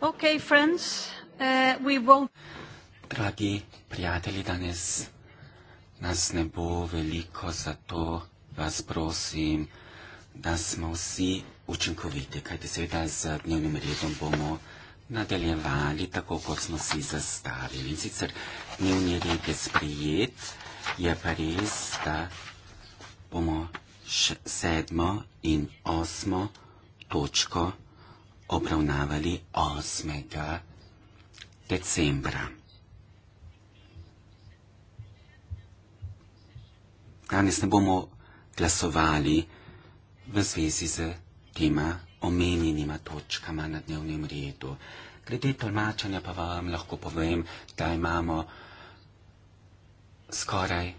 Okay, friends, uh, we won't... Dragi prijatelji, danes nas ne bo veliko, zato vas prosim, da smo vsi učinkoviti, kajte seveda z dnevnim redom bomo nadaljevali tako, kot smo si zastavili. In sicer dnevni red je sprijet, je pa res, da bomo sedmo in osmo točko vzeli obravnavali 8. decembra. Danes ne bomo glasovali v zvezi z tema omenjenima točkama na dnevnem redu. Glede tolmačanja pa vam lahko povem, da imamo skoraj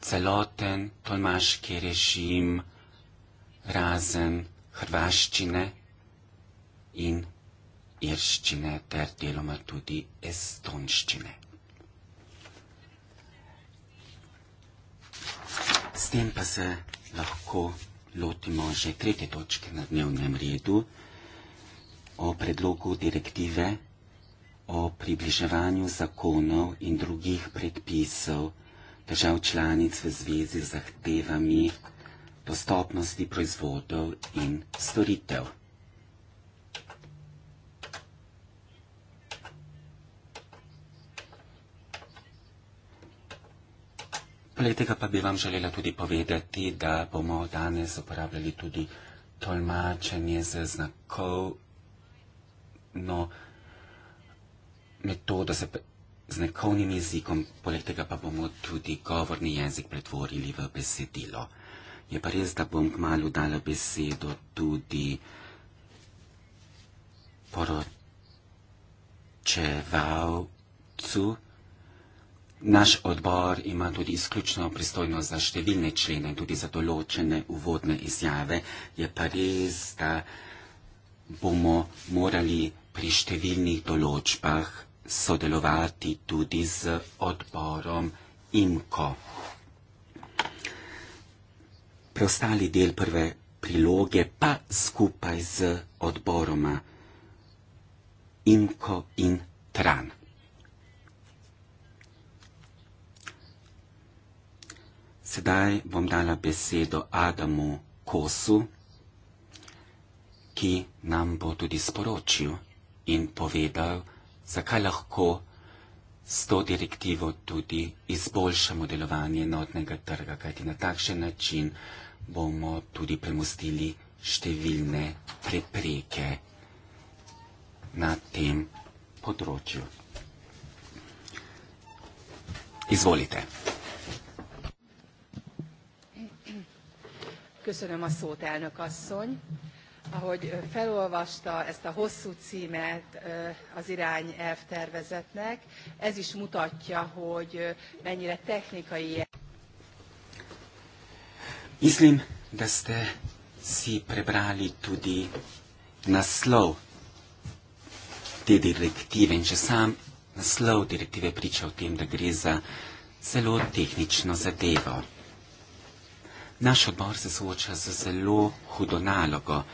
celoten tolmaški režim razen hrvaščine in irščine ter deloma tudi estonščine. S tem pa se lahko lotimo že tretje točke na dnevnem redu o predlogu direktive o približevanju zakonov in drugih predpisov držav članic v zvezi z zahtevami dostopnosti proizvodov in storitev. Poleg tega pa bi vam želela tudi povedati, da bomo danes uporabljali tudi tolmačenje z znakov, no metodo se z nekovnim jezikom, poleg tega pa bomo tudi govorni jezik pretvorili v besedilo. Je pa res, da bom kmalo dala besedo tudi poročevalcu, Naš odbor ima tudi izključno pristojnost za številne člene, tudi za določene uvodne izjave. Je pa res, da bomo morali pri številnih določbah sodelovati tudi z odborom IMKO. Preostali del prve priloge pa skupaj z odboroma IMKO in TRAN. Sedaj bom dala besedo Adamu Kosu, ki nam bo tudi sporočil in povedal, zakaj lahko s to direktivo tudi izboljšamo delovanje enotnega trga, kajti na takšen način bomo tudi premustili številne prepreke na tem področju. Izvolite. Köszönöm a szót, elnök asszony. Ahogy felolvasta ezt a hosszú címet az irány tervezetnek, ez is mutatja, hogy mennyire technikai Mislim, da ste si prebrali tudi naslov te direktive in če sam naslov direktive priča o tem, da gre za zelo tehnično zadevo. Naš odbor se sooča z zelo hudo nalogo,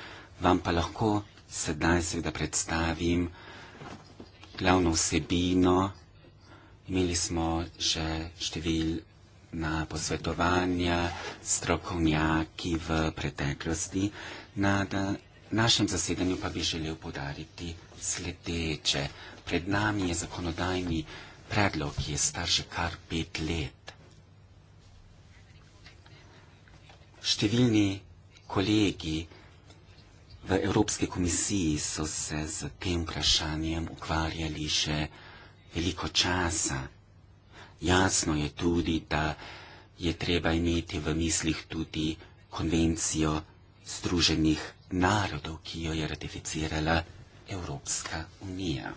vam pa lahko sedaj seveda predstavim glavno vsebino. Imeli smo že številna posvetovanja, strokovnjaki v preteklosti. Na našem zasedanju pa bi želel podariti sledeče. Pred nami je zakonodajni predlog, ki je star že kar pet let. številni kolegi v Evropski komisiji so se z tem vprašanjem ukvarjali že veliko časa. Jasno je tudi, da je treba imeti v mislih tudi konvencijo Združenih narodov, ki jo je ratificirala Evropska unija.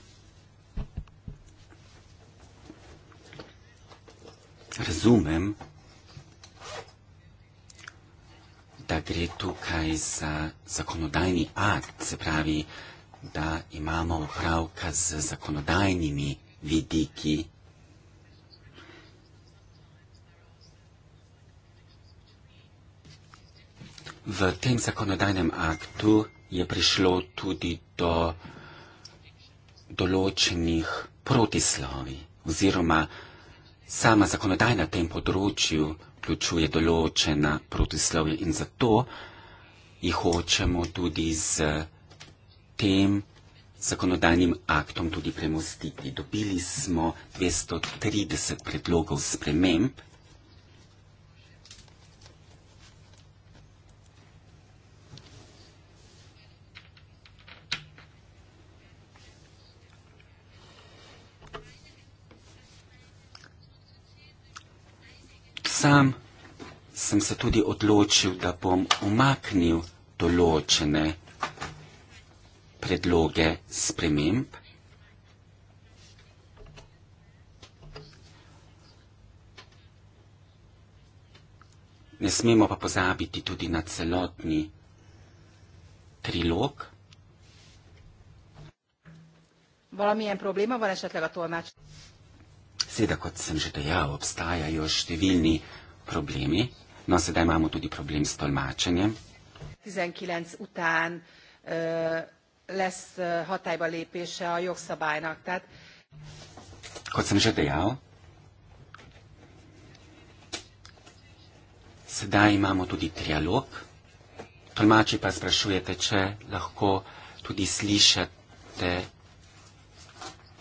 Razumem, da gre tukaj za zakonodajni akt, se pravi, da imamo upravka z zakonodajnimi vidiki. V tem zakonodajnem aktu je prišlo tudi do določenih protislovi oziroma Sama zakonodaj na tem področju vključuje določena protislovja in zato jih hočemo tudi z tem zakonodajnim aktom tudi premostiti. Dobili smo 230 predlogov sprememb sam sem se tudi odločil, da bom umaknil določene predloge sprememb. Ne smemo pa pozabiti tudi na celotni trilog. Valamilyen probléma van esetleg a tolmács? Seveda, kot sem že dejal, obstajajo številni problemi. No, sedaj imamo tudi problem s tolmačenjem. 19 után uh, lesz hatályba lépése a jogszabálynak. Tehát... Kot sem že dejal, sedaj imamo tudi trialog. Tolmači pa sprašujete, če lahko tudi slišate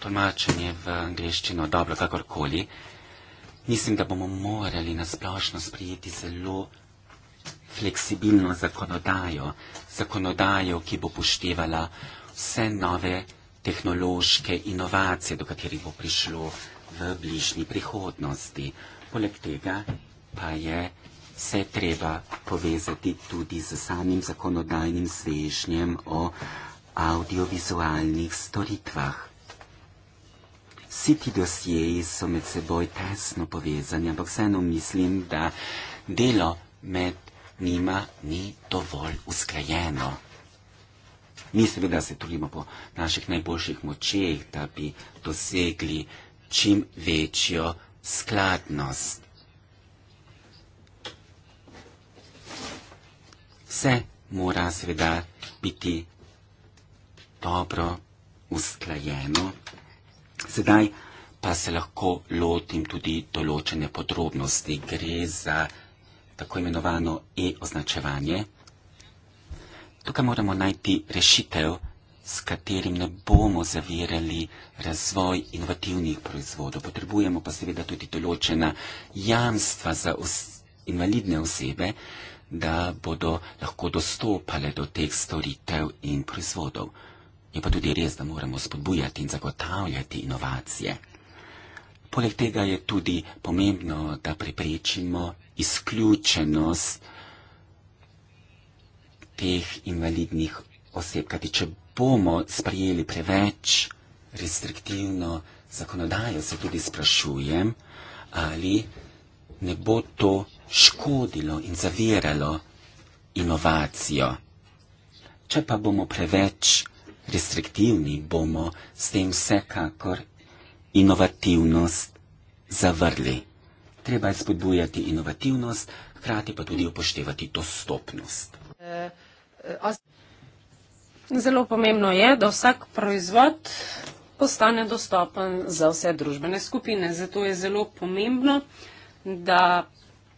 tolmačenje v angliščino, dobro, kakorkoli, mislim, da bomo morali nasplošno sprijeti zelo fleksibilno zakonodajo, zakonodajo, ki bo poštevala vse nove tehnološke inovacije, do katerih bo prišlo v bližnji prihodnosti. Poleg tega pa je vse treba povezati tudi z samim zakonodajnim svežnjem o audiovizualnih storitvah vsi ti dosjeji so med seboj tesno povezani, ampak vseeno mislim, da delo med njima ni dovolj usklajeno. Mi seveda se trudimo po naših najboljših močeh, da bi dosegli čim večjo skladnost. Vse mora seveda biti dobro usklajeno, Sedaj pa se lahko lotim tudi določene podrobnosti. Gre za tako imenovano e-označevanje. Tukaj moramo najti rešitev, s katerim ne bomo zavirali razvoj inovativnih proizvodov. Potrebujemo pa seveda tudi določena jamstva za os invalidne osebe, da bodo lahko dostopale do teh storitev in proizvodov je pa tudi res, da moramo spodbujati in zagotavljati inovacije. Poleg tega je tudi pomembno, da preprečimo izključenost teh invalidnih oseb, kajti če bomo sprejeli preveč restriktivno zakonodajo, se tudi sprašujem, ali ne bo to škodilo in zaviralo inovacijo. Če pa bomo preveč restriktivni, bomo s tem vsekakor inovativnost zavrli. Treba je spodbujati inovativnost, hkrati pa tudi upoštevati dostopnost. Zelo pomembno je, da vsak proizvod postane dostopen za vse družbene skupine. Zato je zelo pomembno, da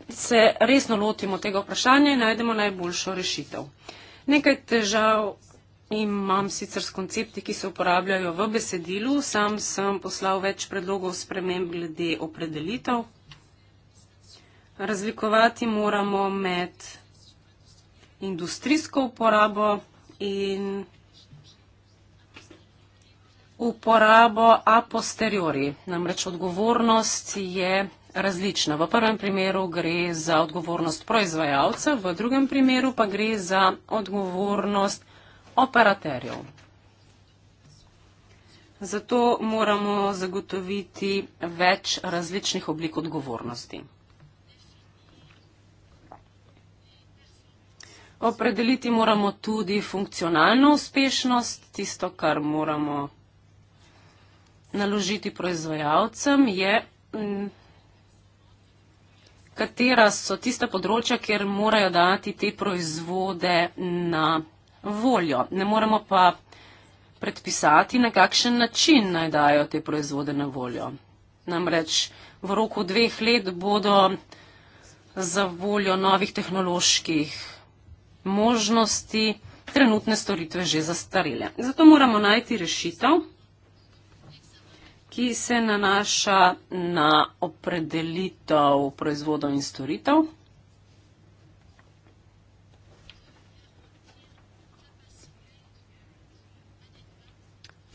se resno lotimo tega vprašanja in najdemo najboljšo rešitev. Nekaj težav Imam sicer s koncepti, ki se uporabljajo v besedilu, sam sem poslal več predlogov sprememb glede opredelitev. Razlikovati moramo med industrijsko uporabo in uporabo a posteriori. Namreč odgovornost je različna. V prvem primeru gre za odgovornost proizvajalca, v drugem primeru pa gre za odgovornost proizvajalca operaterjev. Zato moramo zagotoviti več različnih oblik odgovornosti. Opredeliti moramo tudi funkcionalno uspešnost. Tisto, kar moramo naložiti proizvajalcem, je, mm, katera so tiste področja, kjer morajo dati te proizvode na proizvodnje voljo. Ne moremo pa predpisati, na kakšen način naj dajo te proizvode na voljo. Namreč v roku dveh let bodo za voljo novih tehnoloških možnosti trenutne storitve že zastarele. Zato moramo najti rešitev, ki se nanaša na opredelitev proizvodov in storitev.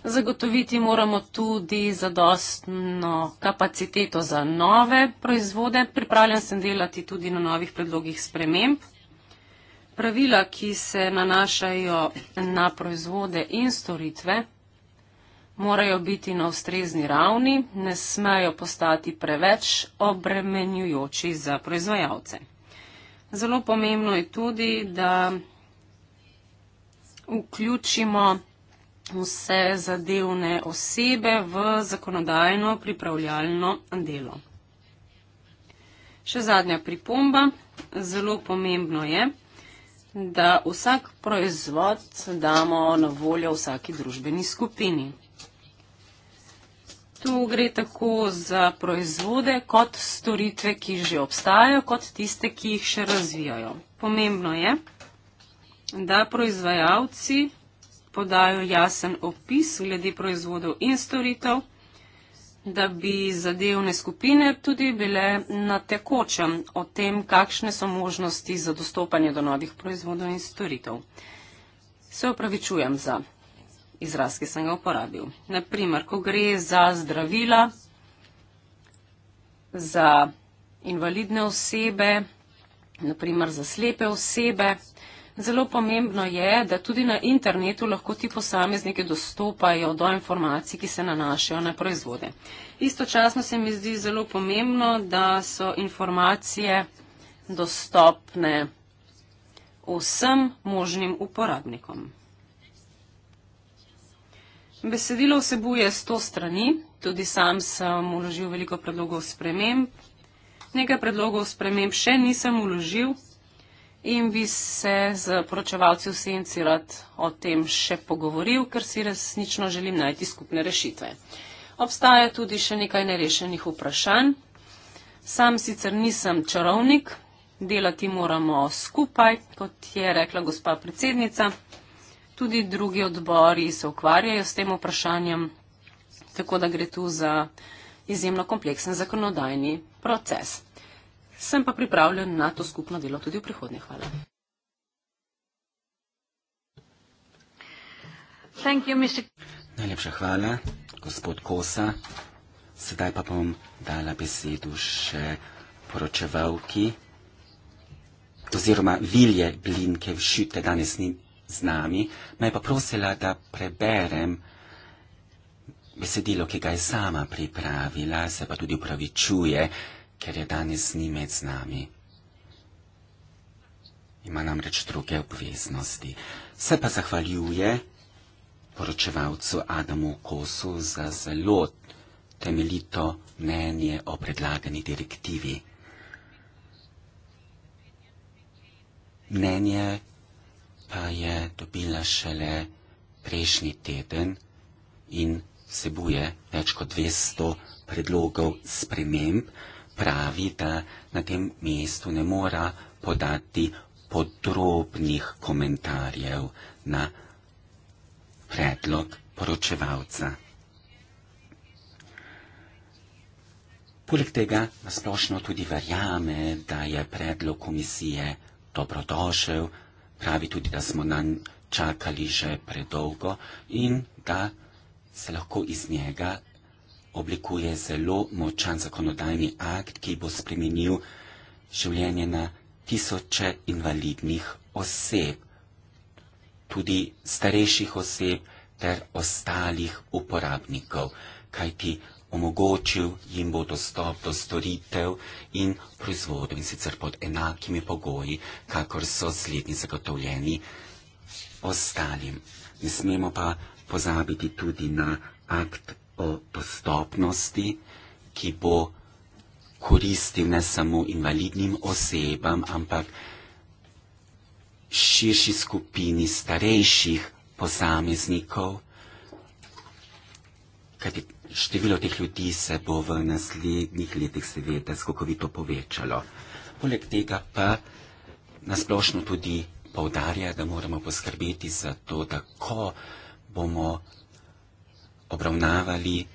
Zagotoviti moramo tudi zadostno kapaciteto za nove proizvode. Pripravljen sem delati tudi na novih predlogih sprememb. Pravila, ki se nanašajo na proizvode in storitve, morajo biti na ustrezni ravni, ne smejo postati preveč obremenjujoči za proizvajalce. Zelo pomembno je tudi, da vključimo vse zadevne osebe v zakonodajno pripravljalno delo. Še zadnja pripomba. Zelo pomembno je, da vsak proizvod damo na voljo vsaki družbeni skupini. Tu gre tako za proizvode kot storitve, ki že obstajajo, kot tiste, ki jih še razvijajo. Pomembno je, da proizvajalci podajo jasen opis glede proizvodov in storitev, da bi zadevne skupine tudi bile na tekočem o tem, kakšne so možnosti za dostopanje do novih proizvodov in storitev. Se opravičujem za izraz, ki sem ga uporabil. Naprimer, ko gre za zdravila, za invalidne osebe, naprimer za slepe osebe, Zelo pomembno je, da tudi na internetu lahko ti posamezniki dostopajo do informacij, ki se nanašajo na proizvode. Istočasno se mi zdi zelo pomembno, da so informacije dostopne vsem možnim uporabnikom. Besedilo vsebuje 100 strani, tudi sam sem vložil veliko predlogov sprememb. Nekaj predlogov sprememb še nisem vložil in bi se z poročevalci v senci rad o tem še pogovoril, ker si resnično želim najti skupne rešitve. Obstaja tudi še nekaj nerešenih vprašanj. Sam sicer nisem čarovnik, delati moramo skupaj, kot je rekla gospa predsednica. Tudi drugi odbori se ukvarjajo s tem vprašanjem, tako da gre tu za izjemno kompleksen zakonodajni proces sem pa pripravljen na to skupno delo tudi v prihodnje. Hvala. You, Najlepša hvala, gospod Kosa. Sedaj pa bom dala besedo še poročevalki oziroma Vilje Blinke všite danes ni z nami. Me je pa prosila, da preberem besedilo, ki ga je sama pripravila, se pa tudi upravičuje ker je danes ni med nami. Ima namreč druge obveznosti. Se pa zahvaljuje poročevalcu Adamu Kosu za zelo temeljito mnenje o predlagani direktivi. Mnenje pa je dobila šele prejšnji teden in vsebuje več kot 200 predlogov sprememb pravi, da na tem mestu ne mora podati podrobnih komentarjev na predlog poročevalca. Poleg tega nasplošno tudi verjame, da je predlog komisije dobrodošel, pravi tudi, da smo nam čakali že predolgo in da se lahko iz njega oblikuje zelo močan zakonodajni akt, ki bo spremenil življenje na tisoče invalidnih oseb, tudi starejših oseb ter ostalih uporabnikov, kajti omogočil jim bo dostop do storitev in proizvodov in sicer pod enakimi pogoji, kakor so slednji zagotovljeni ostalim. Ne smemo pa pozabiti tudi na akt dostopnosti, ki bo koristil ne samo invalidnim osebam, ampak širši skupini starejših posameznikov, kajti število teh ljudi se bo v naslednjih letih seveda skokovito povečalo. Poleg tega pa nasplošno tudi poudarja, da moramo poskrbeti za to, da ko bomo obravnavali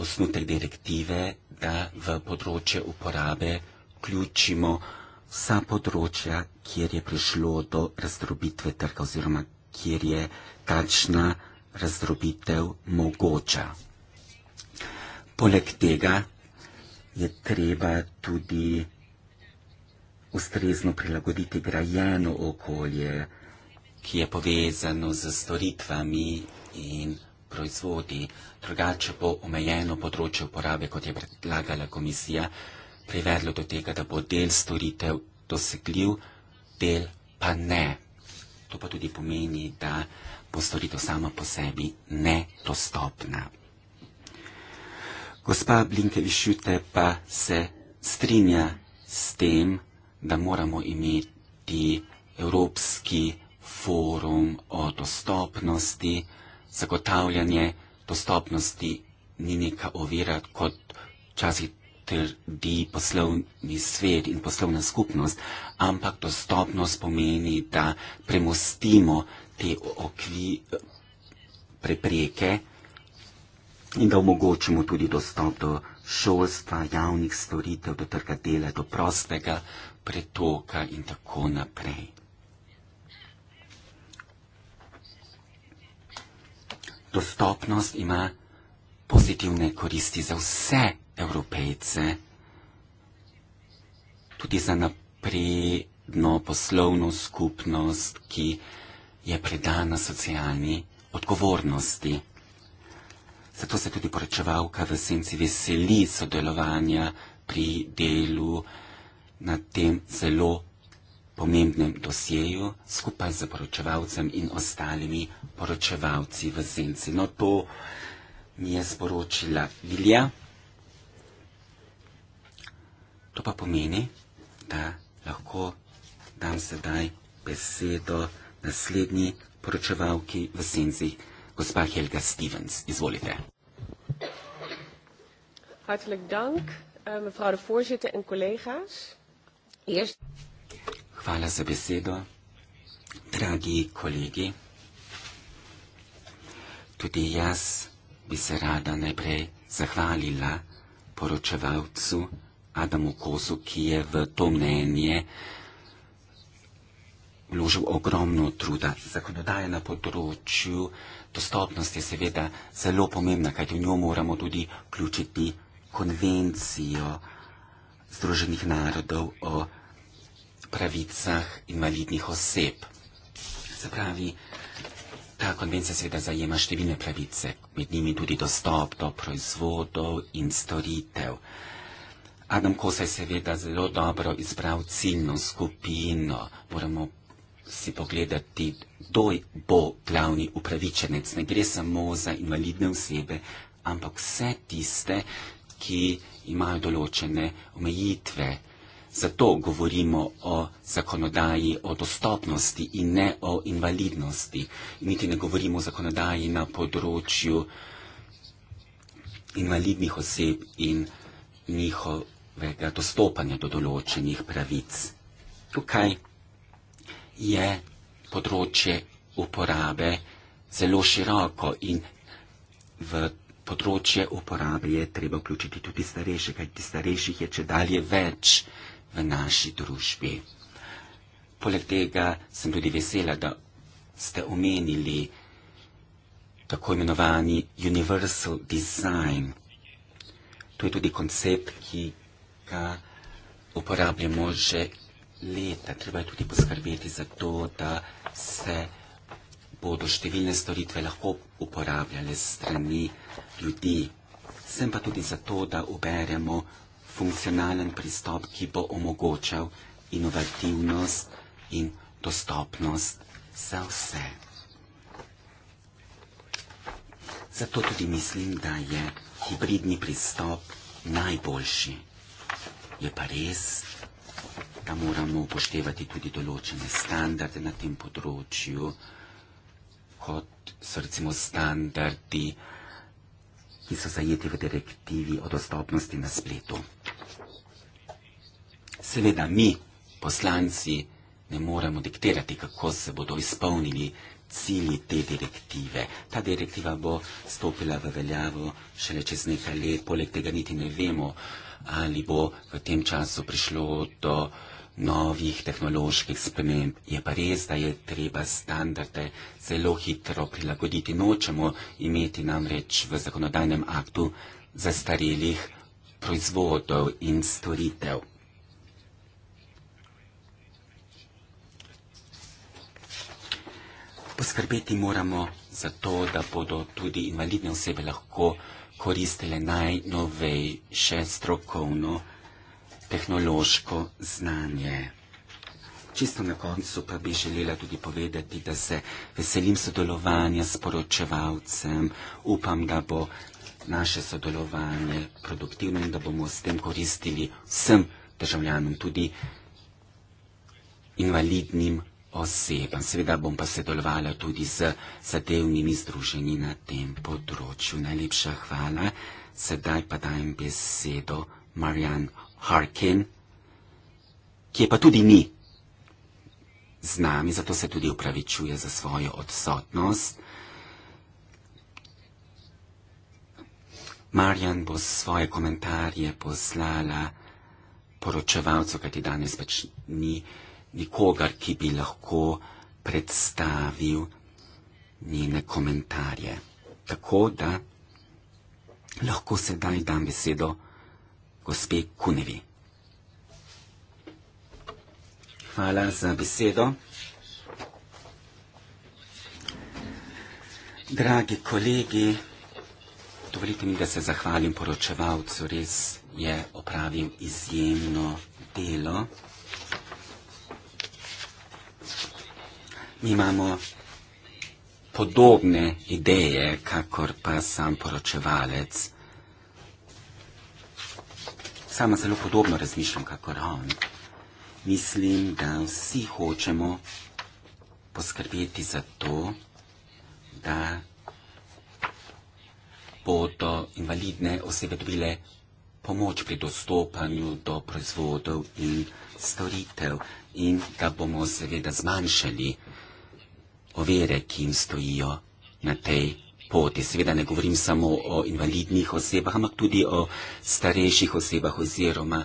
osnutek direktive, da v področje uporabe vključimo vsa področja, kjer je prišlo do razdrobitve trga oziroma kjer je takšna razdrobitev mogoča. Poleg tega je treba tudi ustrezno prilagoditi grajeno okolje, ki je povezano z storitvami in proizvodi, drugače bo omejeno področje uporabe, kot je predlagala komisija, privedlo do tega, da bo del storitev dosegljiv, del pa ne. To pa tudi pomeni, da bo storitev sama po sebi nedostopna. Gospa Blinkevišute pa se strinja s tem, da moramo imeti Evropski forum o dostopnosti, zagotavljanje dostopnosti ni neka ovira, kot včasih trdi poslovni svet in poslovna skupnost, ampak dostopnost pomeni, da premostimo te okvi prepreke in da omogočimo tudi dostop do šolstva, javnih storitev, do trga dela, do prostega pretoka in tako naprej. dostopnost ima pozitivne koristi za vse evropejce, tudi za napredno poslovno skupnost, ki je predana socialni odgovornosti. Zato se tudi poročevalka v senci veseli sodelovanja pri delu na tem zelo pomembnem dosjeju skupaj z poročevalcem in ostalimi poročevalci v senci. No, to mi je sporočila Vilja. To pa pomeni, da lahko dam sedaj besedo naslednji poročevalki v senci, gospa Helga Stevens. Izvolite. Hartelijk dank, eh, mevrouw de voorzitter en collega's. Eerst... Hvala za besedo. Dragi kolegi, tudi jaz bi se rada najprej zahvalila poročevalcu Adamu Kozu, ki je v to mnenje vložil ogromno truda. Zakonodaja na področju dostopnosti je seveda zelo pomembna, kajti v njo moramo tudi vključiti konvencijo Združenih narodov o pravicah invalidnih oseb. Se pravi, ta konvencija seveda zajema številne pravice, med njimi tudi dostop do proizvodov in storitev. Adam Kosa je seveda zelo dobro izbral ciljno skupino. Moramo si pogledati, kdo bo glavni upravičenec. Ne gre samo za invalidne osebe, ampak vse tiste, ki imajo določene omejitve. Zato govorimo o zakonodaji o dostopnosti in ne o invalidnosti. Niti ne govorimo o zakonodaji na področju invalidnih oseb in njihovega dostopanja do določenih pravic. Tukaj je področje uporabe zelo široko in v področje uporabe je treba vključiti tudi starejše, kajti starejših je če dalje več v naši družbi. Poleg tega sem tudi vesela, da ste omenili tako imenovani Universal Design. To je tudi koncept, ki ga uporabljamo že leta. Treba je tudi poskrbeti za to, da se bodo številne storitve lahko uporabljale strani ljudi. Sem pa tudi za to, da uberemo funkcionalen pristop, ki bo omogočal inovativnost in dostopnost za vse. Zato tudi mislim, da je hibridni pristop najboljši. Je pa res, da moramo upoštevati tudi določene standarde na tem področju, kot so recimo standardi uh, ki so zajeti v direktivi o dostopnosti na spletu. Seveda mi, poslanci, ne moremo diktirati, kako se bodo izpolnili cilji te direktive. Ta direktiva bo stopila v veljavo šele čez nekaj let, poleg tega niti ne vemo, ali bo v tem času prišlo do uh, novih tehnoloških sprememb. Je pa res, da je treba standarde zelo hitro prilagoditi. Nočemo imeti namreč v zakonodajnem aktu zastarelih proizvodov in storitev. Poskrbeti moramo za to, da bodo tudi invalidne osebe lahko koristile najnovejše strokovno pripravljanje tehnološko znanje. Čisto na koncu pa bi želela tudi povedati, da se veselim sodelovanja s poročevalcem. Upam, da bo naše sodelovanje produktivno in da bomo s tem koristili vsem državljanom, tudi invalidnim osebam. Seveda bom pa sodelovala tudi z zadevnimi združenji na tem področju. Najlepša hvala. Sedaj pa dajem besedo Marjan Harkin, ki je pa tudi ni z nami, zato se tudi upravičuje za svojo odsotnost. Marjan bo svoje komentarje poslala poročevalcu, kajti danes pač ni nikogar, ki bi lahko predstavil njene komentarje. Tako da lahko sedaj dam besedo gospe Kunevi. Hvala za besedo. Dragi kolegi, dovolite mi, da se zahvalim poročevalcu, res je opravil izjemno delo. Mi imamo podobne ideje, kakor pa sam poročevalec. Sama zelo podobno razmišljam kot on. Mislim, da vsi hočemo poskrbeti za to, da bodo invalidne osebe dobile pomoč pri dostopanju do proizvodov in storitev in da bomo seveda zmanjšali ovire, ki jim stojijo na tej poti. Seveda ne govorim samo o invalidnih osebah, ampak tudi o starejših osebah oziroma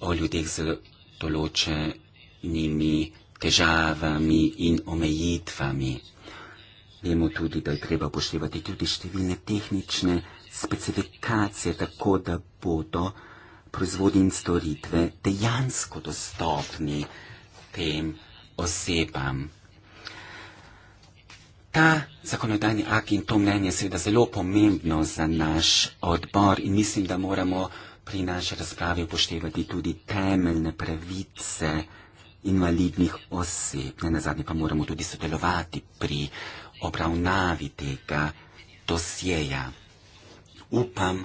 o ljudeh z določenimi težavami in omejitvami. Vemo tudi, da je treba upoštevati tudi številne tehnične specifikacije, tako da bodo proizvodi in storitve dejansko dostopni tem osebam ta zakonodajni akt in to mnenje je seveda zelo pomembno za naš odbor in mislim, da moramo pri naši razpravi upoštevati tudi temeljne pravice invalidnih oseb. Ne nazadnje pa moramo tudi sodelovati pri obravnavi tega dosjeja. Upam,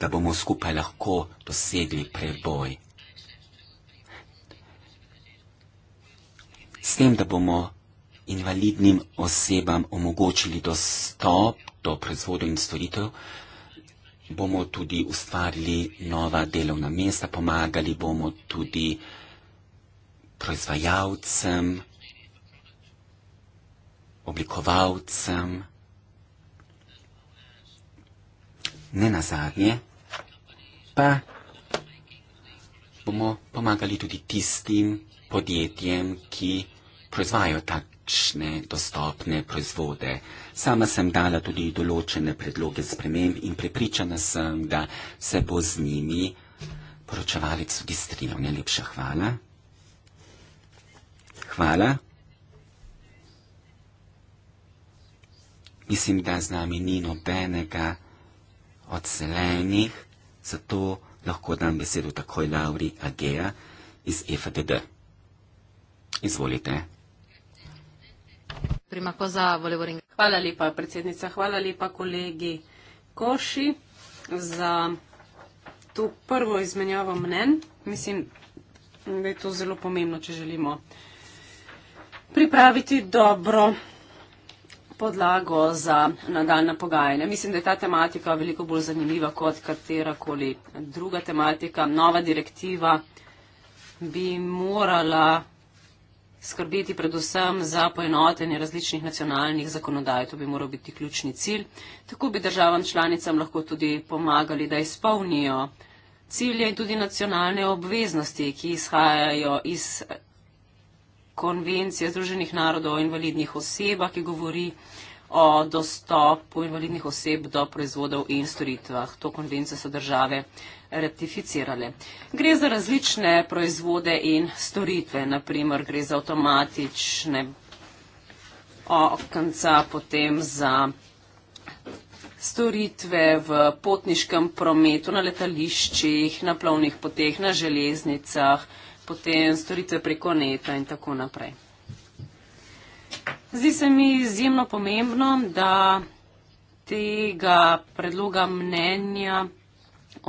da bomo skupaj lahko dosegli preboj. S tem, da bomo invalidnim osebam omogočili dostop do proizvodov in storitev, bomo tudi ustvarili nova delovna mesta, pomagali bomo tudi proizvajalcem, oblikovalcem. Ne nazadnje pa bomo pomagali tudi tistim podjetjem, ki proizvajajo tak lačne, dostopne proizvode. Sama sem dala tudi določene predloge sprememb in prepričana sem, da se bo z njimi poročevalec tudi strinjal. Najlepša hvala. Hvala. Mislim, da z nami ni nobenega od zelenih, zato lahko dam besedo takoj Lauri Agea iz FDD. Izvolite. Primako za Volevorin. Hvala lepa, predsednica. Hvala lepa, kolegi Koši, za to prvo izmenjavo mnen. Mislim, da je to zelo pomembno, če želimo pripraviti dobro podlago za nadaljna pogajanja. Mislim, da je ta tematika veliko bolj zanimiva kot katerakoli druga tematika. Nova direktiva bi morala skrbeti predvsem za poenotenje različnih nacionalnih zakonodaj. To bi moral biti ključni cilj. Tako bi državam članicam lahko tudi pomagali, da izpolnijo cilje in tudi nacionalne obveznosti, ki izhajajo iz konvencije Združenih narodov o invalidnih osebah, ki govori o dostopu invalidnih oseb do proizvodov in storitvah. To konvencijo so države ratificirale. Gre za različne proizvode in storitve, naprimer gre za avtomatične okenca, potem za storitve v potniškem prometu, na letališčih, na plovnih poteh, na železnicah, potem storitve preko neta in tako naprej. Zdi se mi izjemno pomembno, da tega predloga mnenja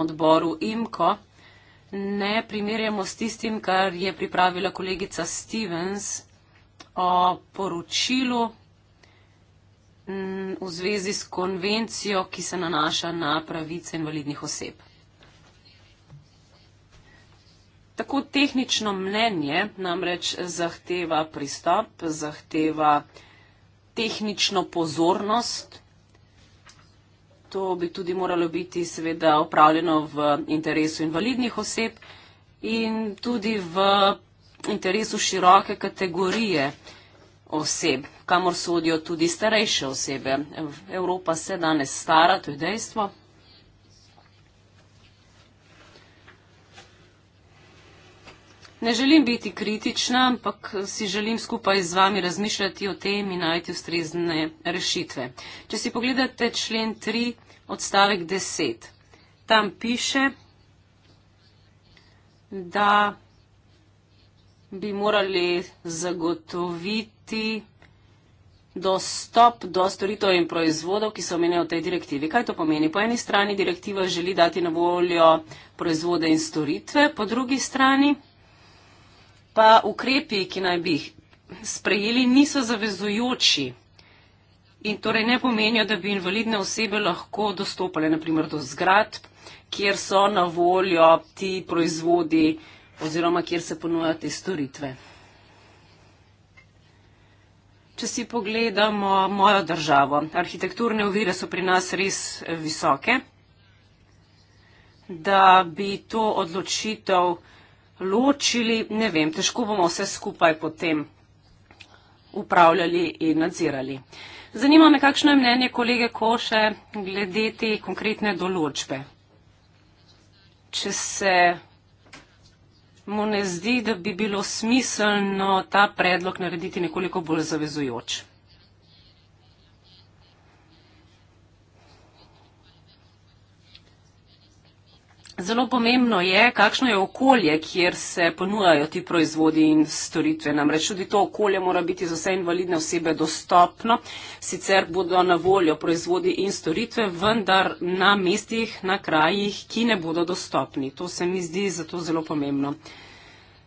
odboru IMKO, ne primerjamo s tistim, kar je pripravila kolegica Stevens o poročilu mm, v zvezi s konvencijo, ki se nanaša na pravice invalidnih oseb. Tako tehnično mnenje namreč zahteva pristop, zahteva tehnično pozornost To bi tudi moralo biti seveda upravljeno v interesu invalidnih oseb in tudi v interesu široke kategorije oseb, kamor sodijo tudi starejše osebe. Evropa se danes stara, to je dejstvo. Ne želim biti kritična, ampak si želim skupaj z vami razmišljati o tem in najti ustrezne rešitve. Če si pogledate člen 3, odstavek 10, tam piše, da bi morali zagotoviti dostop do storitev in proizvodov, ki so omenjeni v tej direktivi. Kaj to pomeni? Po eni strani direktiva želi dati na voljo proizvode in storitve, po drugi strani pa ukrepi, ki naj bi jih sprejeli, niso zavezujoči in torej ne pomenijo, da bi invalidne osebe lahko dostopale naprimer do zgrad, kjer so na voljo ti proizvodi oziroma kjer se ponujajo te storitve. Če si pogledamo mojo državo, arhitekturne ovire so pri nas res eh, visoke, da bi to odločitev ločili, ne vem, težko bomo vse skupaj potem upravljali in nadzirali. Zanima me, kakšno je mnenje kolege Koše glede te konkretne določbe. Če se mu ne zdi, da bi bilo smiselno ta predlog narediti nekoliko bolj zavezujoč. Zelo pomembno je, kakšno je okolje, kjer se ponujajo ti proizvodi in storitve. Namreč tudi to okolje mora biti za vse invalidne osebe dostopno, sicer bodo na voljo proizvodi in storitve, vendar na mestih, na krajih, ki ne bodo dostopni. To se mi zdi zato zelo pomembno.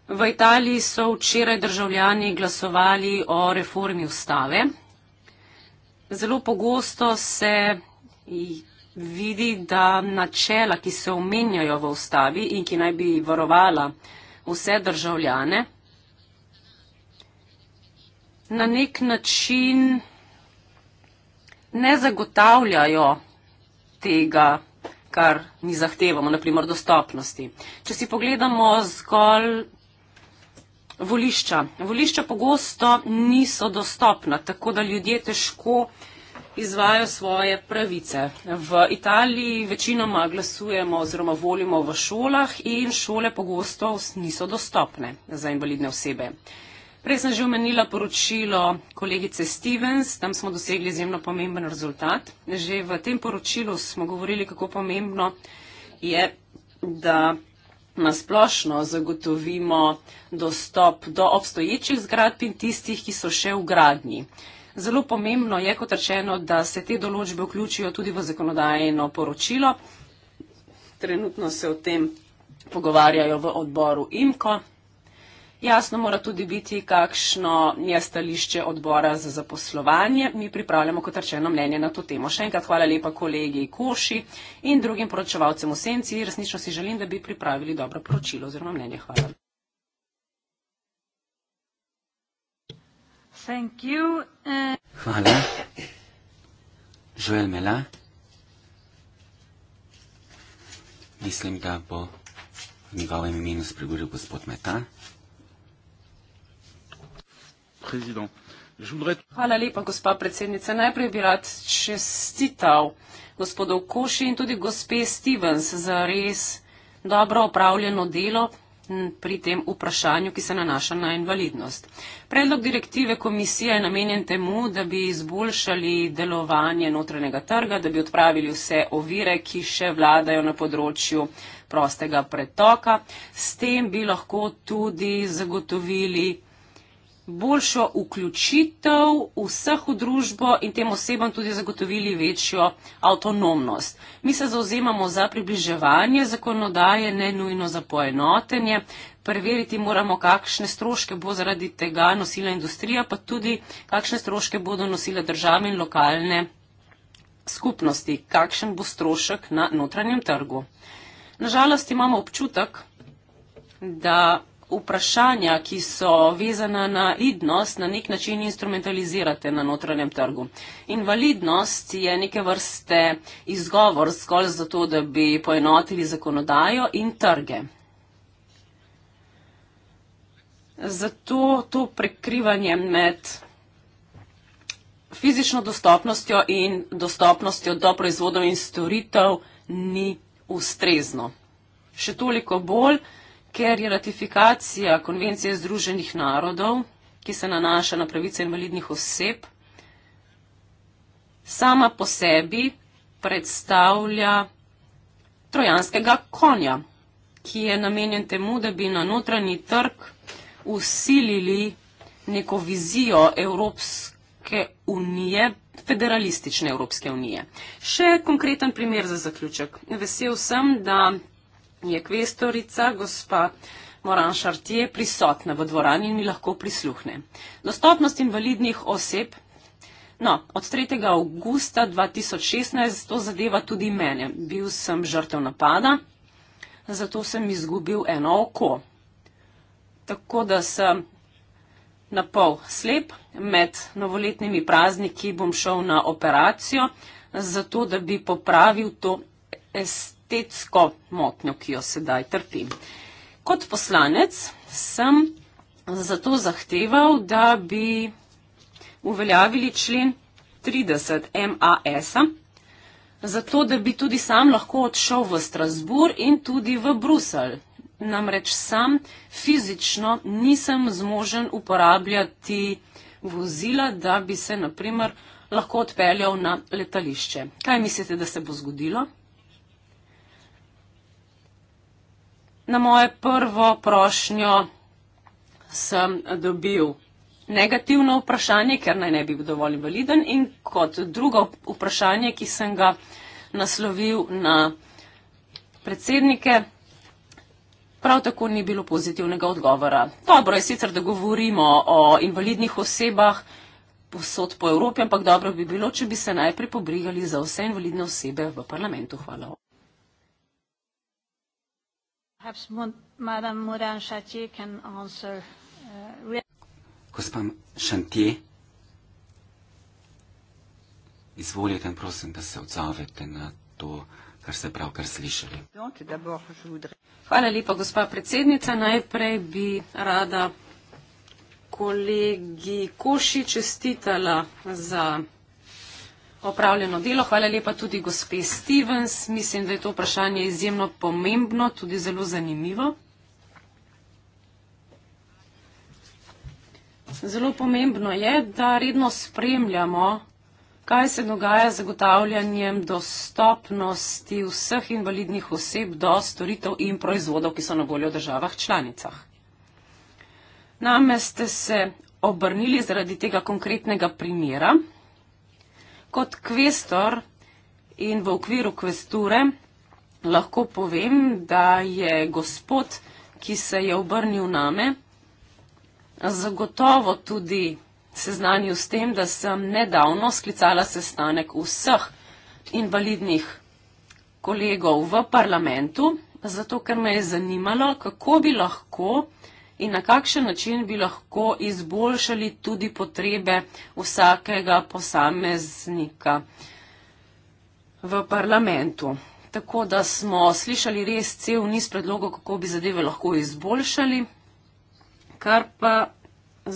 V Italiji so včeraj državljani glasovali o reformi ustave. Zelo pogosto se vidi, da načela, ki se omenjajo v ustavi in ki naj bi varovala vse državljane, na nek način ne zagotavljajo tega, kar mi zahtevamo, naprimer dostopnosti. Če si pogledamo zgolj volišča. Volišča pogosto niso dostopna, tako da ljudje težko izvajo svoje pravice. V Italiji večinoma glasujemo oziroma volimo v šolah in šole pogosto niso dostopne za invalidne osebe. Prej sem že omenila poročilo kolegice Stevens, tam smo dosegli izjemno pomemben rezultat. Že v tem poročilu smo govorili, kako pomembno je, da nasplošno zagotovimo dostop do obstoječih zgradb in tistih, ki so še v gradnji. Zelo pomembno je, kot rečeno, da se te določbe vključijo tudi v zakonodajeno poročilo. Trenutno se o tem pogovarjajo v odboru IMKO. Jasno mora tudi biti, kakšno je stališče odbora za zaposlovanje. Mi pripravljamo, kot rečeno, mnenje na to temo. Še enkrat hvala lepa kolegi Koši in drugim poročevalcem v Senci. Resnično si želim, da bi pripravili dobro poročilo oziroma mnenje. Hvala. Thank you. Uh... Hvala. Joel Mela. Mislim, da bo v njegovem imenu spregovoril gospod Meta. Prezident. Hvala lepa, gospa predsednica. Najprej bi rad čestital gospodu Koši in tudi gospe Stevens za res dobro opravljeno delo prisoten pri tem vprašanju, ki se nanaša na invalidnost. Predlog direktive komisije je namenjen temu, da bi izboljšali delovanje notranjega trga, da bi odpravili vse ovire, ki še vladajo na področju prostega pretoka. S tem bi lahko tudi zagotovili boljšo vključitev vseh v družbo in tem osebam tudi zagotovili večjo avtonomnost. Mi se zauzemamo za približevanje zakonodaje, ne nujno za poenotenje. Preveriti moramo, kakšne stroške bo zaradi tega nosila industrija, pa tudi kakšne stroške bodo nosile države in lokalne skupnosti, kakšen bo strošek na notranjem trgu. Nažalost imamo občutek, da vprašanja, ki so vezana na vidnost, na nek način instrumentalizirate na notranjem trgu. Invalidnost je neke vrste izgovor zgolj zato, da bi poenotili zakonodajo in trge. Zato to prekrivanje med fizično dostopnostjo in dostopnostjo do proizvodov in storitev ni ustrezno. Še toliko bolj, ker je ratifikacija konvencije Združenih narodov, ki se nanaša na pravice invalidnih oseb, sama po sebi predstavlja trojanskega konja, ki je namenjen temu, da bi na notranji trg usilili neko vizijo Evropske unije, federalistične Evropske unije. Še konkreten primer za zaključek. Vesel sem, da je kvestorica, gospa Moran Šartije, prisotna v dvorani in mi lahko prisluhne. Dostopnost invalidnih oseb. No, od 3. augusta 2016 to zadeva tudi mene. Bil sem žrtev napada, zato sem izgubil eno oko. Tako da sem na pol slep, med novoletnimi prazniki bom šel na operacijo, zato da bi popravil to estetiko estetsko motnjo, ki jo sedaj trpim. Kot poslanec sem zato zahteval, da bi uveljavili člen 30 MAS, zato da bi tudi sam lahko odšel v Strasbur in tudi v Brusel. Namreč sam fizično nisem zmožen uporabljati vozila, da bi se naprimer lahko odpeljal na letališče. Kaj mislite, da se bo zgodilo? na moje prvo prošnjo sem dobil negativno vprašanje, ker naj ne bi bil dovolj validen in kot drugo vprašanje, ki sem ga naslovil na predsednike, prav tako ni bilo pozitivnega odgovora. Dobro je sicer, da govorimo o invalidnih osebah posod po Evropi, ampak dobro bi bilo, če bi se najprej pobrigali za vse invalidne osebe v parlamentu. Hvala. Perhaps Madame Morin Chatier can answer. Uh, gospa Chantier, izvolite in prosim, da se odzovete na to, kar ste pravkar slišali. Hvala lepa, gospa predsednica. Najprej bi rada kolegi Koši čestitala za opravljeno delo. Hvala lepa tudi gospe Stevens. Mislim, da je to vprašanje izjemno pomembno, tudi zelo zanimivo. Zelo pomembno je, da redno spremljamo, kaj se dogaja z zagotavljanjem dostopnosti vseh invalidnih oseb do storitev in proizvodov, ki so na voljo v državah članicah. Name ste se obrnili zaradi tega konkretnega primera. Kot kvestor in v okviru kvesture lahko povem, da je gospod, ki se je obrnil name, zagotovo tudi seznanil s tem, da sem nedavno sklicala sestanek vseh invalidnih kolegov v parlamentu, zato ker me je zanimalo, kako bi lahko in na kakšen način bi lahko izboljšali tudi potrebe vsakega posameznika v parlamentu. Tako da smo slišali res cel niz predlogov, kako bi zadeve lahko izboljšali, kar pa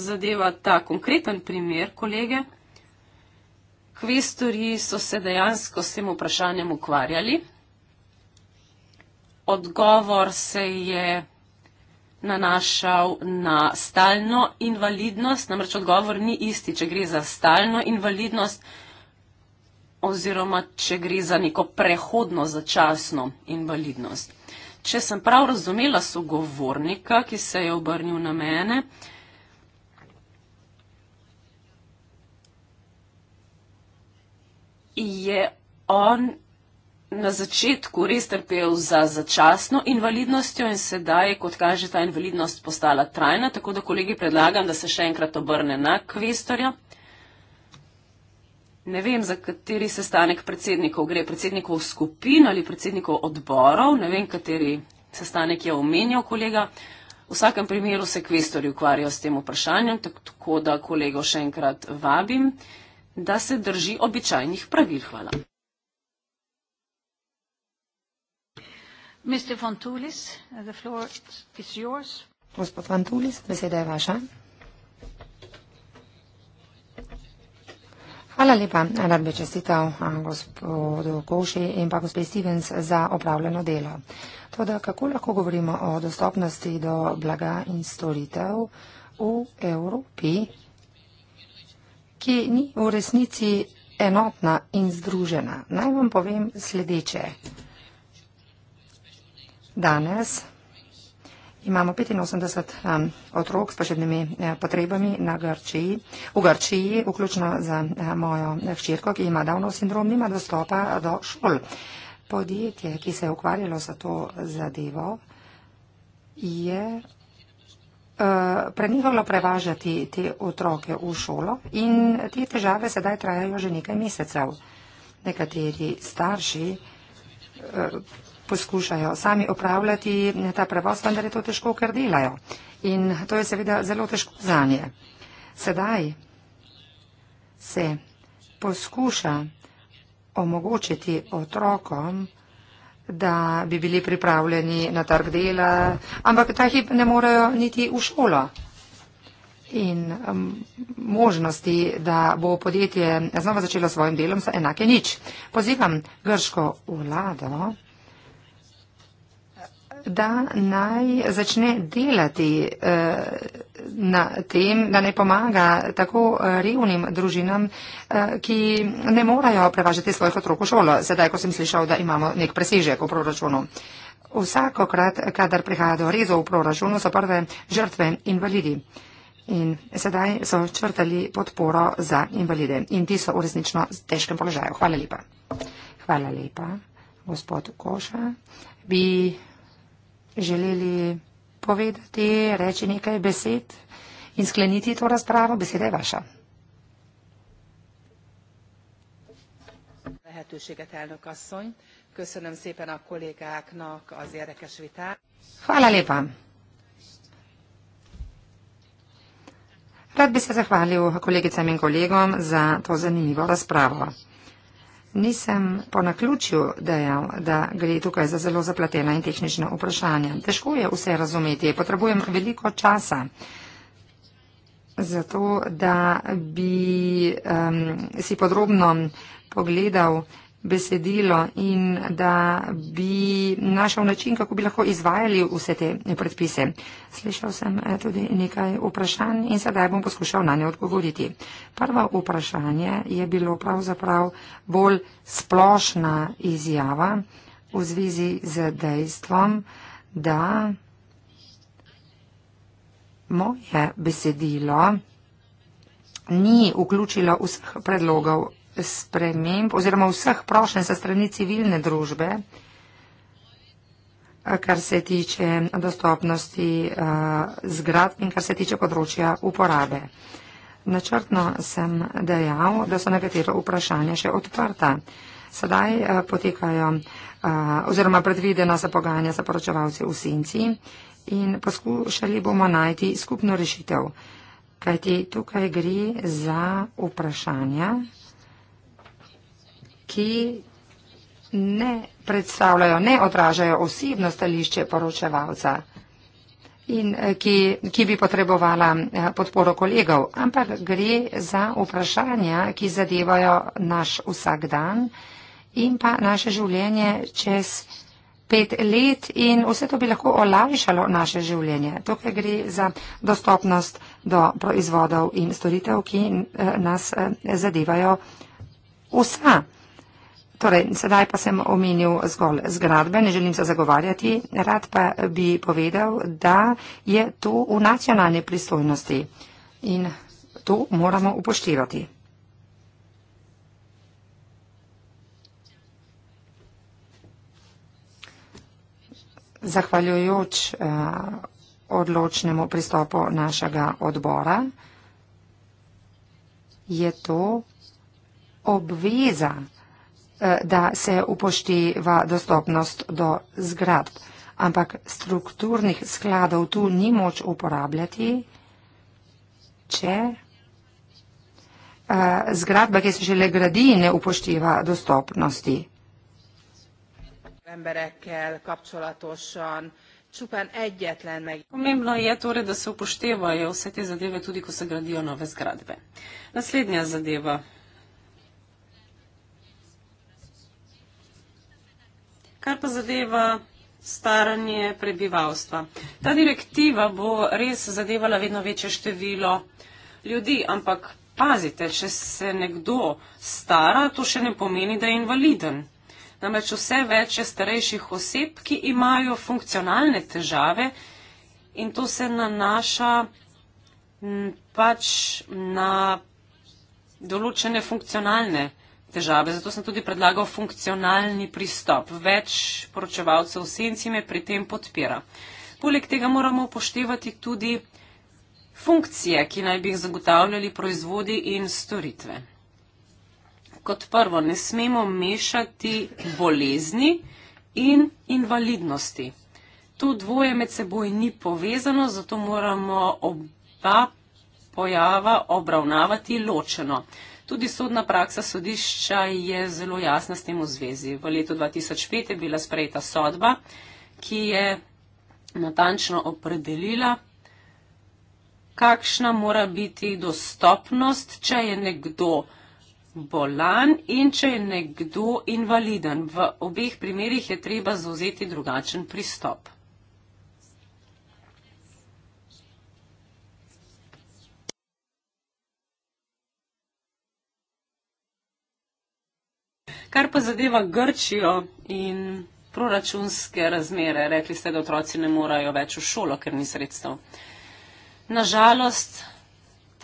zadeva ta konkreten primer, kolege. Kvestori so se dejansko s tem vprašanjem ukvarjali. Odgovor se je nanašal na stalno invalidnost, namreč odgovor ni isti, če gre za stalno invalidnost oziroma če gre za neko prehodno začasno invalidnost. Če sem prav razumela sogovornika, ki se je obrnil na mene, je on na začetku res trpel za začasno invalidnostjo in sedaj, kot kaže, ta invalidnost postala trajna, tako da kolegi predlagam, da se še enkrat obrne na kvestorja. Ne vem, za kateri sestanek predsednikov gre, predsednikov skupin ali predsednikov odborov, ne vem, kateri sestanek je omenjal kolega. V vsakem primeru se kvestori ukvarjajo s tem vprašanjem, tako da kolego še enkrat vabim, da se drži običajnih pravil. Hvala. Mr. Fontoulis, uh, the floor is yours. Gospod Fontoulis, beseda je vaša. Hvala lepa. Rad bi čestital gospodu Koši in pa gospod Stevens za opravljeno delo. Toda kako lahko govorimo o dostopnosti do blaga in storitev v Evropi, ki ni v resnici enotna in združena? Naj vam povem sledeče. Danes imamo 85 otrok s posebnimi eh, potrebami na Grčiji. v Grčiji, vključno z eh, mojo eh, hčerko, ki ima davno sindrom, nima dostopa do šol. Podjetje, ki se je ukvarjalo za to zadevo, je prenehalo prevažati te otroke v šolo in te težave sedaj trajajo že nekaj mesecev. Nekateri starši poskušajo sami opravljati ta prevoz, vendar je to težko, ker delajo. In to je seveda zelo težko za nje. Sedaj se poskuša omogočiti otrokom, da bi bili pripravljeni na trg dela, ampak ta hip ne morejo niti v šolo. In um, možnosti, da bo podjetje znova začelo s svojim delom, so enake nič. Pozivam grško vlado da naj začne delati uh, na tem, da naj pomaga tako eh, revnim družinam, uh, ki ne morajo prevažati svojih otrok v šolo, sedaj, ko sem slišal, da imamo nek presežek v proračunu. Vsakokrat, kadar prihaja do rezov v proračunu, so prve žrtve invalidi. In sedaj so črtali podporo za invalide. In ti so v resnično težkem položaju. Hvala lepa. Hvala lepa, gospod Koša. Bi želeli povedati, reči nekaj besed in skleniti to razpravo. Beseda je vaša. Hvala lepa. Rad bi se zahvalil kolegicam in kolegom za to zanimivo razpravo nisem po naključju dejal, da gre tukaj za zelo zapletena in tehnična vprašanja. Težko je vse razumeti, potrebujem veliko časa za to, da bi um, si podrobno pogledal besedilo in da bi našel način, kako bi lahko izvajali vse te predpise. Slišal sem eh, tudi nekaj vprašanj in sedaj bom poskušal na ne odgovoriti. Prvo vprašanje je bilo pravzaprav bolj splošna izjava v zvezi z dejstvom, da moje besedilo ni vključilo vseh predlogov sprememb oziroma vseh prošenj sa strani civilne družbe, eh, kar se tiče dostopnosti eh, zgrad in kar se tiče področja uporabe. Načrtno sem dejal, da so nekatera vprašanja še odprta. Sedaj eh, potekajo oziroma predvidena se pogajanja za poročevalce v Sinci in poskušali bomo najti skupno rešitev, kajti tukaj gre za vprašanja ki ne predstavljajo, ne odražajo osebno stališče poročevalca in eh, ki, ki bi potrebovala eh, podporo kolegov, ampak gre za vprašanja, ki zadevajo naš vsak dan in pa naše življenje čez pet let in vse to bi lahko olajšalo naše življenje. Tukaj gre za dostopnost do proizvodov in storitev, ki eh, nas zadevajo vsa. Torej, sedaj pa sem omenil zgolj zgradbe, ne želim se zagovarjati, rad pa bi povedal, da je to v nacionalni pristojnosti in to moramo upoštevati. Zahvaljujoč uh, odločnemu pristopu našega odbora je to obveza, Eh, da se upošteva dostopnost do zgradb. Ampak strukturnih skladov tu ni moč uporabljati, če eh, zgradba, ki se šele gradi, ne upošteva dostopnosti. Pomembno je torej, da se upoštevajo vse te zadeve, tudi ko se gradijo nove zgradbe. Naslednja zadeva, kar pa zadeva staranje prebivalstva. Ta direktiva bo res zadevala vedno večje število ljudi, ampak pazite, če se nekdo stara, to še ne pomeni, da je invaliden. Namreč vse več je starejših oseb, ki imajo funkcionalne težave in to se nanaša pač na določene funkcionalne težave težave. Zato sem tudi predlagal funkcionalni pristop. Več poročevalcev v senci me pri tem podpira. Poleg tega moramo upoštevati tudi funkcije, ki naj bi jih zagotavljali proizvodi in storitve. Kot prvo, ne smemo mešati bolezni in invalidnosti. To dvoje med seboj ni povezano, zato moramo oba pojava obravnavati ločeno. Tudi sodna praksa sodišča je zelo jasna s tem v zvezi. V letu 2005 je bila sprejeta sodba, ki je natančno opredelila, kakšna mora biti dostopnost, če je nekdo bolan in če je nekdo invaliden. V obeh primerjih je treba zauzeti drugačen pristop. Kar pa zadeva Grčijo in proračunske razmere, rekli ste, da otroci ne morajo več v šolo, ker ni sredstev. Nažalost,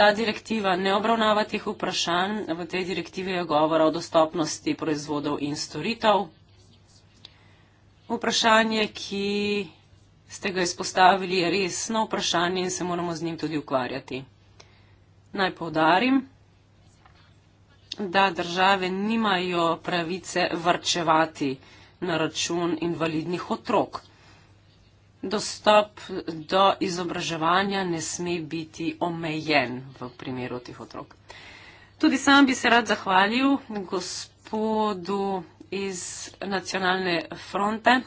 ta direktiva ne obravnava teh vprašanj. V tej direktivi je govora o dostopnosti proizvodov in storitev. Vprašanje, ki ste ga izpostavili, je resno vprašanje in se moramo z njim tudi ukvarjati. Naj povdarim, da države nimajo pravice vrčevati na račun invalidnih otrok. Dostop do izobraževanja ne sme biti omejen v primeru teh otrok. Tudi sam bi se rad zahvalil gospodu iz nacionalne fronte.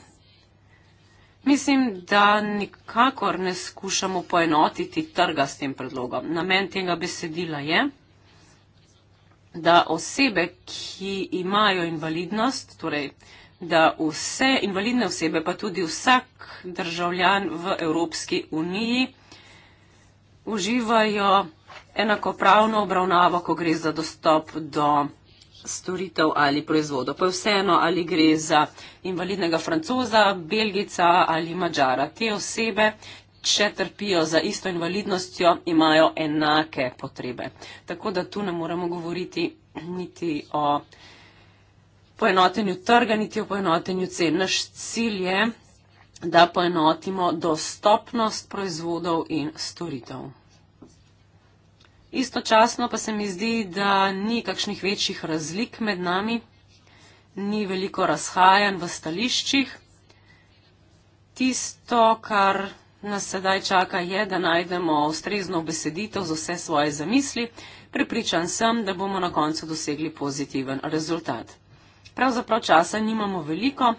Mislim, da nikakor ne skušamo poenotiti trga s tem predlogom. Namen tega besedila je, da osebe, ki imajo invalidnost, torej da vse invalidne osebe, pa tudi vsak državljan v Evropski uniji, uživajo enakopravno obravnavo, ko gre za dostop do storitev ali proizvodov. Pa vseeno, ali gre za invalidnega francoza, belgica ali mačara. Te osebe če trpijo za isto invalidnostjo, imajo enake potrebe. Tako da tu ne moremo govoriti niti o poenotenju trga, niti o poenotenju cen. Naš cilj je, da poenotimo dostopnost proizvodov in storitev. Istočasno pa se mi zdi, da ni kakšnih večjih razlik med nami, ni veliko razhajanj v stališčih. Tisto, kar nas sedaj čaka je, da najdemo ustrezno obeseditev za vse svoje zamisli. Pripričan sem, da bomo na koncu dosegli pozitiven rezultat. Pravzaprav časa nimamo veliko.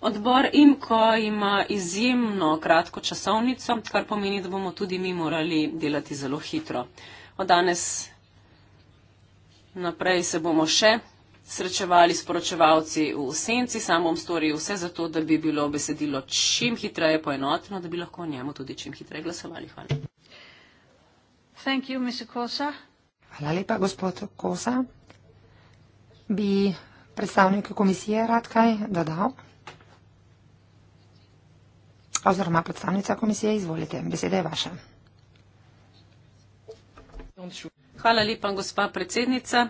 Odbor IMKO ima izjemno kratko časovnico, kar pomeni, da bomo tudi mi morali delati zelo hitro. Od danes naprej se bomo še srečevali s poročevalci v senci, sam bom storil vse za to, da bi bilo besedilo čim hitreje poenoteno, da bi lahko o njemu tudi čim hitreje glasovali. Hvala. You, Hvala lepa, gospod Kosa. Bi predstavnik komisije rad kaj dodal? Oziroma predstavnica komisije, izvolite, beseda je vaša. Hvala lepa, gospa predsednica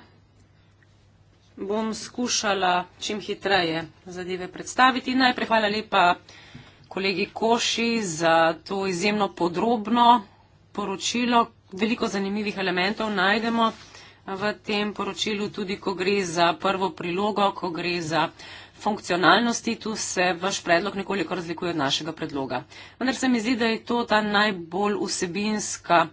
bom skušala čim hitreje zadeve predstaviti. Najprej hvala lepa kolegi Koši za to izjemno podrobno poročilo. Veliko zanimivih elementov najdemo v tem poročilu, tudi ko gre za prvo prilogo, ko gre za funkcionalnosti, tu se vaš predlog nekoliko razlikuje od našega predloga. Vendar se mi zdi, da je to ta najbolj vsebinska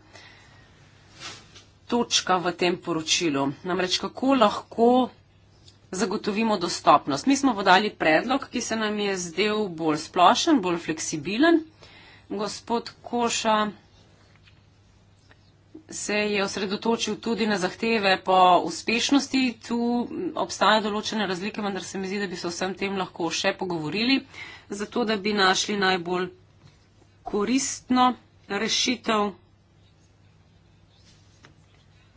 točka v tem poročilu. Namreč kako lahko zagotovimo dostopnost. Mi smo podali predlog, ki se nam je zdel bolj splošen, bolj fleksibilen. Gospod Koša se je osredotočil tudi na zahteve po uspešnosti. Tu obstajajo določene razlike, vendar se mi zdi, da bi se o vsem tem lahko še pogovorili, zato da bi našli najbolj koristno rešitev,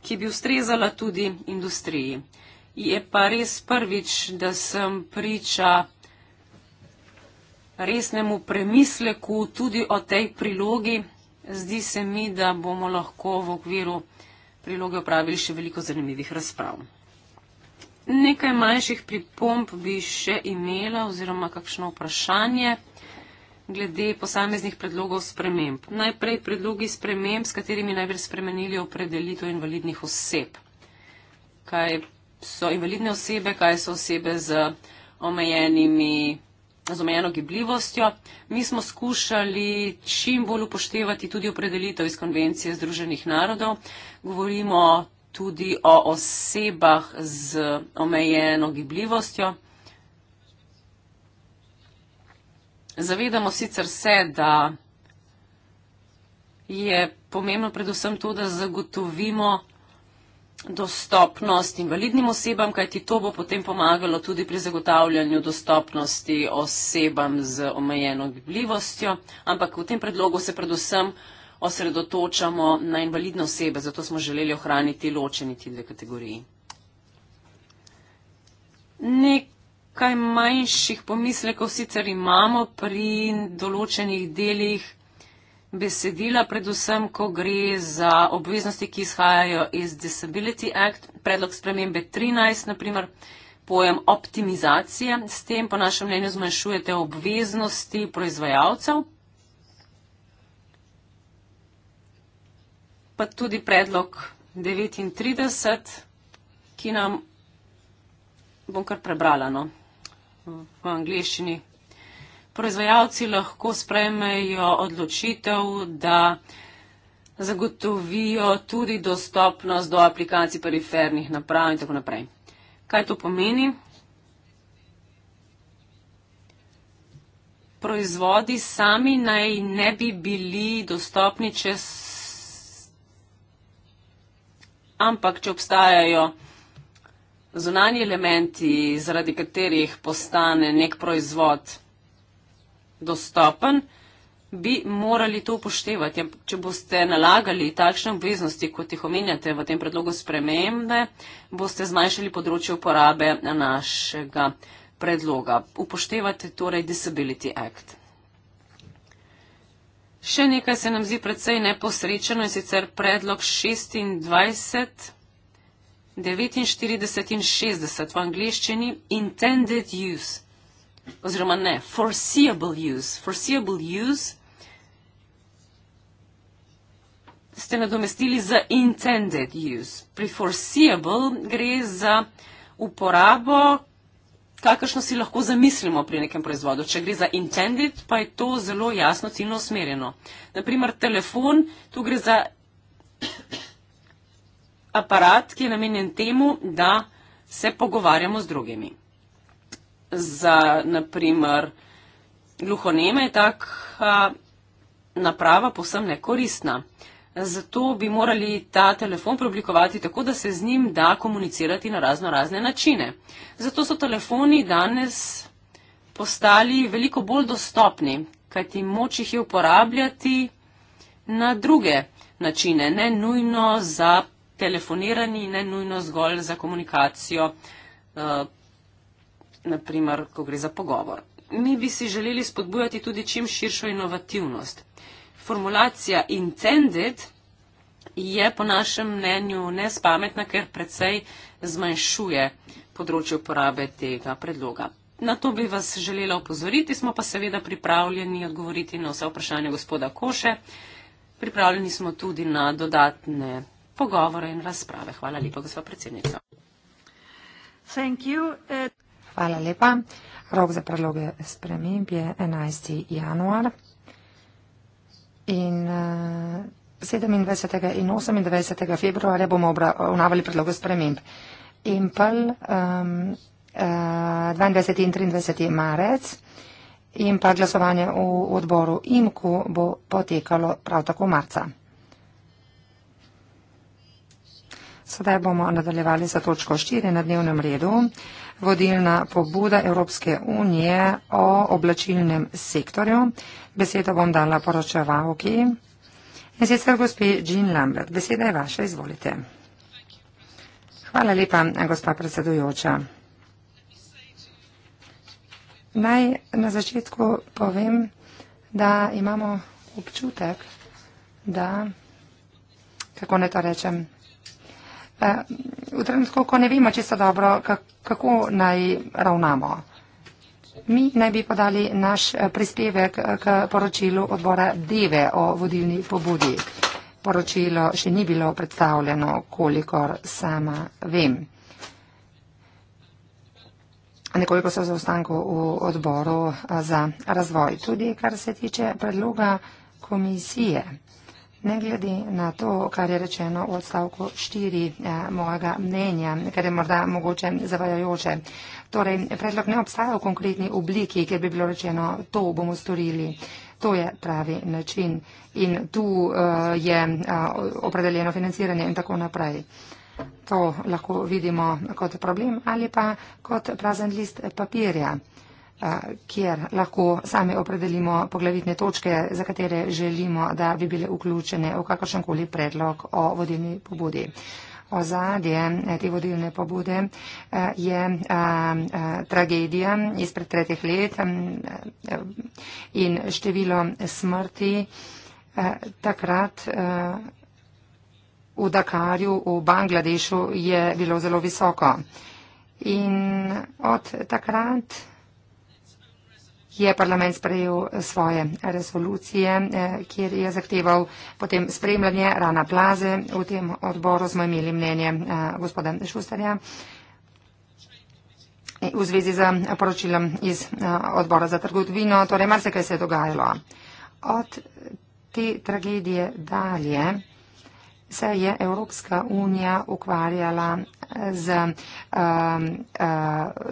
ki bi ustrezala tudi industriji je pa res prvič, da sem priča resnemu premisleku tudi o tej prilogi. Zdi se mi, da bomo lahko v okviru priloge opravili še veliko zanimivih razprav. Nekaj manjših pripomb bi še imela oziroma kakšno vprašanje glede posameznih predlogov sprememb. Najprej predlogi sprememb, s katerimi naj bi spremenili opredelitev invalidnih oseb. Kaj so invalidne osebe, kaj so osebe z, z omejeno gibljivostjo. Mi smo skušali čim bolj upoštevati tudi opredelitev iz konvencije Združenih narodov. Govorimo tudi o osebah z omejeno gibljivostjo. Zavedamo sicer se, da je pomembno predvsem to, da zagotovimo dostopnost invalidnim osebam, kajti to bo potem pomagalo tudi pri zagotavljanju dostopnosti osebam z omejeno gibljivostjo, ampak v tem predlogu se predvsem osredotočamo na invalidne osebe, zato smo želeli ohraniti ločeni ti dve kategoriji. Nekaj manjših pomislekov sicer imamo pri določenih delih besedila, predvsem, ko gre za obveznosti, ki izhajajo iz Disability Act, predlog spremembe 13, naprimer pojem optimizacije. S tem, po našem mnenju, zmanjšujete obveznosti proizvajalcev. Pa tudi predlog 39, ki nam bom kar prebrala no, v angliščini proizvajalci lahko sprejmejo odločitev, da zagotovijo tudi dostopnost do aplikacij perifernih naprav in tako naprej. Kaj to pomeni? Proizvodi sami naj ne bi bili dostopni, če ampak če obstajajo zunanji elementi, zaradi katerih postane nek proizvod dostopen, bi morali to upoštevati. Če boste nalagali takšne obveznosti, kot jih omenjate v tem predlogu spremembe, boste zmanjšali področje uporabe našega predloga. Upoštevate torej Disability Act. Še nekaj se nam zdi predvsej neposrečeno in sicer predlog 26, 49 in 60 v angliščini intended use oziroma ne, foreseeable use. Foreseeable use ste nadomestili za intended use. Pri foreseeable gre za uporabo, kakršno si lahko zamislimo pri nekem proizvodu. Če gre za intended, pa je to zelo jasno ciljno usmerjeno. Naprimer, telefon, tu gre za aparat, ki je namenjen temu, da se pogovarjamo z drugimi za, naprimer, gluhoneme je taka naprava posem nekoristna. Zato bi morali ta telefon preoblikovati tako, da se z njim da komunicirati na razno razne načine. Zato so telefoni danes postali veliko bolj dostopni, kajti moč jih je uporabljati na druge načine, ne nujno za telefoniranje, ne nujno zgolj za komunikacijo eh, naprimer, ko gre za pogovor. Mi bi si želeli spodbujati tudi čim širšo inovativnost. Formulacija intended je po našem mnenju nespametna, ker precej zmanjšuje področje uporabe tega predloga. Na to bi vas želela opozoriti, smo pa seveda pripravljeni odgovoriti na vse vprašanje gospoda Koše. Pripravljeni smo tudi na dodatne pogovore in razprave. Hvala lepa, gospod predsednik. Thank you. Uh... Hvala lepa. Rok za predloge sprememb je 11. januar. In 27. Eh, in 28. februarja bomo obravnavali predloge sprememb. Ehm, eh, in pel um, uh, 22. in 23. marec in pa glasovanje v odboru IMKU bo potekalo prav tako marca. Sedaj bomo nadaljevali za točko 4 na dnevnem redu. Uh, vodilna pobuda Evropske unije o oblačilnem sektorju. Beseda bom dala poročevalki. In sicer gospe Jean Lambert, beseda je vaša, izvolite. Hvala lepa, gospa predsedujoča. Naj na začetku povem, da imamo občutek, da, kako ne to rečem, Eh, v trenutku, ko ne vemo čisto dobro, kako naj ravnamo. Mi naj bi podali naš eh, prispevek eh, k poročilu odbora Deve o vodilni pobudi. Poročilo še ni bilo predstavljeno, kolikor sama vem. Nekoliko so zaostanko v odboru za razvoj. Tudi kar se tiče predloga komisije. Ne glede na to, kar je rečeno v odstavku 4 eh, mojega mnenja, kar je morda mogoče zavajajoče. Torej, predlog ne obstaja v konkretni obliki, ker bi bilo rečeno, to bomo storili. To je pravi način in tu eh, je eh, opredeljeno financiranje in tako naprej. To lahko vidimo kot problem ali pa kot prazen list papirja. Eh, kjer lahko sami opredelimo poglavitne točke, za katere želimo, da bi bile vključene v kakršenkoli predlog o vodilni pobudi. Ozadje eh, te vodilne pobude eh, je a, a, tragedija izpred tretjih let a, in število smrti a, takrat a, v Dakarju, v Bangladešu je bilo zelo visoko. In od takrat je parlament sprejel eh, svoje eh, resolucije, eh, kjer je zahteval potem spremljanje rana plaze. V tem odboru smo imeli mnenje gospoda Šustarja v zvezi z poročilom iz odbora za trgovino. Torej, mar se kaj se je dogajalo. Od te tragedije dalje se je Evropska unija ukvarjala z, um, um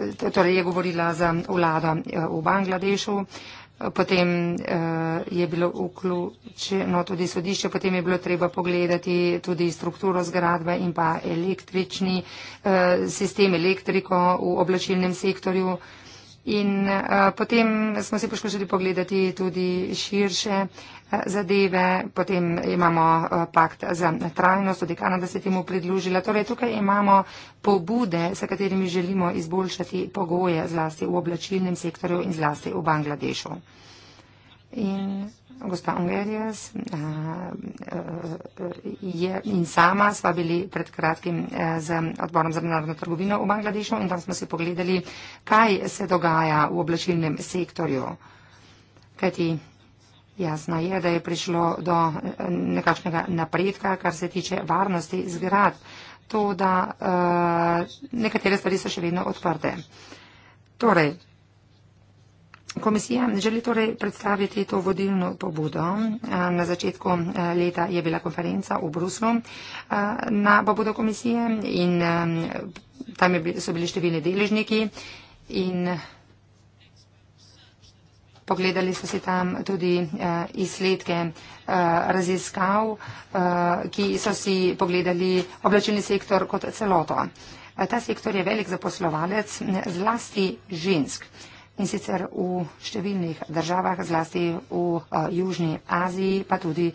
uh, torej je govorila z vlado uh, v Bangladešu, potem uh, je bilo vključeno tudi sodišče, potem je bilo treba pogledati tudi strukturo zgradbe in pa električni uh, sistem, elektriko v oblačilnem sektorju. In uh, potem smo si poskušali pogledati tudi širše uh, zadeve, potem imamo eh, pakt za trajnost, tudi Kanada se temu pridružila. Torej, tukaj imamo pobude, s katerimi želimo izboljšati pogoje zlasti v oblačilnem sektorju in zlasti v Bangladešu. In gospa Ungerjas eh, eh, in sama sva bili pred kratkim z odborom za mednarodno trgovino v Bangladešu in tam smo si pogledali, kaj se dogaja v oblačilnem sektorju. Kajti Jasno je, da je prišlo do eh, nekakšnega napredka, kar se tiče varnosti zgrad. To, da uh, nekatere stvari so še vedno odprte. Torej, komisija želi torej predstaviti to vodilno pobudo. Uh, na začetku leta je bila konferenca v Bruslu uh, na pobudo komisije in um, tam bil, so bili številni deležniki. In, uh, Pogledali so si tam tudi uh, izsledke uh, raziskav, uh, ki so si pogledali oblačilni sektor kot celoto. Uh, ta sektor je velik zaposlovalec zlasti žensk in sicer v številnih državah, zlasti v uh, Južni Aziji, pa tudi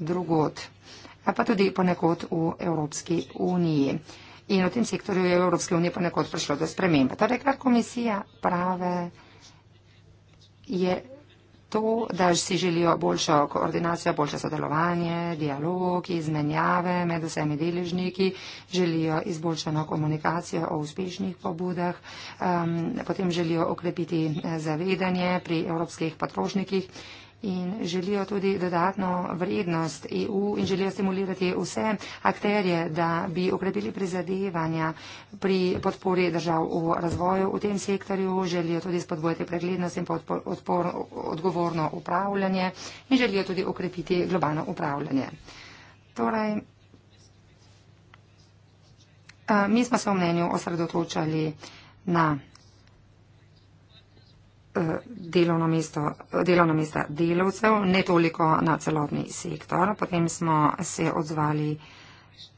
drugot, pa tudi ponekod v Evropski uniji. In v tem sektorju je v Evropski uniji ponekod prišlo do spremembe. Torej, kar komisija prave je to, da si želijo boljšo koordinacijo, boljše sodelovanje, dialog, izmenjave med vsemi deležniki, želijo izboljšano komunikacijo o uspešnih pobudah, um, potem želijo okrepiti eh, zavedanje pri evropskih potrošnikih in želijo tudi dodatno vrednost EU in želijo stimulirati vse akterje, da bi okrepili prizadevanja pri podpori držav v razvoju v tem sektorju. Želijo tudi spodbojati preglednost in podpor, odpor, odgovorno upravljanje in želijo tudi okrepiti globalno upravljanje. Torej, mi smo se v mnenju osredotočali na delovno mesto, delovno mesto delovcev, ne toliko na celotni sektor. Potem smo se odzvali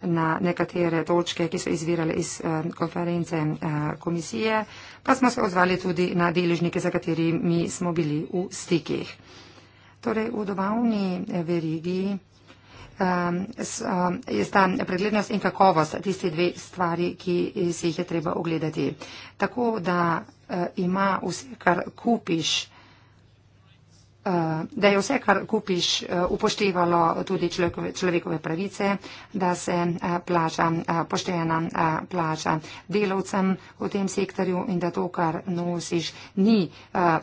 na nekatere točke, ki so izvirale iz eh, konference eh, komisije, pa smo se odzvali tudi na deležnike, za katerimi smo bili v stikih. Torej, v dobavni eh, verigi Ehm, sta ehm, preglednost in kakovost tisti dve stvari, ki si jih je treba ogledati. Tako da eh, ima vse, kar kupiš, eh, da je vse, kar kupiš, eh, upoštevalo tudi človekove pravice, da se plača, poštena plača delavcem v tem sektorju in da to, kar nosiš, ni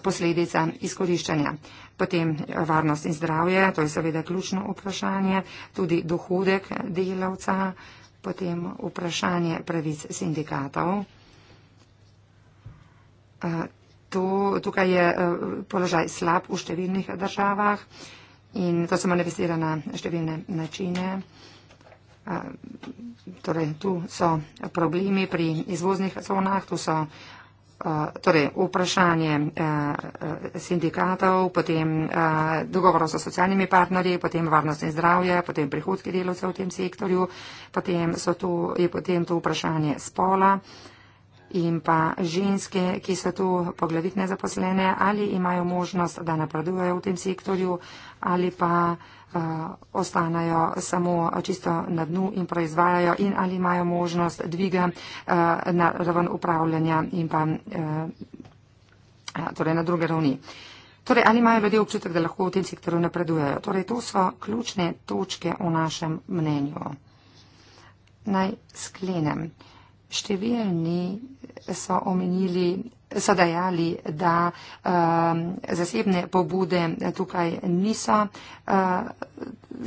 posledica izkoriščanja. Potem eh, varnost in zdravje, to je seveda ključno vprašanje, tudi dohodek delavca, potem vprašanje pravic sindikatov. Eh, to, tukaj je eh, položaj slab v številnih državah in to se manifestira na številne načine. Torej, tu so problemi pri izvoznih zonah, tu so Eh, torej vprašanje eh, sindikatov, potem eh, dogovorov so socialnimi partnerji, potem varnost in zdravje, potem prihodki delovcev v tem sektorju, potem so tu, je potem to vprašanje spola in pa ženske, ki so tu poglavitne zaposlene ali imajo možnost, da napredujejo v tem sektorju ali pa uh, eh, ostanajo samo čisto na dnu in proizvajajo in ali imajo možnost dviga uh, na raven upravljanja in pa uh, torej na druge ravni. Torej, ali imajo ljudje občutek, da lahko v tem sektoru napredujejo? Torej, to so ključne točke v našem mnenju. Naj sklenem. Uh, Številni so omenili, so dejali, da um, zasebne pobude tukaj niso uh,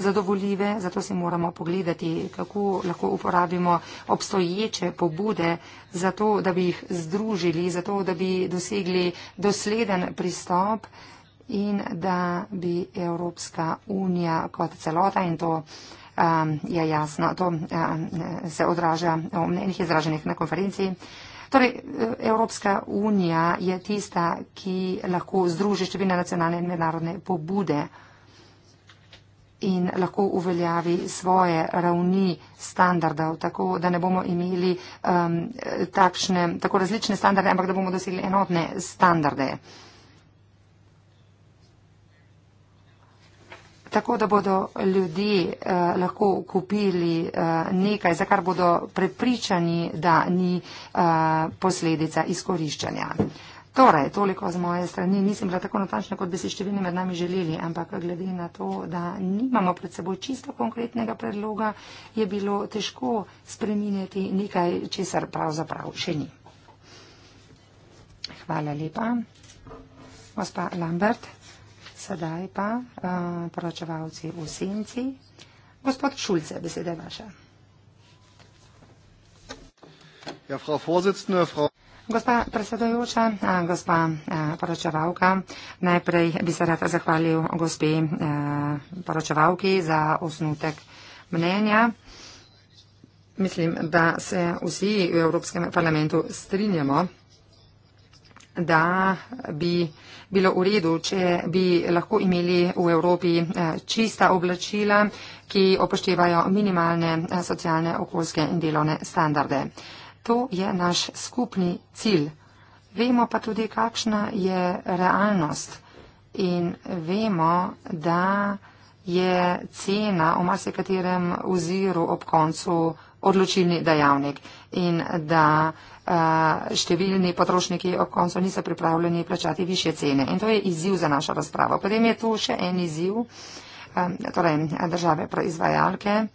zadovoljive, zato si moramo pogledati, kako lahko uporabimo obstoječe pobude, zato da bi jih združili, zato da bi dosegli dosleden pristop in da bi Evropska unija kot celota in to. Uh, um, je jasno, to um, se odraža v mnenjih izraženih na konferenci. Torej, e, Evropska unija je tista, ki lahko združi številne nacionalne in mednarodne pobude in lahko uveljavi svoje ravni standardov, tako da ne bomo imeli um, takšne, tako različne standarde, ampak da bomo dosegli enotne standarde. Uh, tako da bodo ljudje eh, lahko kupili eh, nekaj, za kar bodo prepričani, da ni eh, posledica izkoriščanja. Torej, toliko z moje strani. Nisem bila tako natančna, kot bi si številni med nami želeli, ampak glede na to, da nimamo pred seboj čisto konkretnega predloga, je bilo težko spreminjati nekaj, česar pravzaprav še ni. Hvala lepa. Gospa Lambert. Sedaj pa uh, poročevalci v senci. Gospod Šulce, beseda je vaša. Ja, frau Vorsitzende, frau Gospa predsedojoča, eh, gospa eh, poročevalka, najprej bi se rada zahvalil gospe poročevalki za osnutek mnenja. Mislim, da se vsi v Evropskem parlamentu strinjamo da bi bilo v redu, če bi lahko imeli v Evropi eh, čista oblačila, ki upoštevajo minimalne eh, socialne, okoljske in delovne standarde. To je naš skupni cilj. Vemo pa tudi, kakšna je realnost in vemo, da je cena v marsikaterem oziru ob koncu odločilni dejavnik in da številni potrošniki ob koncu niso pripravljeni plačati više cene. In to je izziv za našo razpravo. Potem je tu še en izziv, torej države proizvajalke,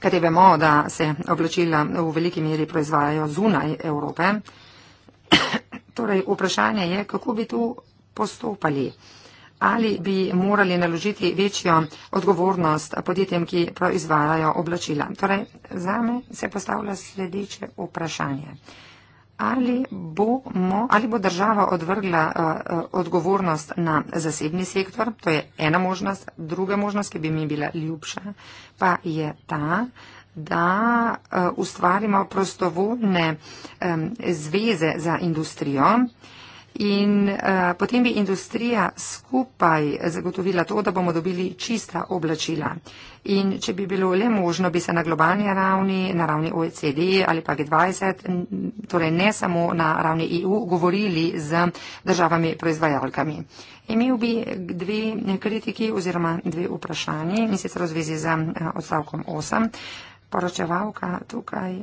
kateri vemo, da se oblačila v veliki meri proizvajajo zunaj Evrope. torej vprašanje je, kako bi tu postopali ali bi morali naložiti večjo odgovornost podjetjem, ki proizvajajo oblačila. Torej, zame se postavlja sledeče vprašanje. Ali, bomo, ali bo država odvrgla uh, odgovornost na zasebni sektor, to je ena možnost, druga možnost, ki bi mi bila ljubša, pa je ta, da uh, ustvarimo prostovoljne um, zveze za industrijo. Uh, In uh, potem bi industrija skupaj zagotovila to, da bomo dobili čista oblačila. In če bi bilo le možno, bi se na globalni ravni, na ravni OECD ali pa G20, torej ne samo na ravni EU, govorili z državami proizvajalkami. Imel bi dve kritiki oziroma dve vprašanji, in sicer v zvezi z eh, odstavkom 8. Poročevalka tukaj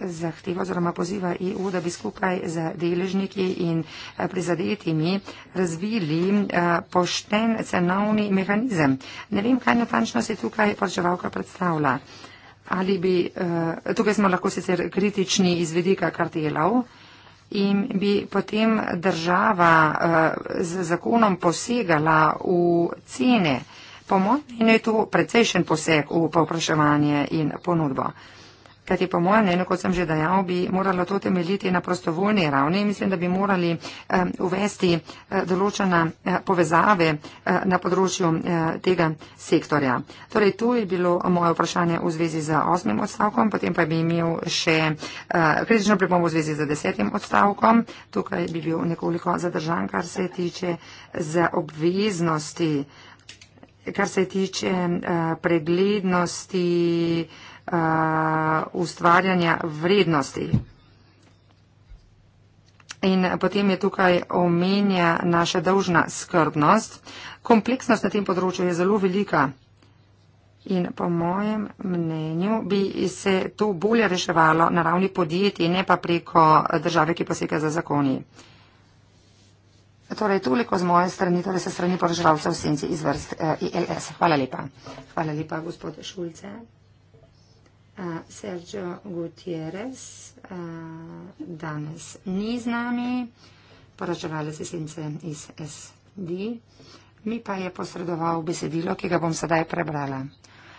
zahteva oziroma poziva EU, da bi skupaj z deležniki in eh, prizadetimi razvili eh, pošten cenovni mehanizem. Ne vem, kaj natančno se tukaj plačevalka predstavlja. Ali bi, eh, tukaj smo lahko sicer kritični izvedika kartelov in bi potem država z zakonom posegala v cene. Po mojem mnenju je to precejšen poseg v povpraševanje in ponudbo. Kajti po mojem mnenju, kot sem že dejal, bi moralo to temeljiti na prostovoljni ravni. Mislim, da bi morali eh, uvesti eh, določena eh, povezave na področju tega sektorja. Torej, to je bilo moje vprašanje v zvezi z osmim odstavkom, potem pa bi imel še kritično pripombo v zvezi z desetim odstavkom. Tukaj bi bil nekoliko zadržan, kar se tiče za obveznosti, kar se tiče preglednosti uh, ustvarjanja vrednosti. In potem je tukaj omenja naša dolžna skrbnost. Kompleksnost na tem področju je zelo velika. In po mojem mnenju bi se to bolje reševalo na ravni podjetij, ne pa preko države, ki posega za zakoni. Torej, toliko z moje strani, torej se strani poraževalcev v senci iz vrst eh, ILS. Hvala lepa. Hvala lepa, gospod Šulce. Sergio Gutierrez uh, danes ni z nami, poročevala se sence iz SD, mi pa je posredoval besedilo, ki ga bom sedaj prebrala.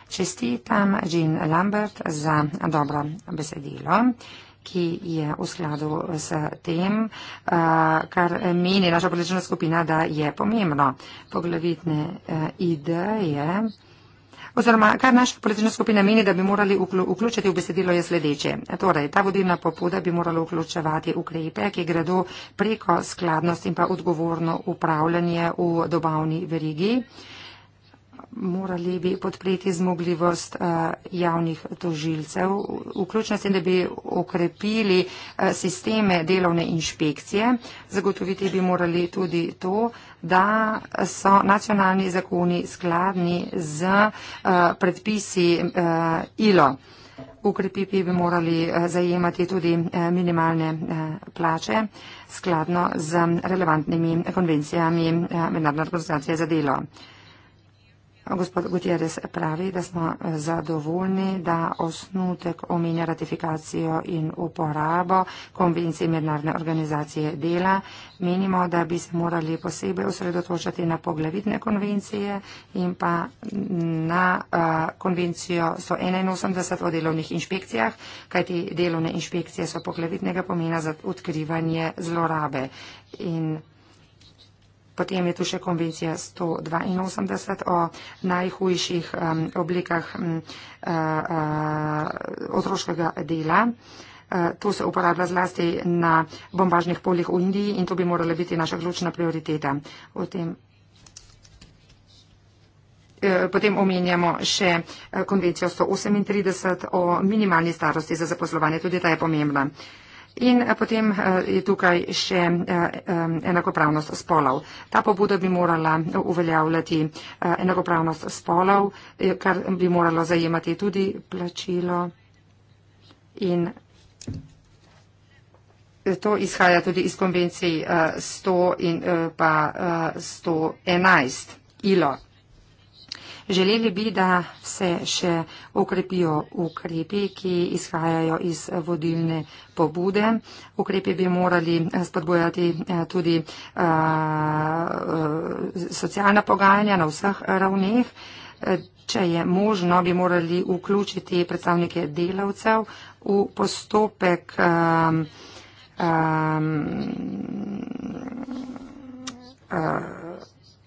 Čestitam Jean Lambert za dobro besedilo, ki je v skladu s tem, kar meni naša politična skupina, da je pomembno. Poglavitne ideje oziroma kar naša politična skupina meni, da bi morali vključiti v besedilo je sledeče. Torej, ta vodilna popuda bi morala vključevati ukrepe, ki gredo preko skladnost in pa odgovorno upravljanje v dobavni verigi morali bi podpreti zmogljivost uh, javnih tožilcev, vključno s tem, da bi okrepili uh, sisteme delovne inšpekcije. Zagotoviti bi morali tudi to, da so nacionalni zakoni skladni z uh, predpisi uh, ILO. Ukrepi bi morali zajemati tudi minimalne plače skladno z relevantnimi konvencijami Mednarodne organizacije za delo. Gospod Gutierrez pravi, da smo eh, zadovoljni, da osnutek omenja ratifikacijo in uporabo konvencije mednarodne organizacije dela. Menimo, da bi se morali posebej osredotočati na poglavitne konvencije in pa na uh, konvencijo 181 o delovnih inšpekcijah, kajti delovne inšpekcije so poglavitnega pomena za odkrivanje zlorabe. In Potem je tu še konvencija 182 o najhujših um, oblikah um, uh, uh, otroškega dela. E, to se uporablja zlasti na bombažnih poljih v Indiji in to bi morala biti naša ključna prioriteta. Tem, eh, potem omenjamo še e, konvencijo 138 o minimalni starosti za zaposlovanje. Tudi ta je pomembna. Eh, In eh, potem eh, je tukaj še eh, enakopravnost spolov. Ta pobuda bi morala uveljavljati enakopravnost spolov, kar bi moralo zajemati tudi plačilo. In to izhaja tudi iz konvencij 100 in pa 111 ILO. Želeli bi, da se še okrepijo ukrepi, ki izhajajo iz vodilne pobude. Ukrepi bi morali eh, spodbojati eh, tudi a, eh, a, socialna pogajanja na vseh ravneh. Če je možno, bi morali vključiti predstavnike delavcev v postopek um, um, uh,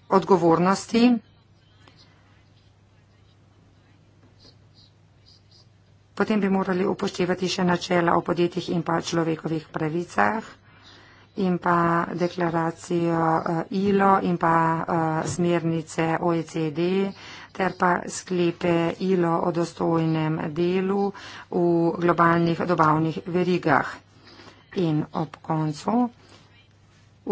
odgovornosti. Potem bi morali upoštevati še načela o podjetjih in pa človekovih pravicah in pa deklaracijo eh, ILO in pa eh, smernice OECD ter pa sklepe ILO o dostojnem delu v globalnih dobavnih verigah. In ob koncu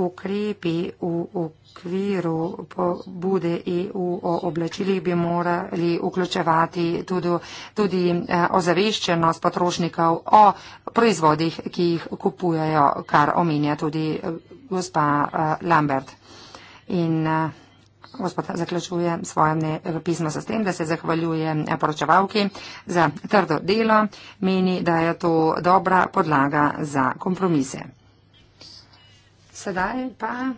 ukrepi v ukrepi okviru pobude EU o oblačilih bi morali vključevati tudi, tudi eh, ozaveščenost potrošnikov o proizvodih, ki jih kupujajo, kar omenja tudi eh, gospa eh, Lambert. In gospod zaključuje svoje pismo s tem, da se zahvaljuje poročevalki za trdo delo, meni, da je to dobra podlaga za kompromise. Sedaj pa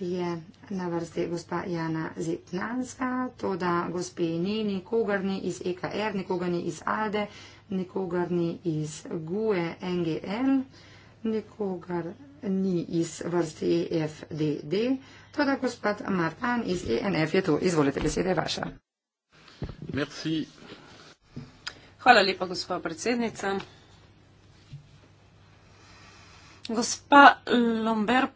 je na vrsti gospa Jana Zipnanska, to da gospe ni nikogar ni iz EKR, nikogar ni iz ALDE, nikogar ni iz GUE NGL, nikogar ni iz vrsti EFDD, to da gospod Martan iz ENF je tu. Izvolite, beseda je vaša. Merci. Hvala lepa, gospa predsednica. Gospa Lomber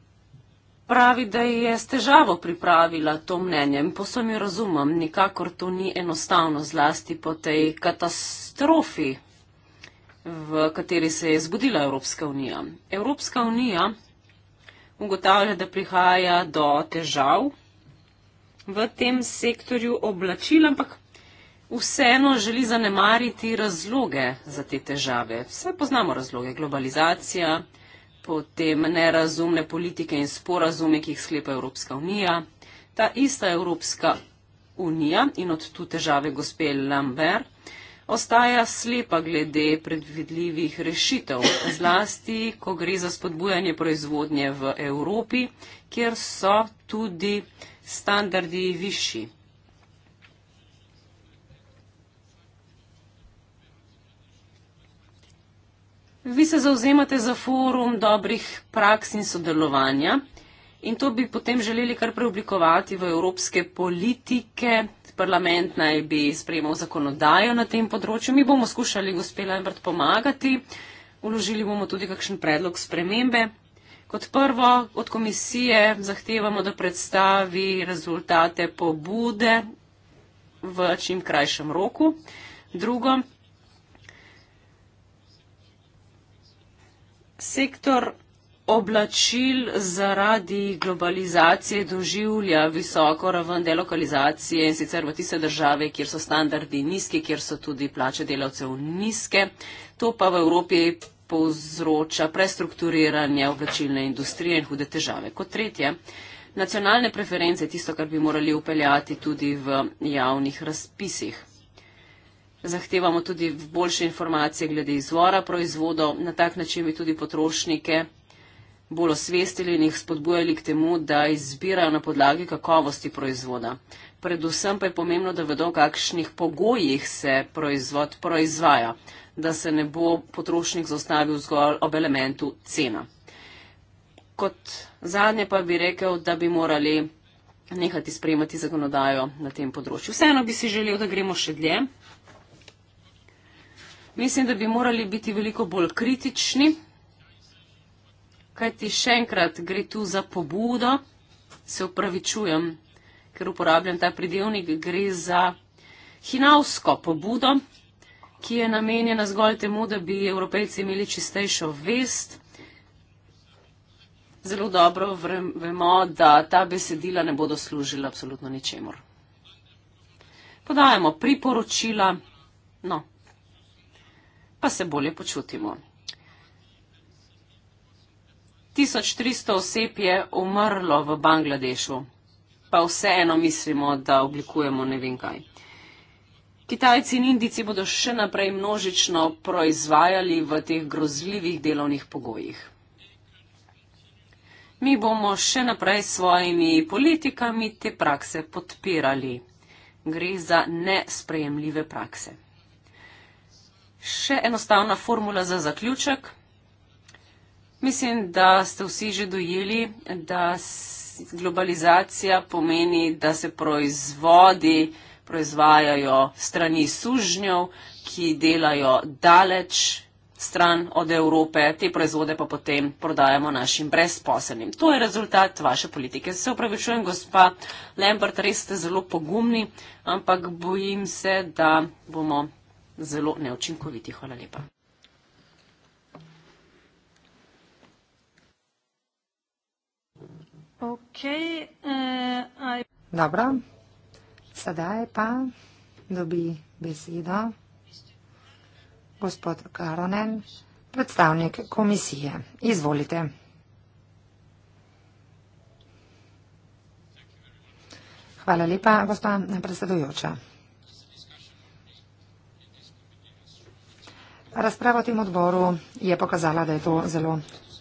pravi, da je s težavo pripravila to mnenje. Po sem jo razumem, nikakor to ni enostavno zlasti po tej katastrofi, v kateri se je zbudila Evropska unija. Evropska unija ugotavlja, da prihaja do težav v tem sektorju oblačil, ampak. Vseeno želi zanemariti razloge za te težave. Vse poznamo razloge. Globalizacija, potem nerazumne politike in sporazume, ki jih sklepa Evropska unija. Ta ista Evropska unija in od tu težave gospe Lambert ostaja slepa glede predvidljivih rešitev, zlasti, ko gre za spodbujanje proizvodnje v Evropi, kjer so tudi standardi višji. Vi se zauzemate za forum dobrih praks in sodelovanja in to bi potem želeli kar preoblikovati v evropske politike. Parlament naj bi sprejemal zakonodajo na tem področju. Mi bomo skušali, gospe Lambert, pomagati. Uložili bomo tudi kakšen predlog spremembe. Kot prvo, od komisije zahtevamo, da predstavi rezultate pobude v čim krajšem roku. Drugo, Sektor oblačil zaradi globalizacije doživlja visoko raven delokalizacije in sicer v tiste države, kjer so standardi nizki, kjer so tudi plače delavcev nizke. To pa v Evropi povzroča prestrukturiranje oblačilne industrije in hude težave. Kot tretje, nacionalne preference je tisto, kar bi morali upeljati tudi v javnih razpisih. Zahtevamo tudi boljše informacije glede izvora proizvodov, na tak način bi tudi potrošnike bolj osvestili in jih spodbujali k temu, da izbirajo na podlagi kakovosti proizvoda. Predvsem pa je pomembno, da vedo, v kakšnih pogojih se proizvod proizvaja, da se ne bo potrošnik zaustavil zgolj ob elementu cena. Kot zadnje pa bi rekel, da bi morali nehati spremati zakonodajo na tem področju. Vseeno bi si želel, da gremo še dlje. Mislim, da bi morali biti veliko bolj kritični, kajti še enkrat gre tu za pobudo, se upravičujem, ker uporabljam ta pridevnik, gre za hinavsko pobudo, ki je namenjena zgolj temu, da bi evropejci imeli čistejšo vest. Zelo dobro vemo, da ta besedila ne bodo služila absolutno ničemor. Podajamo priporočila. No, pa se bolje počutimo. 1300 oseb je umrlo v Bangladešu, pa vseeno mislimo, da oblikujemo ne vem kaj. Kitajci in Indici bodo še naprej množično proizvajali v teh grozljivih delovnih pogojih. Mi bomo še naprej s svojimi politikami te prakse podpirali. Gre za nesprejemljive prakse. Še enostavna formula za zaključek. Mislim, da ste vsi že dojeli, da globalizacija pomeni, da se proizvodi proizvajajo strani sužnjev, ki delajo daleč stran od Evrope, te proizvode pa potem prodajamo našim brezposelnim. To je rezultat vaše politike. Se upravičujem, gospa Lambert, res ste zelo pogumni, ampak bojim se, da bomo zelo neočinkoviti. Hvala lepa. Okay, uh, I... Dobro, sedaj pa dobi besedo gospod Karonen, predstavnik komisije. Izvolite. Hvala lepa, gospod predsedujoča. Razprava v tem odboru je pokazala, da je to zelo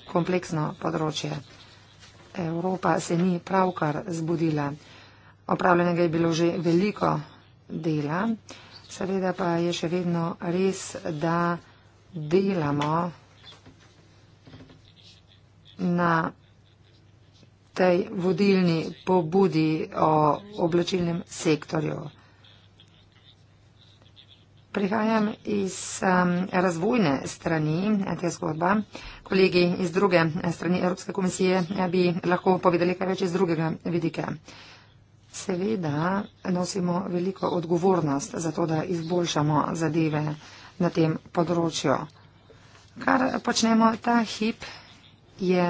kompleksno področje. Evropa se ni pravkar zbudila. Opravljenega je bilo že veliko dela. Seveda pa je še vedno res, da delamo na tej vodilni pobudi o oblačilnem sektorju. Prihajam iz um, razvojne strani eh, te zgodbe. Kolegi iz druge eh, strani Evropske komisije eh, bi lahko povedali kaj več iz drugega vidika. Seveda nosimo veliko odgovornost za to, da izboljšamo zadeve na tem področju. Kar počnemo ta hip je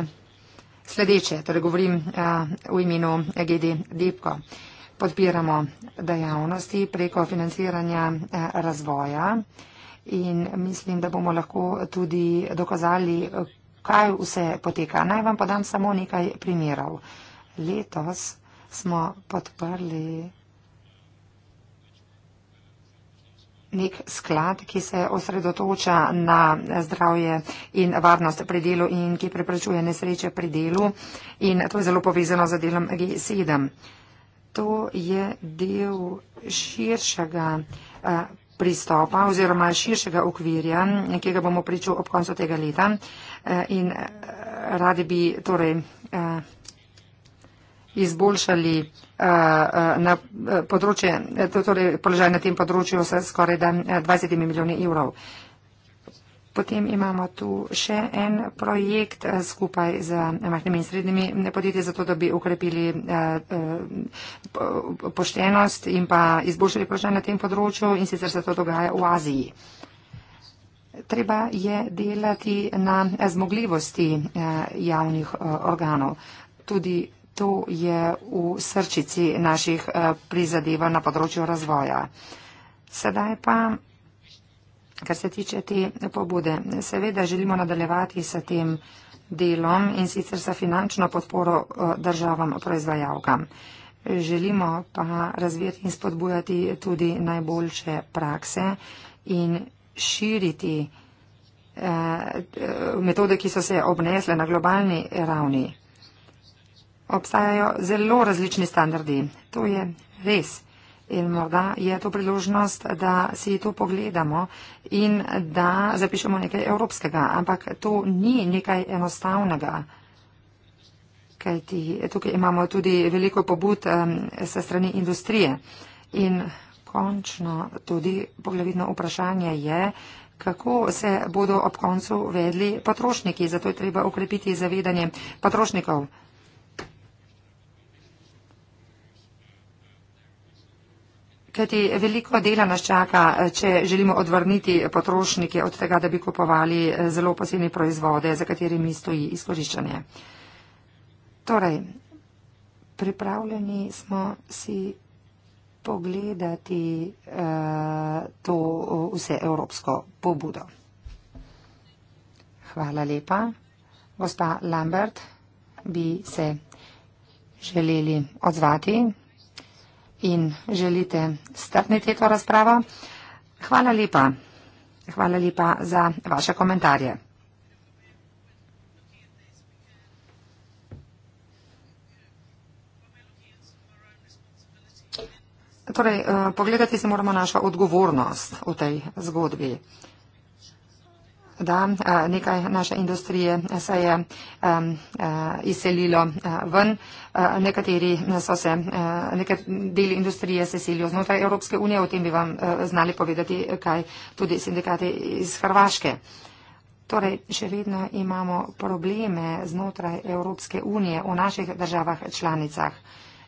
sledeče, torej govorim uh, v imenu GD Depko podpiramo dejavnosti preko financiranja eh, razvoja in mislim, da bomo lahko tudi dokazali, kaj vse poteka. Naj vam podam samo nekaj primerov. Letos smo podprli nek sklad, ki se osredotoča na zdravje in varnost pri delu in ki preprečuje nesreče pri delu in to je zelo povezano z delom G7 to je del širšega eh, pristopa oziroma širšega okvirja, ki ga bomo pričali ob koncu tega leta. Eh, in eh, radi bi torej izboljšali na področje, torej položaj na tem področju s skoraj 20 milijoni evrov. Potem imamo tu še en projekt eh, skupaj z majhnimi in srednjimi eh, podjetji, zato da bi ukrepili eh, poštenost in pa izboljšali položaj na tem področju in sicer se to dogaja v Aziji. Treba je delati na zmogljivosti javnih organov. Tudi to je v srčici naših prizadeva na področju razvoja. Sedaj pa kar se tiče te pobude. Seveda želimo nadaljevati s tem delom in sicer sa finančno podporo eh, državam proizvajalkam. Želimo pa razvijati in spodbujati tudi najboljše prakse in širiti eh, eh, metode, ki so se obnesle na globalni ravni. Obstajajo zelo različni standardi. To je res in morda je to priložnost, da si to pogledamo in da zapišemo nekaj evropskega, ampak to ni nekaj enostavnega. Kajti tukaj imamo tudi veliko pobud um, sa strani industrije. In končno tudi poglavitno vprašanje je, kako se bodo ob koncu vedli potrošniki. Zato je treba ukrepiti zavedanje potrošnikov. Kajti veliko dela nas čaka, eh, če želimo odvrniti potrošnike od tega, da bi kupovali eh, zelo posebne proizvode, za katerimi stoji izkoriščanje. Torej, pripravljeni smo si pogledati eh, to eh, vse evropsko pobudo. Hvala lepa. Gospa Lambert, bi se želeli odzvati in želite strpniti to razpravo. Hvala lepa. Hvala lepa za vaše komentarje. Torej, eh, pogledati si moramo našo odgovornost v tej zgodbi da nekaj naše industrije se je um, uh, izselilo uh, ven. Uh, nekateri so se, uh, nekaj deli industrije se selijo znotraj Evropske unije, o tem bi vam uh, znali povedati, kaj tudi sindikati iz Hrvaške. Torej, še vedno imamo probleme znotraj Evropske unije v naših državah članicah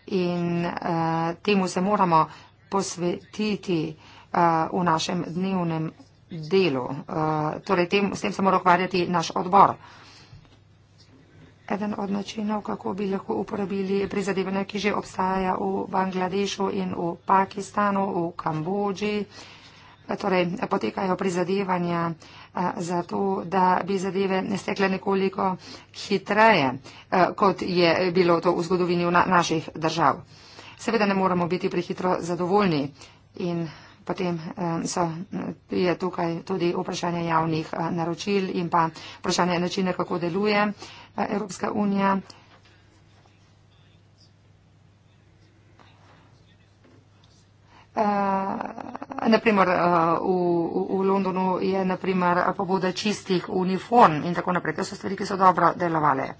in uh, temu se moramo posvetiti uh, v našem dnevnem delu. Uh, torej, tem, s tem se mora ukvarjati naš odbor. Eden od načinov, kako bi lahko uporabili prizadevanja, ki že obstaja v Bangladešu in v Pakistanu, v Kambodži. Eh, torej, potekajo prizadevanja eh, za to, da bi zadeve ne stekle nekoliko hitreje, kot je bilo to v zgodovini v naših držav. Seveda ne moramo biti prehitro zadovoljni in Potem eh, so, eh, je tukaj tudi vprašanje javnih eh, naročil in pa vprašanje načine, kako deluje Evropska unija. Naprimer, v, v Londonu je naprimer pobuda čistih uniform in tako naprej. To so stvari, ki so dobro delovale.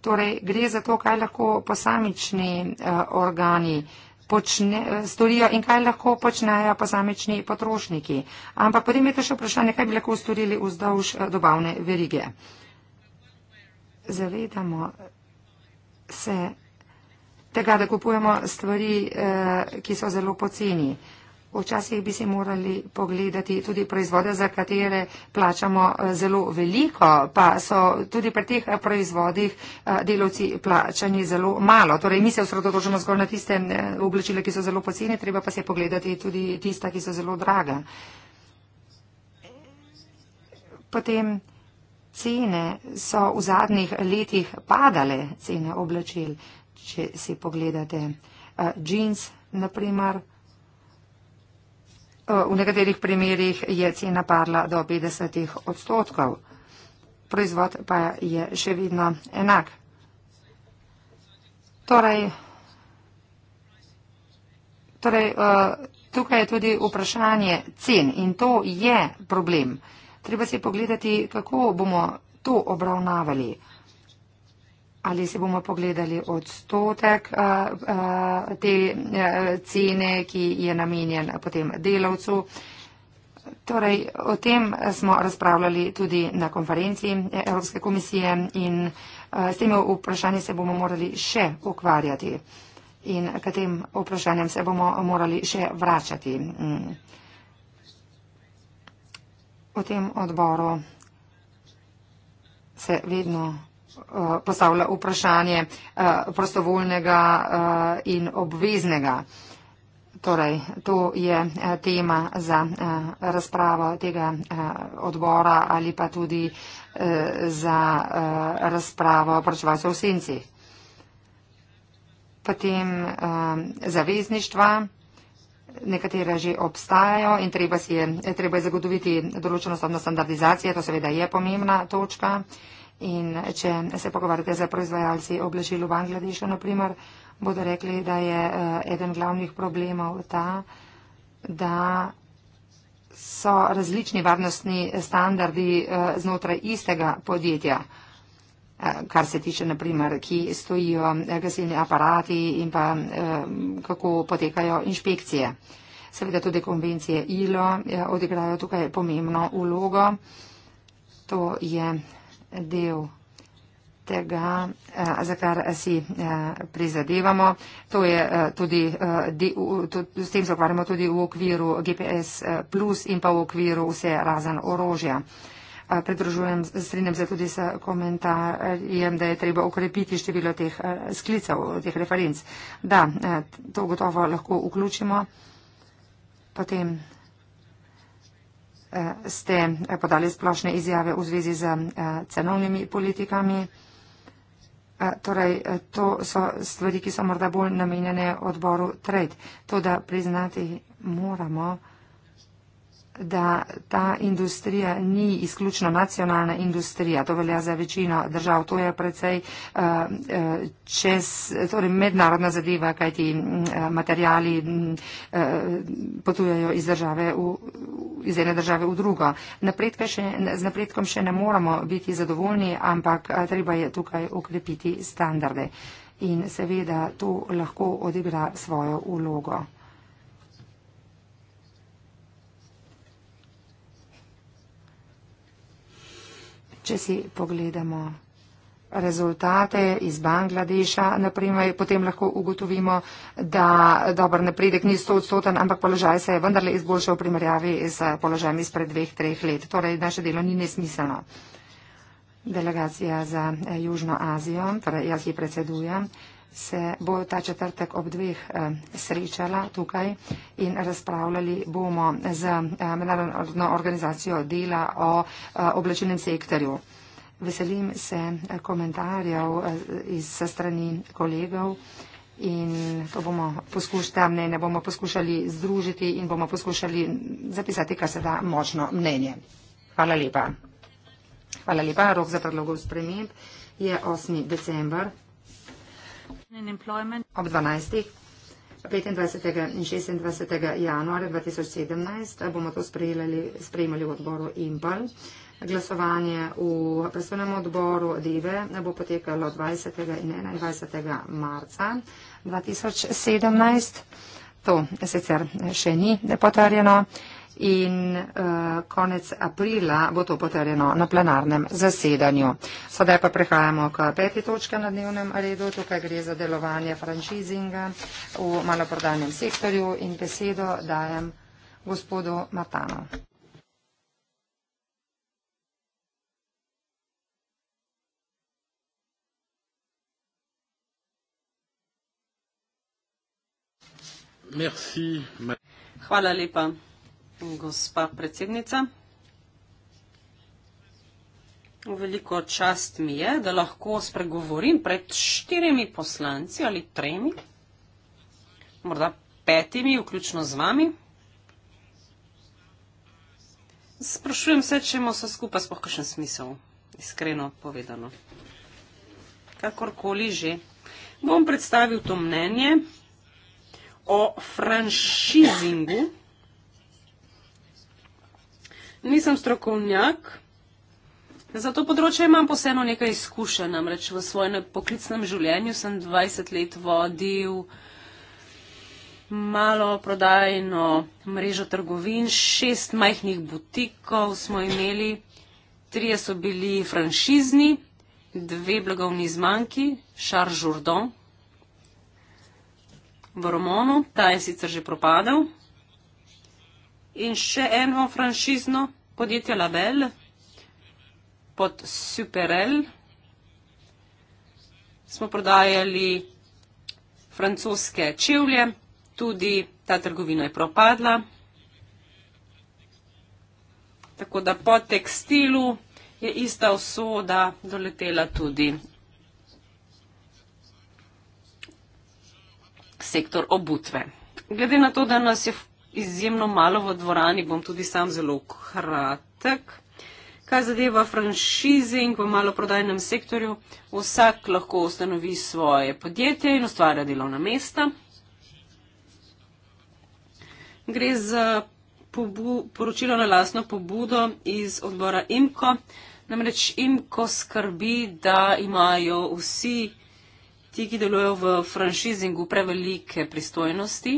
Torej, gre za to, kaj lahko posamični organi počne, eh, storijo in kaj lahko počnejo posamični potrošniki. Ampak potem je to še vprašanje, kaj bi lahko storili vzdolž eh, dobavne verige. Zavedamo se tega, da kupujemo stvari, eh, ki so zelo poceni. Včasih bi si morali pogledati tudi proizvode, za katere plačamo eh, zelo veliko, pa so tudi pri teh eh, proizvodih eh, delovci plačani zelo malo. Torej, mi se osredotočamo zgolj na tiste oblačile, ki so zelo poceni, treba pa se pogledati tudi tista, ki so zelo draga. Potem cene so v zadnjih letih padale, cene oblačil, če si pogledate. Džins, naprimer v nekaterih primerjih je cena padla do 50 odstotkov. Proizvod pa je še vedno enak. Torej, torej, eh, tukaj je tudi vprašanje cen in to je problem. Treba si pogledati, kako bomo to obravnavali ali se bomo pogledali odstotek a, eh, a, eh, te a, eh, cene, ki je namenjen potem delavcu. Torej, o tem smo razpravljali tudi na konferenci Evropske komisije in a, s temi vprašanji se bomo morali še ukvarjati in k tem vprašanjem se bomo morali še vračati. O mm. tem odboru se vedno Eh, postavlja vprašanje eh, prostovoljnega eh, in obveznega. Torej, to je tema za razpravo tega odbora ali pa tudi za razpravo poročevalcev v senci. Potem zavezništva, nekatere že obstajajo in treba, si je, treba je zagotoviti določeno stopno standardizacije, to seveda je pomembna točka. In če se pogovarjate z proizvajalci oblačil v Bangladešu, naprimer, bodo rekli, da je eh, eden glavnih problemov ta, da so različni varnostni standardi eh, znotraj istega podjetja, eh, kar se tiče, naprimer, ki stojijo gasilni aparati in pa kako potekajo inšpekcije. Seveda tudi konvencije ILO odigrajo tukaj pomembno ulogo. To je del tega, eh, za kar si eh, prizadevamo. To je eh, tudi, s tem se ukvarjamo tudi v okviru GPS plus in pa v okviru vse razen orožja. Pridružujem, strinjam se tudi s komentarjem, da je treba ukrepiti število teh sklicev, teh referenc. Da, to gotovo lahko vključimo. Potem Eh, ste eh, podali splošne izjave v zvezi z eh, cenovnimi politikami. Torej, to so stvari, ki so morda bolj namenjene odboru trade. To, da priznati moramo, da ta industrija ni izključno nacionalna industrija. To velja za večino držav. To je predvsej uh, eh, eh, torej mednarodna zadeva, kaj ti uh, mm, eh, materijali uh, mm, potujejo iz, v, iz ene države v drugo. Še, z napredkom še ne moramo biti zadovoljni, ampak uh, treba je tukaj okrepiti standarde. In seveda to lahko odigra svojo ulogo. Če si pogledamo rezultate iz Bangladeša, naprimer, potem lahko ugotovimo, da dober napredek ni 100 odstoten, ampak položaj se je vendarle izboljšal v primerjavi z položajem izpred dveh, treh let. Torej, naše delo ni nesmiselno. Delegacija za Južno Azijo, torej jaz ji predsedujem se bo ta četrtek ob dveh eh, srečala tukaj in razpravljali bomo z eh, mednarodno organizacijo dela o eh, oblačenem sektorju. Veselim se komentarjev iz strani kolegov in to bomo poskušali, ne, ne bomo poskušali združiti in bomo poskušali zapisati, kar se da močno mnenje. Hvala lepa. Hvala lepa. Rok za predlogov sprememb je 8. decembar. Ob 12. 25. in 26. januarja 2017 bomo to sprejemali v odboru IMPAL. Glasovanje v predstavnem odboru DIVE bo potekalo 20. in 21. marca 2017. To sicer še ni potrjeno in uh, konec aprila bo to potrjeno na plenarnem zasedanju. Sedaj pa prehajamo k peti točki na dnevnem redu. Tukaj gre za delovanje franšizinga v maloprodajnem sektorju in besedo dajem gospodu Matano. Merci. Hvala lepa. Gospa predsednica, veliko čast mi je, da lahko spregovorim pred štirimi poslanci ali tremi, morda petimi, vključno z vami. Sprašujem se, če ima vse skupaj sploh kakšen smisel, iskreno povedano. Kakorkoli že. Bom predstavil to mnenje o franšizingu nisem strokovnjak. Za to področje imam posebno nekaj izkušenj, namreč v svojem poklicnem življenju sem 20 let vodil malo prodajno mrežo trgovin, šest majhnih butikov smo imeli, trije so bili franšizni, dve blagovni zmanjki, Charles Jourdan v Romonu, ta je sicer že propadel in še eno franšizno podjetje Label pod Superel. Smo prodajali francoske čevlje, tudi ta trgovina je propadla. Tako da po tekstilu je ista usoda doletela tudi sektor obutve. Glede na to, da nas je izjemno malo v dvorani, bom tudi sam zelo kratek. Kaj zadeva franšizing v maloprodajnem sektorju, vsak lahko ustanovi svoje podjetje in ustvarja delovna mesta. Gre za pobu, poročilo na lasno pobudo iz odbora IMKO. Namreč IMKO skrbi, da imajo vsi ti, ki delujejo v franšizingu, prevelike pristojnosti.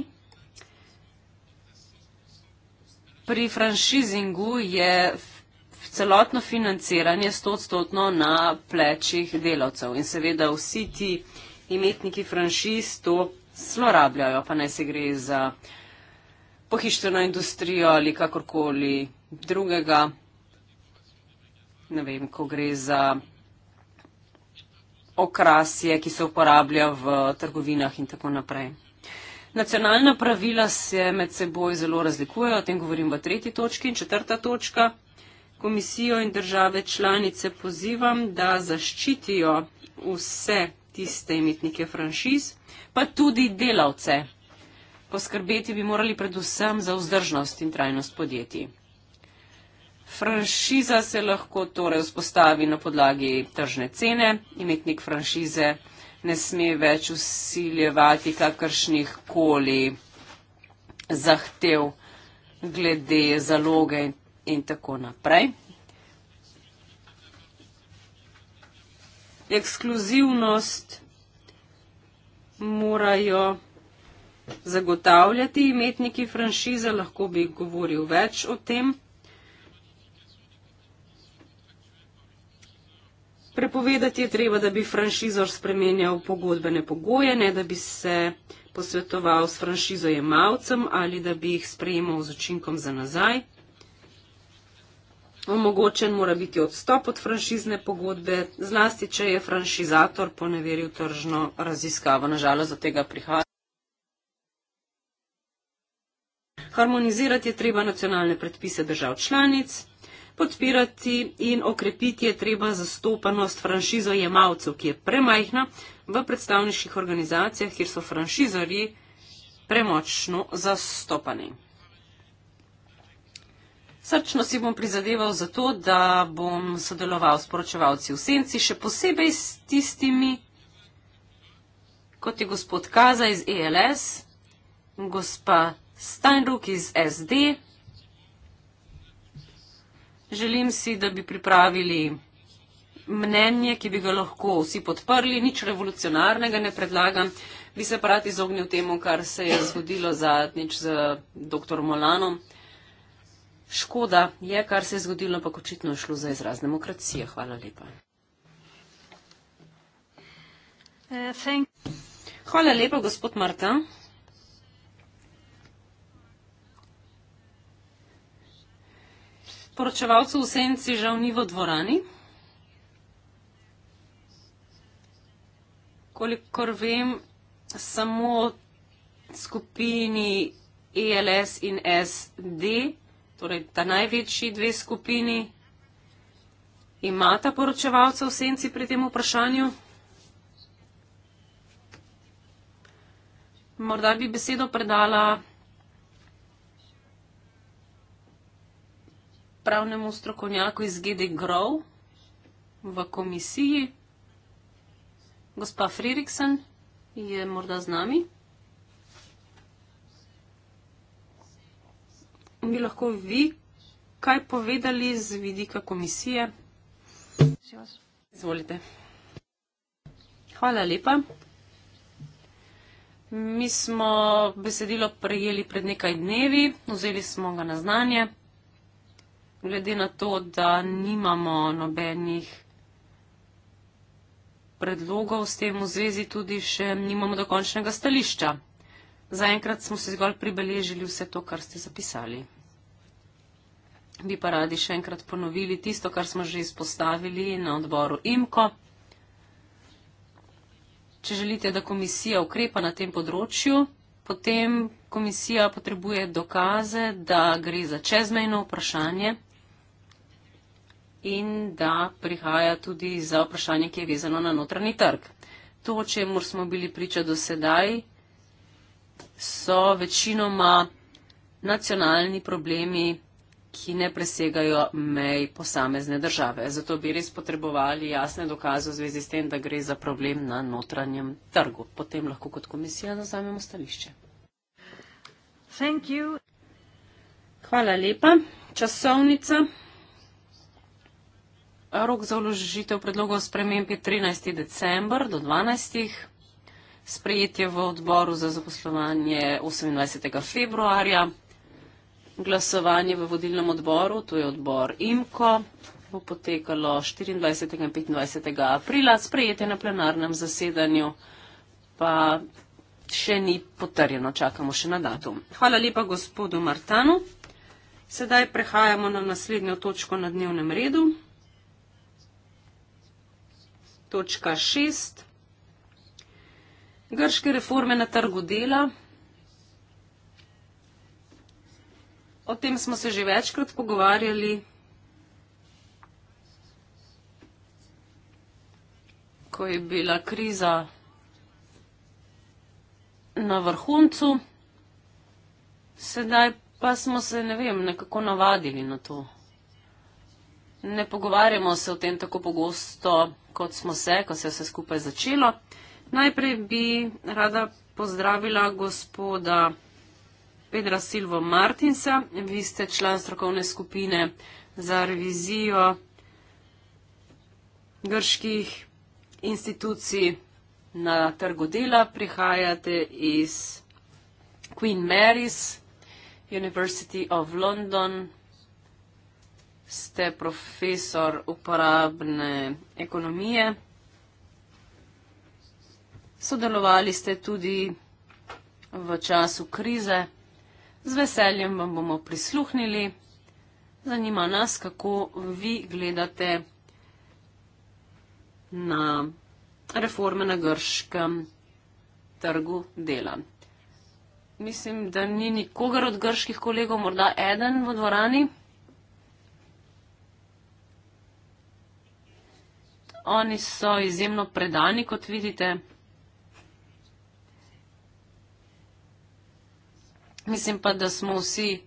pri franšizingu je celotno financiranje stotstotno na plečih delavcev in seveda vsi ti imetniki franšiz to zlorabljajo, pa naj se gre za pohištveno industrijo ali kakorkoli drugega, ne vem, ko gre za okrasje, ki se uporablja v trgovinah in tako naprej. Nacionalna pravila se med seboj zelo razlikujejo, o tem govorim v tretji točki in četrta točka. Komisijo in države članice pozivam, da zaščitijo vse tiste imetnike franšiz, pa tudi delavce. Poskrbeti bi morali predvsem za vzdržnost in trajnost podjetij. Franšiza se lahko torej vzpostavi na podlagi tržne cene, imetnik franšize ne sme več usiljevati kakršnih koli zahtev glede zaloge in tako naprej. Ekskluzivnost morajo zagotavljati imetniki franšize, lahko bi govoril več o tem. Prepovedati je treba, da bi franšizor spremenjal pogodbene pogoje, ne da bi se posvetoval s franšizojemalcem ali da bi jih sprejemal z učinkom za nazaj. Omogočen mora biti odstop od franšizne pogodbe, zlasti, če je franšizator poneveril tržno raziskavo. Nažalost, do tega prihaja. Harmonizirati je treba nacionalne predpise držav članic. Podpirati in okrepiti je treba zastopanost franšizo jemalcev, ki je premajhna v predstavniških organizacijah, kjer so franšizori premočno zastopani. Srčno si bom prizadeval za to, da bom sodeloval s poročevalci v senci, še posebej s tistimi, kot je gospod Kaza iz ELS, gospa Steinruck iz SD, Želim si, da bi pripravili mnenje, ki bi ga lahko vsi podprli, nič revolucionarnega ne predlagam. Bi se prati izognil temu, kar se je zgodilo zadnjič z dr. Molanom. Škoda je, kar se je zgodilo, ampak očitno je šlo za izraz demokracije. Hvala lepa. Uh, Hvala lepa, gospod Marta. poročevalcev v senci žal ni v dvorani. Kolikor vem, samo skupini ELS in SD, torej ta največji dve skupini, imata poročevalce v senci pri tem vprašanju. Morda bi besedo predala pravnemu strokovnjaku iz GD Grow v komisiji. Gospa Fririksen je morda z nami. Bi lahko vi kaj povedali z vidika komisije? Izvolite. Hvala lepa. Mi smo besedilo prejeli pred nekaj dnevi, vzeli smo ga na znanje glede na to, da nimamo nobenih predlogov s tem v zvezi, tudi še nimamo dokončnega stališča. Zaenkrat smo se zgolj pribeležili vse to, kar ste zapisali. Bi pa radi še enkrat ponovili tisto, kar smo že izpostavili na odboru IMKO. Če želite, da komisija ukrepa na tem področju, potem komisija potrebuje dokaze, da gre za čezmejno vprašanje in da prihaja tudi za vprašanje, ki je vezano na notranji trg. To, o čemur smo bili priča do sedaj, so večinoma nacionalni problemi, ki ne presegajo mej posamezne države. Zato bi res potrebovali jasne dokaze v zvezi s tem, da gre za problem na notranjem trgu. Potem lahko kot komisija zauzamemo stališče. Hvala lepa. Časovnica. Rok za vložitev predlogov sprememb je 13. december do 12. Sprejetje v odboru za zaposlovanje 28. februarja. Glasovanje v vodilnem odboru, to je odbor IMKO, bo potekalo 24. in 25. aprila. Sprejetje na plenarnem zasedanju pa še ni potrjeno, čakamo še na datum. Hvala lepa gospodu Martanu. Sedaj prehajamo na naslednjo točko na dnevnem redu. Točka šest. Grške reforme na trgu dela. O tem smo se že večkrat pogovarjali. ko je bila kriza na vrhuncu, sedaj pa smo se, ne vem, nekako navadili na to. Ne pogovarjamo se o tem tako pogosto, kot smo se, ko se je vse skupaj začelo. Najprej bi rada pozdravila gospoda Pedra Silvo Martinsa. Vi ste član strokovne skupine za revizijo grških institucij na trgu dela. Prihajate iz Queen Mary's University of London, ste profesor uporabne ekonomije. Sodelovali ste tudi v času krize. Z veseljem vam bomo prisluhnili. Zanima nas, kako vi gledate na reforme na grškem trgu dela. Mislim, da ni nikogar od grških kolegov, morda eden v dvorani. Oni so izjemno predani, kot vidite. Mislim pa, da smo vsi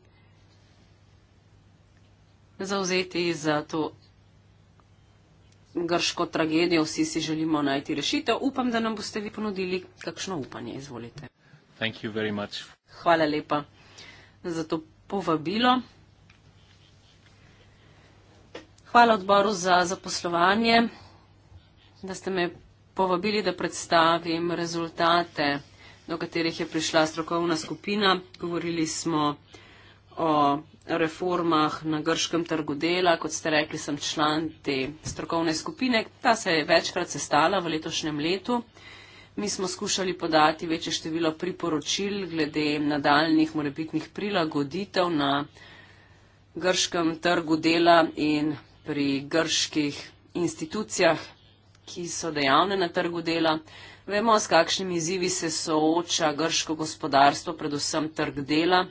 zauzeti za to grško tragedijo. Vsi si želimo najti rešitev. Upam, da nam boste vi ponudili kakšno upanje. Izvolite. Hvala lepa za to povabilo. Hvala odboru za zaposlovanje da ste me povabili, da predstavim rezultate, do katerih je prišla strokovna skupina. Govorili smo o reformah na grškem trgu dela. Kot ste rekli, sem član te strokovne skupine. Ta se je večkrat sestala v letošnjem letu. Mi smo skušali podati večje število priporočil glede nadaljnih morebitnih prilagoditev na grškem trgu dela in pri grških institucijah, ki so dejavne na trgu dela. Vemo, s kakšnimi izzivi se sooča grško gospodarstvo, predvsem trg dela.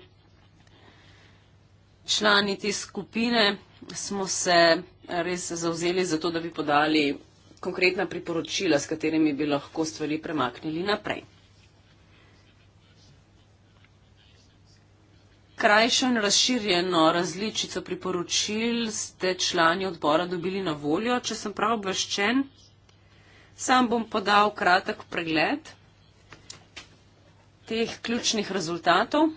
Člani te skupine smo se res zauzeli za to, da bi podali konkretna priporočila, s katerimi bi lahko stvari premaknili naprej. Krajšo in razširjeno različico priporočil ste člani odbora dobili na voljo, če sem prav obveščen, Sam bom podal kratek pregled teh ključnih rezultatov.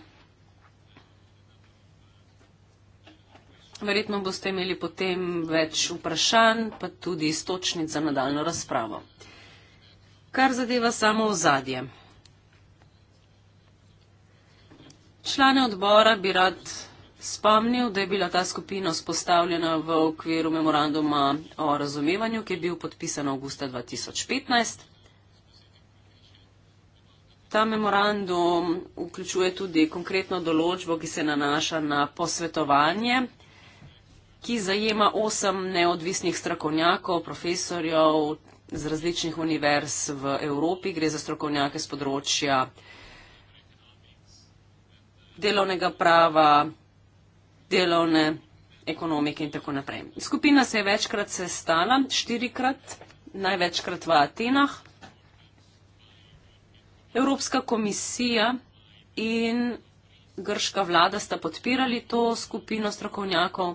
Verjetno boste imeli potem več vprašanj, pa tudi istočnic za nadaljno razpravo. Kar zadeva samo ozadje. Člane odbora bi rad spomnil, da je bila ta skupina spostavljena v okviru memoranduma o razumevanju, ki je bil podpisan avgusta 2015. Ta memorandum vključuje tudi konkretno določbo, ki se nanaša na posvetovanje, ki zajema osem neodvisnih strokovnjakov, profesorjev z različnih univerz v Evropi. Gre za strokovnjake z področja delovnega prava, delovne ekonomike in tako naprej. Skupina se je večkrat sestala, štirikrat, največkrat v Atenah. Evropska komisija in grška vlada sta podpirali to skupino strokovnjakov.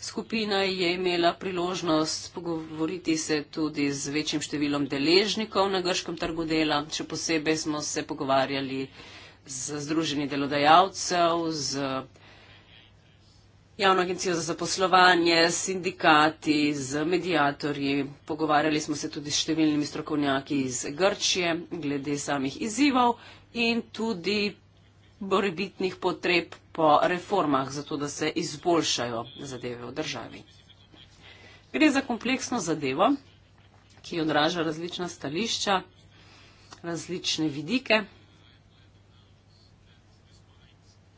Skupina je imela priložnost pogovoriti se tudi z večjim številom deležnikov na grškem trgu dela. Še posebej smo se pogovarjali z združenji delodajalcev, z javno agencijo za zaposlovanje, sindikati, z medijatorji. Pogovarjali smo se tudi s številnimi strokovnjaki iz Grčije glede samih izzivov in tudi borbitnih potreb po reformah, zato da se izboljšajo zadeve v državi. Gre za kompleksno zadevo, ki odraža različna stališča, različne vidike.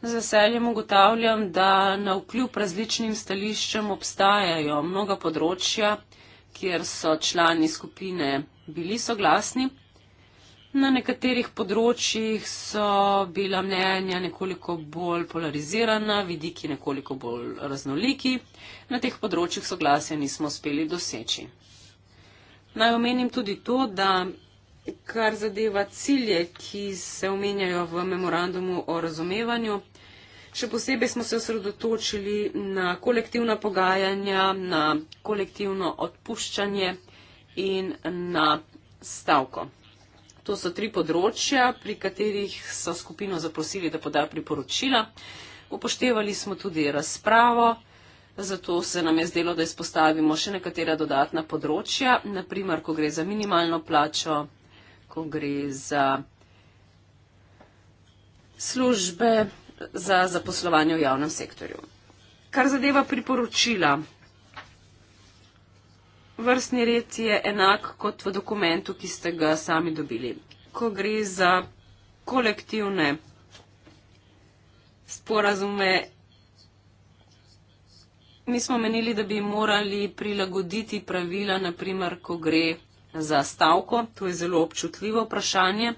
Z veseljem ugotavljam, da na vkljub različnim stališčem obstajajo mnoga področja, kjer so člani skupine bili soglasni. Na nekaterih področjih so bila mnenja nekoliko bolj polarizirana, vidiki nekoliko bolj raznoliki. Na teh področjih soglasja nismo uspeli doseči. Naj omenim tudi to, da kar zadeva cilje, ki se omenjajo v memorandumu o razumevanju. Še posebej smo se osredotočili na kolektivna pogajanja, na kolektivno odpuščanje in na stavko. To so tri področja, pri katerih so skupino zaprosili, da poda priporočila. Upoštevali smo tudi razpravo, zato se nam je zdelo, da izpostavimo še nekatera dodatna področja, naprimer, ko gre za minimalno plačo, ko gre za službe za zaposlovanje v javnem sektorju. Kar zadeva priporočila, vrstni red je enak kot v dokumentu, ki ste ga sami dobili. Ko gre za kolektivne sporazume, mi smo menili, da bi morali prilagoditi pravila, naprimer, ko gre za za stavko. To je zelo občutljivo vprašanje.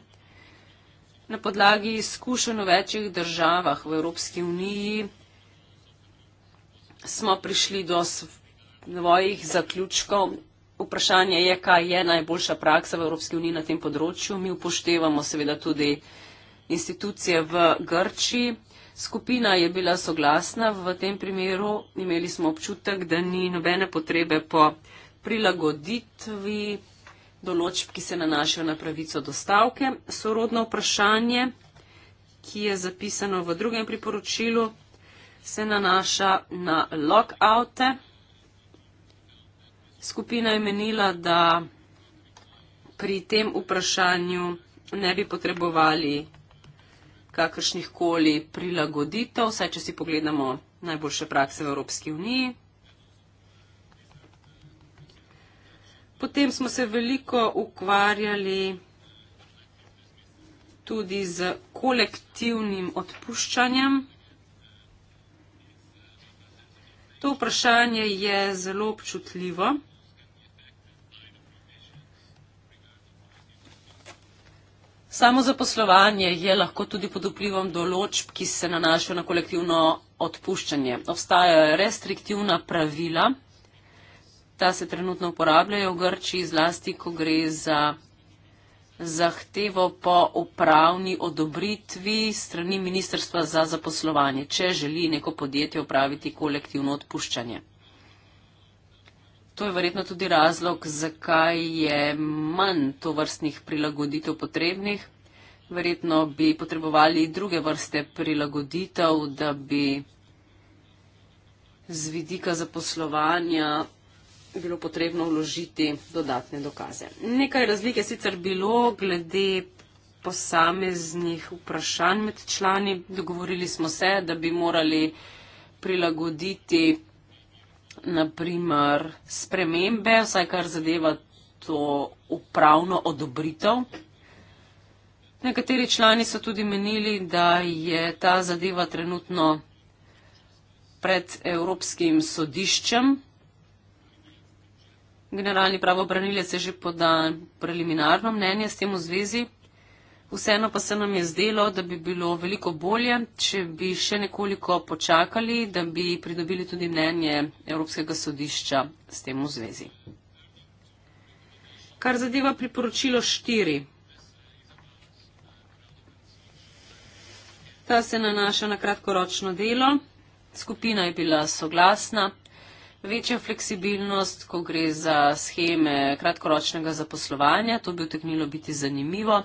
Na podlagi izkušenj v večjih državah v Evropski uniji smo prišli do svojih zaključkov. Vprašanje je, kaj je najboljša praksa v Evropski uniji na tem področju. Mi upoštevamo seveda tudi institucije v Grčiji. Skupina je bila soglasna v tem primeru. Imeli smo občutek, da ni nobene potrebe po prilagoditvi določb, ki se nanašajo na pravico do stavke. Sorodno vprašanje, ki je zapisano v drugem priporočilu, se nanaša na lockoute. Skupina je menila, da pri tem vprašanju ne bi potrebovali kakršnih koli prilagoditev, saj če si pogledamo najboljše prakse v Evropski uniji. Potem smo se veliko ukvarjali tudi z kolektivnim odpuščanjem. To vprašanje je zelo občutljivo. Samo zaposlovanje je lahko tudi pod vplivom določb, ki se nanašajo na kolektivno odpuščanje. Obstajajo restriktivna pravila, Ta se trenutno uporabljajo v Grčiji, zlasti, ko gre za zahtevo po upravni odobritvi strani Ministrstva za zaposlovanje, če želi neko podjetje upraviti kolektivno odpuščanje. To je verjetno tudi razlog, zakaj je manj to vrstnih prilagoditev potrebnih. Verjetno bi potrebovali druge vrste prilagoditev, da bi z vidika zaposlovanja bilo potrebno vložiti dodatne dokaze. Nekaj razlik je sicer bilo glede posameznih vprašanj med člani. Dogovorili smo se, da bi morali prilagoditi naprimer spremembe, vsaj kar zadeva to upravno odobritev. Nekateri člani so tudi menili, da je ta zadeva trenutno pred Evropskim sodiščem, Generalni pravobranilec je že podal preliminarno mnenje s tem v zvezi. Vseeno pa se nam je zdelo, da bi bilo veliko bolje, če bi še nekoliko počakali, da bi pridobili tudi mnenje Evropskega sodišča s tem v zvezi. Kar zadeva priporočilo 4. Ta se nanaša na kratkoročno delo. Skupina je bila soglasna, večja fleksibilnost, ko gre za scheme kratkoročnega zaposlovanja. To bi oteknilo biti zanimivo.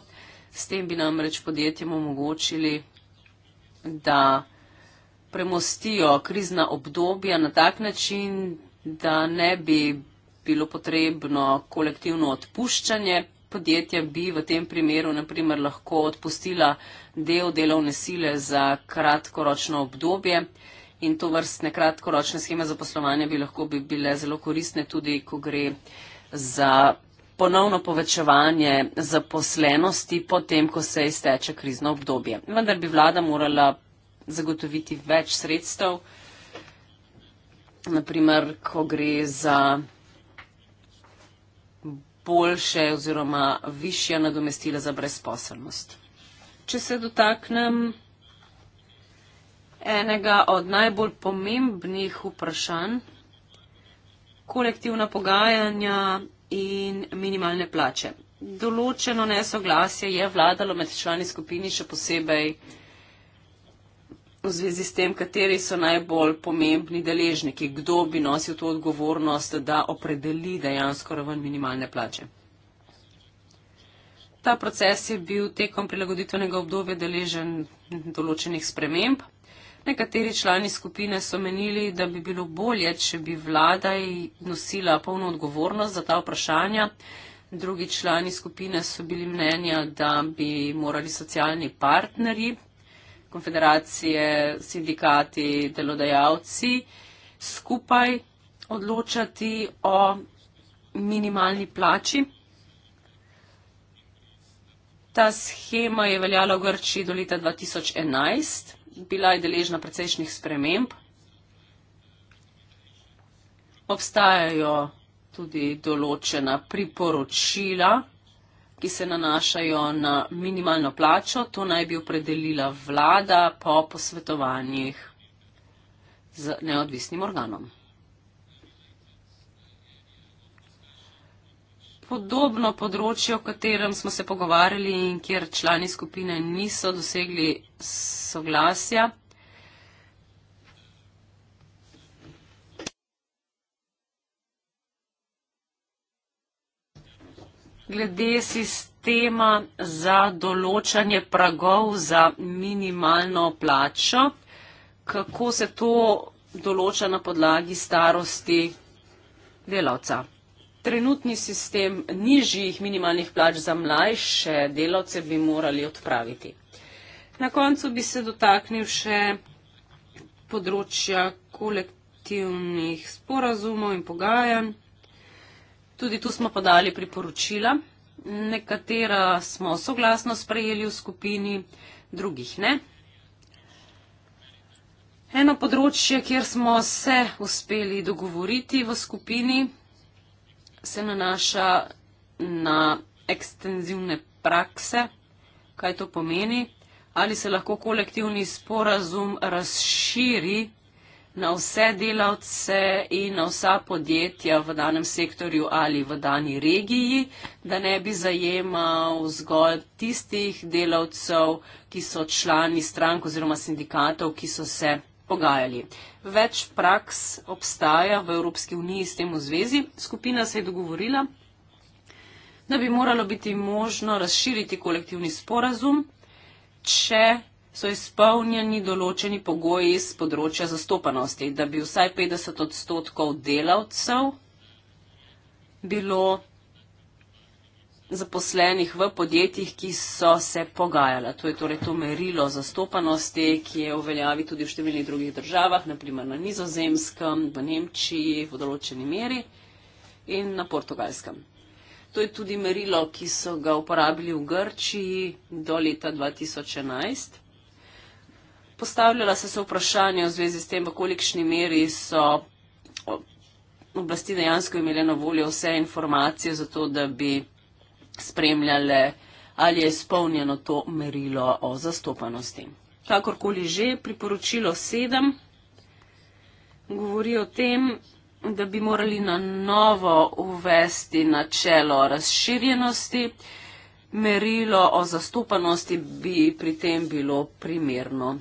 S tem bi nam reč podjetjem omogočili, da premostijo krizna obdobja na tak način, da ne bi bilo potrebno kolektivno odpuščanje. Podjetja bi v tem primeru naprimer lahko odpustila del delovne sile za kratkoročno obdobje in to vrstne kratkoročne scheme za poslovanje bi lahko bi bile zelo koristne tudi, ko gre za ponovno povečevanje zaposlenosti potem, ko se izteče krizno obdobje. Vendar bi vlada morala zagotoviti več sredstev, naprimer, ko gre za boljše oziroma višje nadomestile za brezposobnost. Če se dotaknem enega od najbolj pomembnih vprašanj kolektivna pogajanja in minimalne plače. Določeno nesoglasje je vladalo med člani skupini, še posebej v zvezi s tem, kateri so najbolj pomembni deležniki, kdo bi nosil to odgovornost, da opredeli dejansko raven minimalne plače. Ta proces je bil tekom prilagoditvenega obdobja deležen določenih sprememb. Nekateri člani skupine so menili, da bi bilo bolje, če bi vlada nosila polno odgovornost za ta vprašanja. Drugi člani skupine so bili mnenja, da bi morali socialni partnerji, konfederacije, sindikati, delodajalci skupaj odločati o minimalni plači. Ta schema je veljala v Grči do leta 2011 bila je deležna precejšnjih sprememb. Obstajajo tudi določena priporočila, ki se nanašajo na minimalno plačo. To naj bi opredelila vlada po posvetovanjih z neodvisnim organom. podobno področje, o katerem smo se pogovarjali in kjer člani skupine niso dosegli soglasja. Glede sistema za določanje pragov za minimalno plačo, kako se to določa na podlagi starosti delavca trenutni sistem nižjih minimalnih plač za mlajše delavce bi morali odpraviti. Na koncu bi se dotaknil še področja kolektivnih sporazumov in pogajanj. Tudi tu smo podali priporočila. Nekatera smo soglasno sprejeli v skupini, drugih ne. Eno področje, kjer smo se uspeli dogovoriti v skupini, se nanaša na ekstenzivne prakse, kaj to pomeni, ali se lahko kolektivni sporazum razširi na vse delavce in na vsa podjetja v danem sektorju ali v dani regiji, da ne bi zajemal zgolj tistih delavcev, ki so člani strank oziroma sindikatov, ki so se pogajali. Več praks obstaja v Evropski uniji s tem v zvezi. Skupina se je dogovorila, da bi moralo biti možno razširiti kolektivni sporazum, če so izpolnjeni določeni pogoji iz področja zastopanosti, da bi vsaj 50 odstotkov delavcev bilo zaposlenih v podjetjih, ki so se pogajala. To je torej to merilo zastopanosti, ki je uveljavi tudi v številnih drugih državah, naprimer na nizozemskem, v Nemčiji v določeni meri in na portugalskem. To je tudi merilo, ki so ga uporabili v Grčiji do leta 2011. Postavljala se so vprašanje v zvezi s tem, v kolikšni meri so oblasti dejansko imele na voljo vse informacije za to, da bi spremljale, ali je izpolnjeno to merilo o zastopanosti. Kakorkoli že, priporočilo sedem govori o tem, da bi morali na novo uvesti načelo razširjenosti. Merilo o zastopanosti bi pri tem bilo primerno.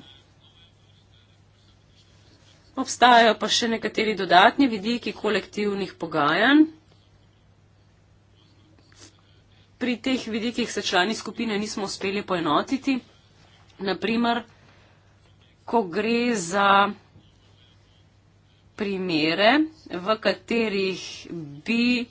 Obstajajo pa še nekateri dodatni vidiki kolektivnih pogajanj pri teh vidikih se člani skupine nismo uspeli poenotiti. Naprimer, ko gre za primere, v katerih bi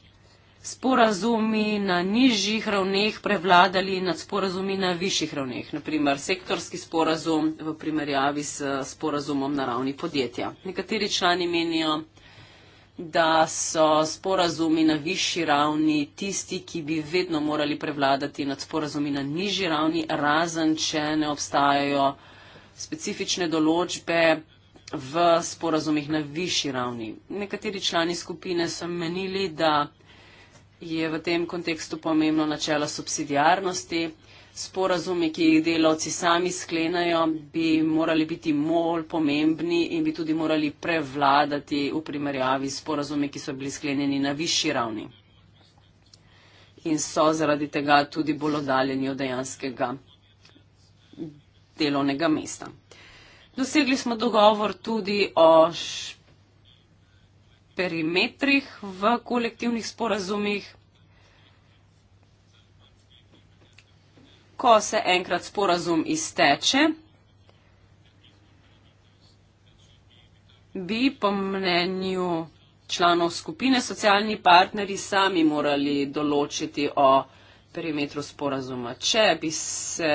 sporazumi na nižjih ravneh prevladali nad sporazumi na višjih ravneh, naprimer sektorski sporazum v primerjavi s sporazumom na ravni podjetja. Nekateri člani menijo, da so sporazumi na višji ravni tisti, ki bi vedno morali prevladati nad sporazumi na nižji ravni, razen če ne obstajajo specifične določbe v sporazumih na višji ravni. Nekateri člani skupine so menili, da je v tem kontekstu pomembno načelo subsidijarnosti sporazumi, ki jih delavci sami sklenajo, bi morali biti bolj pomembni in bi tudi morali prevladati v primerjavi sporazumi, ki so bili sklenjeni na višji ravni in so zaradi tega tudi bolj oddaljeni od dejanskega delovnega mesta. Dosegli smo dogovor tudi o perimetrih v kolektivnih sporazumih. ko se enkrat sporazum izteče, bi po mnenju članov skupine socialni partneri sami morali določiti o perimetru sporazuma. Če bi se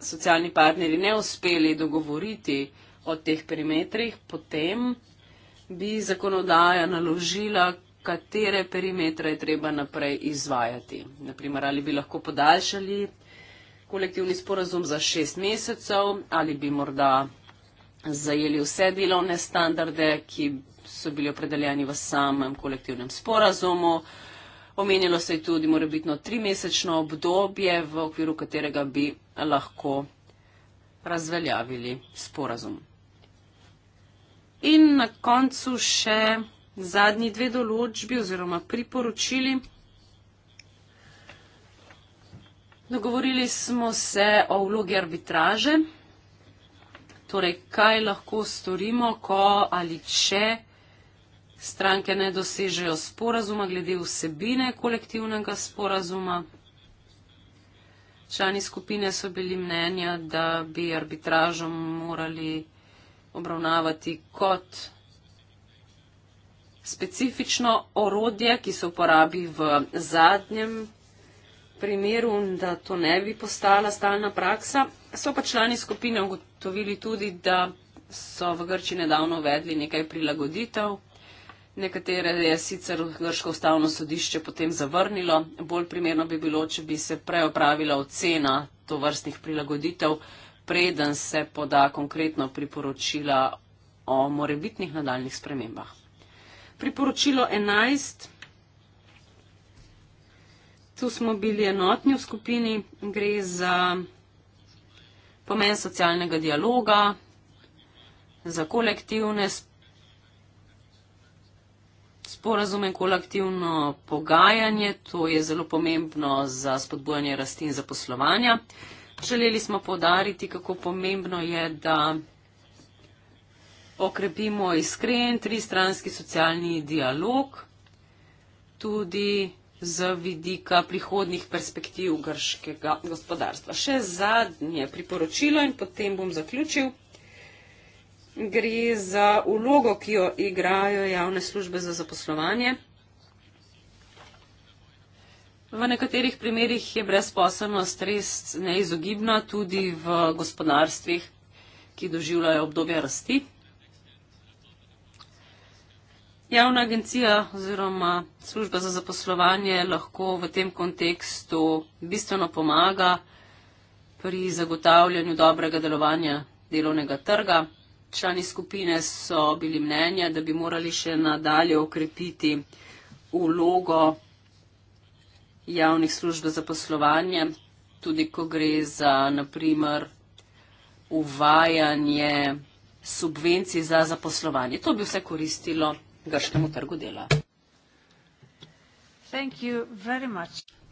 socialni partneri ne uspeli dogovoriti o teh perimetrih, potem bi zakonodaja naložila, katere perimetre je treba naprej izvajati. Naprimer, ali bi lahko podaljšali kolektivni sporazum za šest mesecev ali bi morda zajeli vse delovne standarde, ki so bili opredeljeni v samem kolektivnem sporazumu. Omenjalo se je tudi morebitno tri mesečno obdobje, v okviru katerega bi lahko razveljavili sporazum. In na koncu še zadnji dve določbi oziroma priporočili. Dogovorili smo se o vlogi arbitraže, torej kaj lahko storimo, ko ali če stranke ne dosežejo sporazuma glede vsebine kolektivnega sporazuma. Člani skupine so bili mnenja, da bi arbitražo morali obravnavati kot specifično orodje, ki se uporabi v zadnjem primeru, da to ne bi postala stalna praksa. So pa člani skupine ugotovili tudi, da so v Grči nedavno uvedli nekaj prilagoditev. Nekatere je sicer Grško ustavno sodišče potem zavrnilo. Bolj primerno bi bilo, če bi se prej opravila ocena to vrstnih prilagoditev, preden se poda konkretno priporočila o morebitnih nadaljnih spremembah. Priporočilo 11 tu smo bili enotni v skupini, gre za pomen socialnega dialoga, za kolektivne sporazume, kolektivno pogajanje, to je zelo pomembno za spodbujanje rasti in zaposlovanja. Želeli smo povdariti, kako pomembno je, da okrepimo iskren tristranski socialni dialog, tudi z vidika prihodnih perspektiv grškega gospodarstva. Še zadnje priporočilo in potem bom zaključil. Gre za ulogo, ki jo igrajo javne službe za zaposlovanje. V nekaterih primerjih je brezposobnost res neizogibna, tudi v gospodarstvih, ki doživljajo obdobje rasti. Javna agencija oziroma služba za zaposlovanje lahko v tem kontekstu bistveno pomaga pri zagotavljanju dobrega delovanja delovnega trga. Člani skupine so bili mnenja, da bi morali še nadalje okrepiti ulogo javnih služb za poslovanje, tudi ko gre za, naprimer, uvajanje subvencij za zaposlovanje. To bi vse koristilo grškemu trgu dela.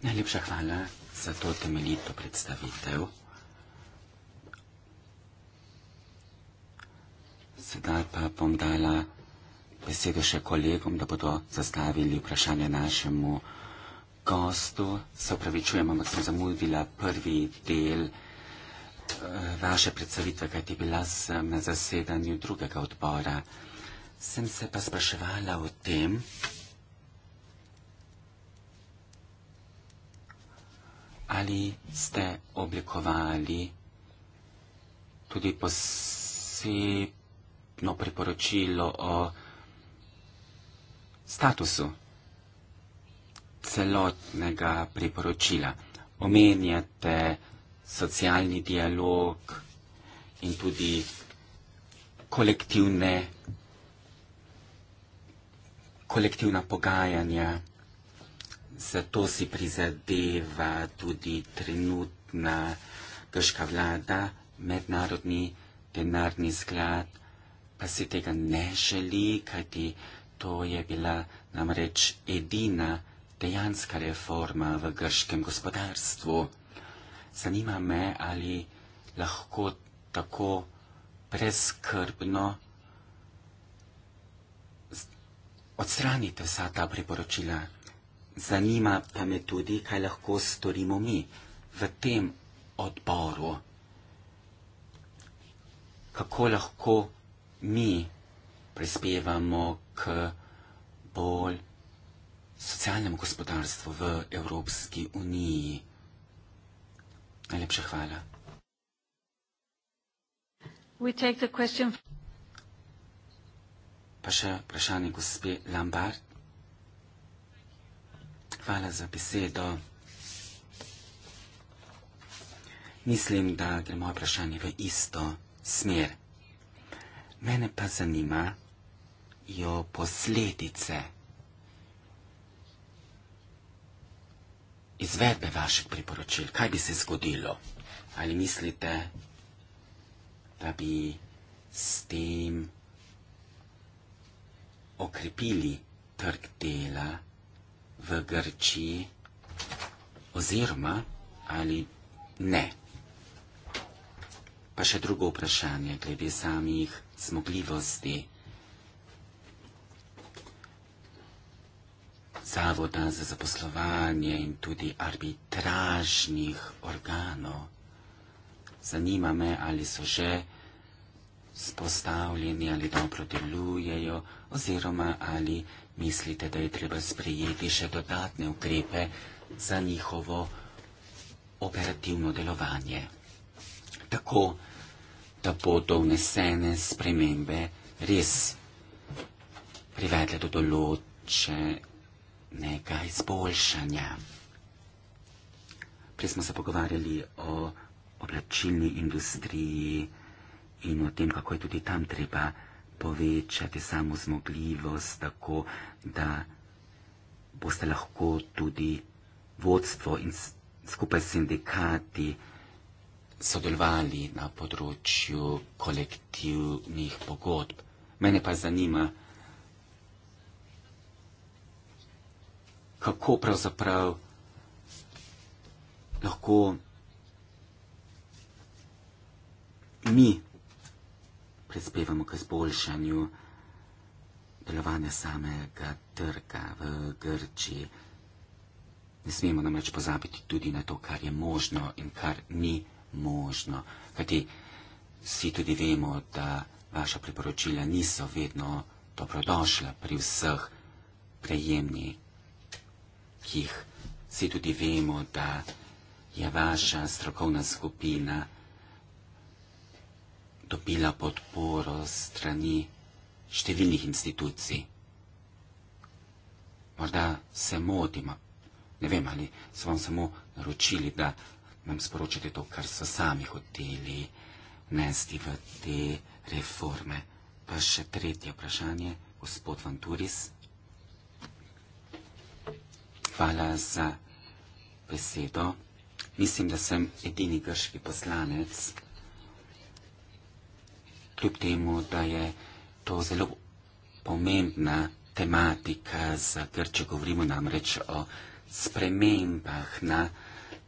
Najlepša hvala za to temeljito predstavitev. Sedaj pa bom dala besedo še kolegom, da bodo zastavili vprašanje našemu gostu. Se upravičujem, ampak sem zamudila prvi del eh, vaše predstavitve, kajti bila sem na zasedanju drugega odbora. Sem se pa spraševala o tem, ali ste oblikovali tudi posebno priporočilo o statusu celotnega priporočila. Omenjate socialni dialog in tudi kolektivne kolektivna pogajanja. Zato si prizadeva tudi trenutna grška vlada, mednarodni denarni sklad, pa si tega ne želi, kajti to je bila namreč edina dejanska reforma v grškem gospodarstvu. Zanima me, ali lahko tako preskrbno odstraniti vsa ta priporočila. Zanima pa me tudi, kaj lahko storimo mi v tem odboru. Kako lahko mi prispevamo k bolj socialnemu gospodarstvu v Evropski uniji. Najlepša hvala. We take the question from Pa še vprašanje gospe Lambert. Hvala za besedo. Mislim, da gre moje vprašanje v isto smer. Mene pa zanima jo posledice izvedbe vaših priporočil. Kaj bi se zgodilo? Ali mislite, da bi s tem okrepili trg dela v Grčiji oziroma ali ne. Pa še drugo vprašanje glede samih zmogljivosti Zavoda za zaposlovanje in tudi arbitražnih organov. Zanima me, ali so že spostavljeni ali dobro delujejo, oziroma ali mislite, da je treba sprejeti še dodatne ukrepe za njihovo operativno delovanje. Tako, da bodo vnesene spremembe res privedle do določenega izboljšanja. Prej smo se pogovarjali o oblačilni industriji, in o tem, kako je tudi tam treba povečati samo zmogljivost, tako da boste lahko tudi vodstvo in skupaj s sindikati sodelovali na področju kolektivnih pogodb. Mene pa zanima, kako pravzaprav lahko mi prispevamo k izboljšanju delovanja samega trga v Grčiji. Ne smemo namreč pozabiti tudi na to, kar je možno in kar ni možno. Kajti vsi tudi vemo, da vaša priporočila niso vedno dobrodošla pri vseh prejemnikih. Vsi tudi vemo, da je vaša strokovna skupina dobila podporo strani številnih institucij. Morda se motimo, ne vem, ali so vam samo naročili, da nam sporočate to, kar so sami hoteli nesti v te reforme. Pa še tretje vprašanje, gospod Vanturis. Hvala za besedo. Mislim, da sem edini grški poslanec kljub temu, da je to zelo pomembna tematika za Grčijo, govorimo namreč o spremembah na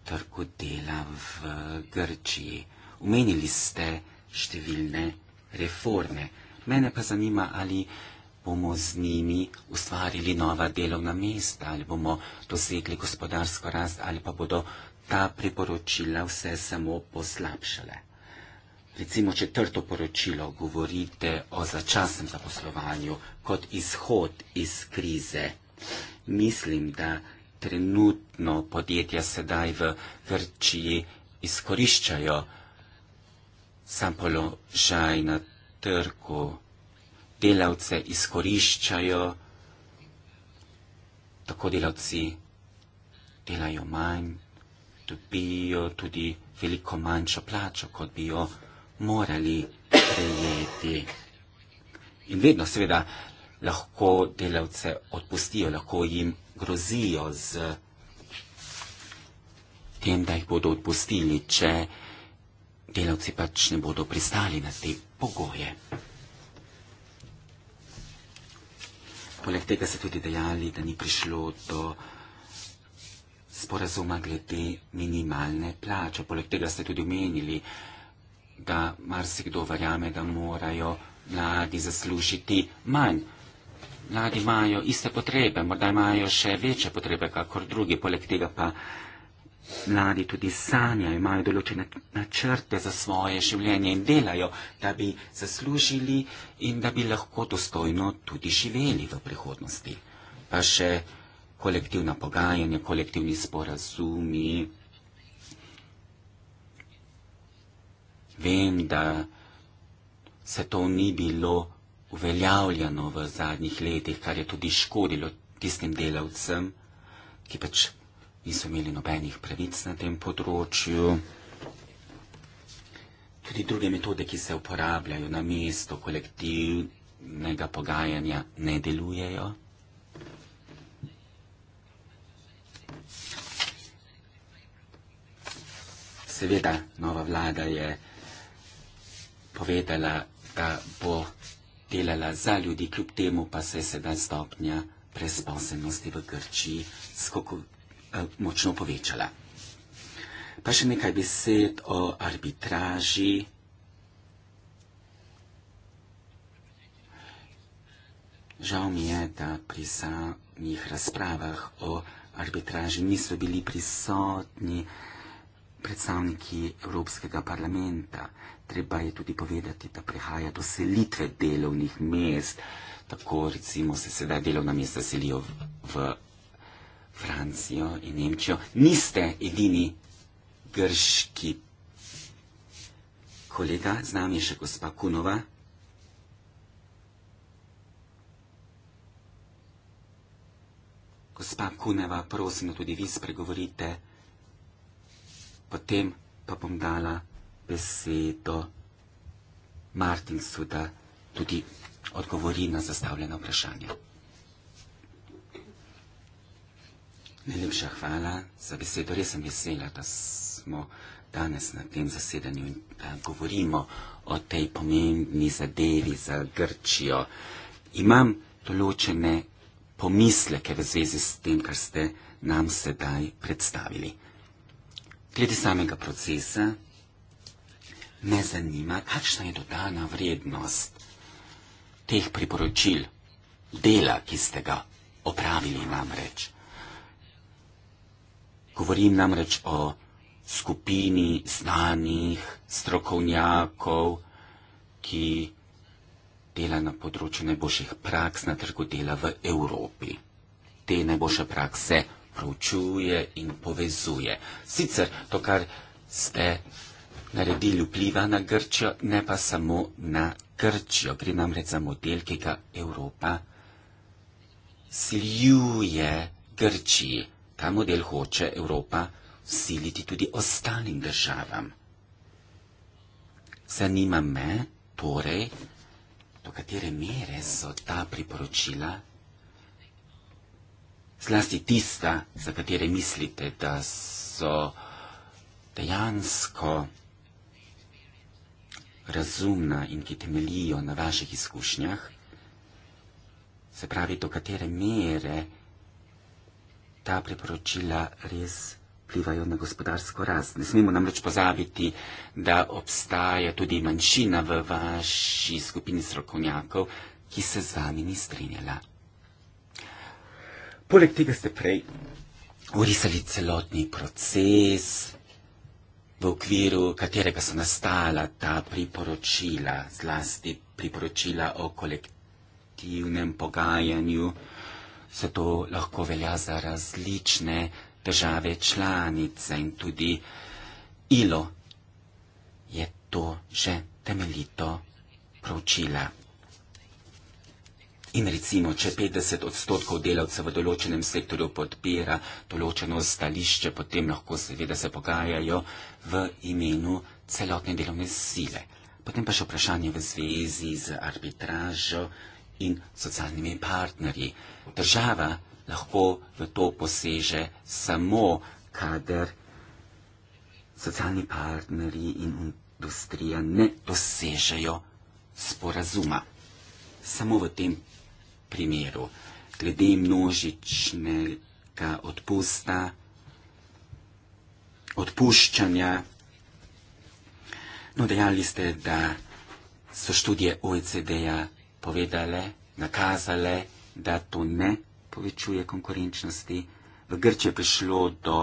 trgu dela v Grčiji. Umenili ste številne reforme. Mene pa zanima, ali bomo z njimi ustvarili nova delovna mesta, ali bomo dosegli gospodarsko rast, ali pa bodo ta priporočila vse samo poslabšale. Recimo četrto poročilo govorite o začasnem zaposlovanju kot izhod iz krize. Mislim, da trenutno podjetja sedaj v Grčiji izkoriščajo sam položaj na trgu. Delavce izkoriščajo, tako delavci delajo manj, dobijo tudi veliko manjšo plačo, kot bi jo morali prejeti. In vedno, seveda, lahko delavce odpustijo, lahko jim grozijo z tem, da jih bodo odpustili, če delavci pač ne bodo pristali na te pogoje. Poleg tega so tudi dejali, da ni prišlo do sporazuma glede minimalne plače. Poleg tega ste tudi omenili, da marsikdo verjame, da morajo mladi zaslužiti manj. Mladi imajo iste potrebe, morda imajo še večje potrebe kakor drugi, poleg tega pa mladi tudi sanjajo, imajo določene načrte za svoje življenje in delajo, da bi zaslužili in da bi lahko dostojno tudi živeli v prihodnosti. Pa še kolektivna pogajanja, kolektivni sporazumi, vem, da se to ni bilo uveljavljeno v zadnjih letih, kar je tudi škodilo tistim delavcem, ki pač niso imeli nobenih pravic na tem področju. Tudi druge metode, ki se uporabljajo na mesto kolektivnega pogajanja, ne delujejo. Seveda, nova vlada je povedala, da bo delala za ljudi, kljub temu pa se je sedaj stopnja presposobnosti v Grčiji skoko, eh, močno povečala. Pa še nekaj besed o arbitraži. Žal mi je, da pri samih razpravah o arbitraži niso bili prisotni predstavniki Evropskega parlamenta treba je tudi povedati, da prihaja do selitve delovnih mest. Tako recimo se sedaj delovna mesta selijo v, v Francijo in Nemčijo. Niste edini grški kolega, z nami je še gospa Kunova. Gospa Kuneva, prosim, da tudi vi spregovorite, potem pa bom dala besedo Martin Suda tudi odgovori na zastavljeno vprašanje. Najlepša hvala za besedo. Res sem vesela, da smo danes na tem zasedanju in da eh, govorimo o tej pomembni zadevi za Grčijo. Imam določene pomisleke v zvezi s tem, kar ste nam sedaj predstavili. Glede samega procesa me zanima, kakšna je dodana vrednost teh priporočil, dela, ki ste ga opravili namreč. Govorim namreč o skupini znanih strokovnjakov, ki dela na področju najboljših praks na trgu dela v Evropi. Te najboljše prakse proučuje in povezuje. Sicer to, kar ste naredili vpliva na Grčijo, ne pa samo na Grčijo. Gre namreč za model, ki ga Evropa sliuje Grčiji. Ta model hoče Evropa siliti tudi ostalim državam. Zanima me torej, do katere mere so ta priporočila, zlasti tista, za katere mislite, da so dejansko razumna in ki temeljijo na vaših izkušnjah, se pravi, do katere mere ta priporočila res vplivajo na gospodarsko rast. Ne smemo namreč pozabiti, da obstaja tudi manjšina v vaši skupini strokovnjakov, ki se z vami ni strinjala. Poleg tega ste prej orisali celotni proces, v okviru katerega so nastala ta priporočila, zlasti priporočila o kolektivnem pogajanju, se to lahko velja za različne države članice in tudi ILO je to že temeljito proučila. In recimo, če 50 odstotkov delavcev v določenem sektorju podpira določeno stališče, potem lahko seveda se pogajajo v imenu celotne delovne sile. Potem pa še vprašanje v zvezi z arbitražo in socialnimi partnerji. Država lahko v to poseže samo, kader socialni partnerji in industrija ne dosežejo sporazuma. Samo v tem primeru. Glede množičnega odpusta, odpuščanja, no, dejali ste, da so študije OECD-ja povedale, nakazale, da to ne povečuje konkurenčnosti. V Grčiji je prišlo do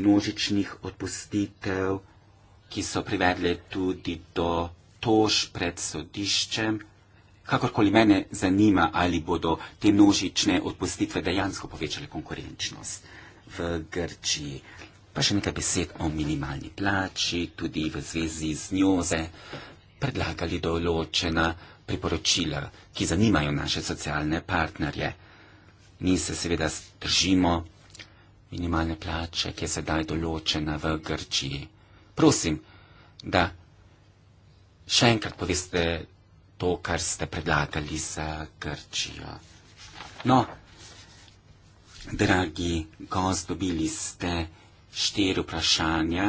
množičnih odpustitev, ki so privedle tudi do tož pred sodiščem. Kakorkoli mene zanima, ali bodo te množične odpustitve dejansko povečale konkurenčnost v Grčiji. Pa še nekaj besed o minimalni plači, tudi v zvezi z njo se predlagali določena priporočila, ki zanimajo naše socialne partnerje. Mi se seveda držimo minimalne plače, ki je sedaj določena v Grčiji. Prosim, da še enkrat poveste to, kar ste predlagali za Grčijo. No, dragi gost, dobili ste štiri vprašanja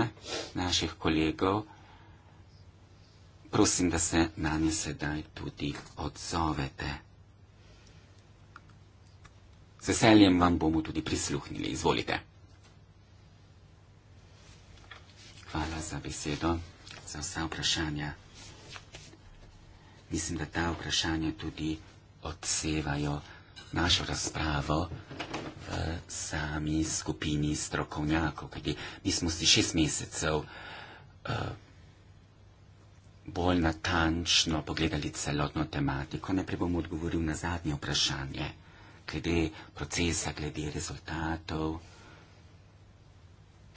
naših kolegov. Prosim, da se na nje sedaj tudi odzovete. Z veseljem vam bomo tudi prisluhnili. Izvolite. Hvala za besedo, za vsa vprašanja mislim, da ta vprašanja tudi odsevajo našo razpravo v sami skupini strokovnjakov, kajti mi smo si šest mesecev uh, bolj natančno pogledali celotno tematiko. Najprej bom odgovoril na zadnje vprašanje, glede procesa, glede rezultatov,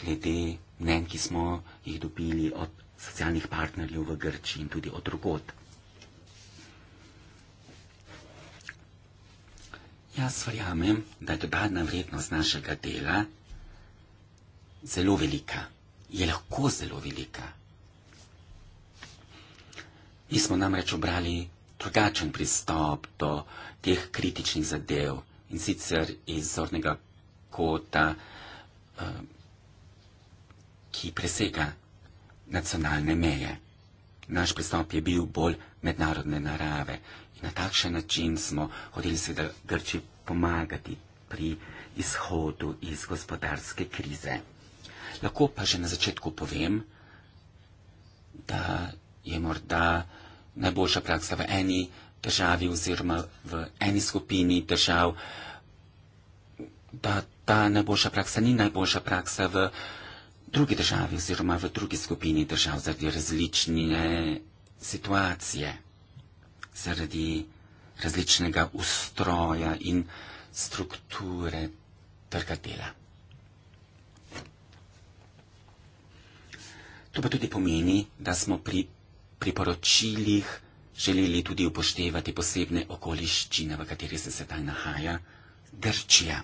glede mnen, ki smo jih dobili od socialnih partnerjev v Grči in tudi od drugod. Jaz verjamem, da je dodatna vrednost našega dela zelo velika. Je lahko zelo velika. Mi smo namreč obrali drugačen pristop do teh kritičnih zadev in sicer iz zornega kota, eh, ki presega nacionalne meje. Naš pristop je bil bolj mednarodne narave na takšen način smo hodili seveda Grči pomagati pri izhodu iz gospodarske krize. Lahko pa že na začetku povem, da je morda najboljša praksa v eni državi oziroma v eni skupini držav, da ta najboljša praksa ni najboljša praksa v drugi državi oziroma v drugi skupini držav zaradi različne situacije zaradi različnega ustroja in strukture trga dela. To pa tudi pomeni, da smo pri priporočilih želeli tudi upoštevati posebne okoliščine, v kateri se sedaj nahaja Grčija.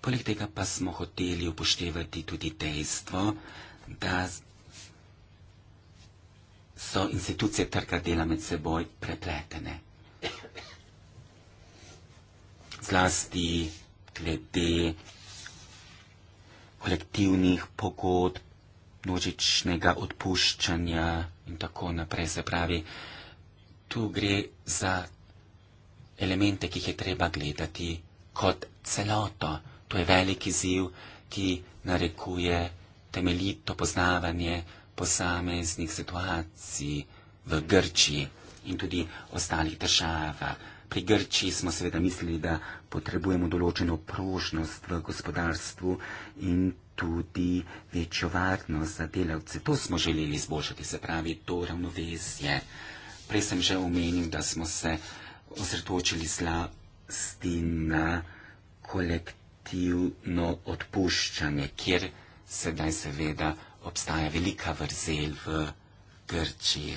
Poleg tega pa smo hoteli upoštevati tudi dejstvo, da so institucije trga dela med seboj prepletene. Zlasti glede kolektivnih pogodb, množičnega odpuščanja in tako naprej. Se pravi, tu gre za elemente, ki jih je treba gledati kot celoto. To je veliki ziv, ki narekuje temeljito poznavanje posameznih situacij v Grčiji in tudi ostalih državah. Pri Grčiji smo seveda mislili, da potrebujemo določeno prožnost v gospodarstvu in tudi večjo varnost za delavce. To smo želeli izboljšati, se pravi, to ravnovesje. Prej sem že omenil, da smo se osredotočili zlasti na kolektivno odpuščanje, kjer sedaj seveda obstaja velika vrzel v Grčiji,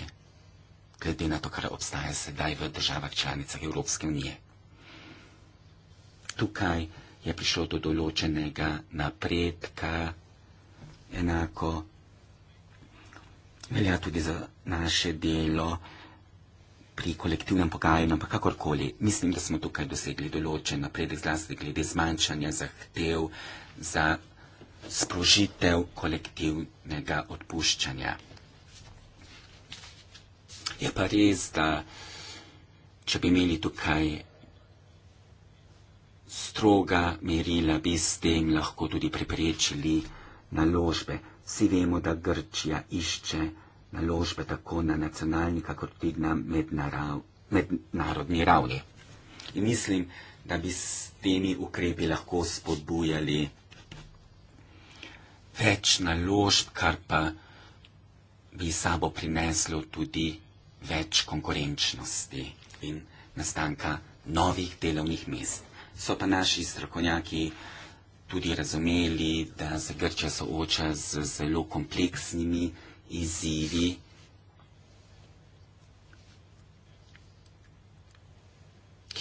glede na to, kar obstaja sedaj v državah članicah Evropske unije. Tukaj je prišlo do določenega napredka, enako velja tudi za naše delo pri kolektivnem pogajanju, ampak kakorkoli, mislim, da smo tukaj dosegli določen napredek, zlasti glede zmanjšanja zahtev za sprožitev kolektivnega odpuščanja. Je pa res, da če bi imeli tukaj stroga merila, bi s tem lahko tudi preprečili naložbe. Vsi vemo, da Grčija išče naložbe tako na nacionalni, kako tudi na mednarodni ravni. In mislim, da bi s temi ukrepi lahko spodbujali več naložb, kar pa bi sabo prineslo tudi več konkurenčnosti in nastanka novih delovnih mest. So pa naši strokovnjaki tudi razumeli, da se Grčija sooča z zelo kompleksnimi izzivi.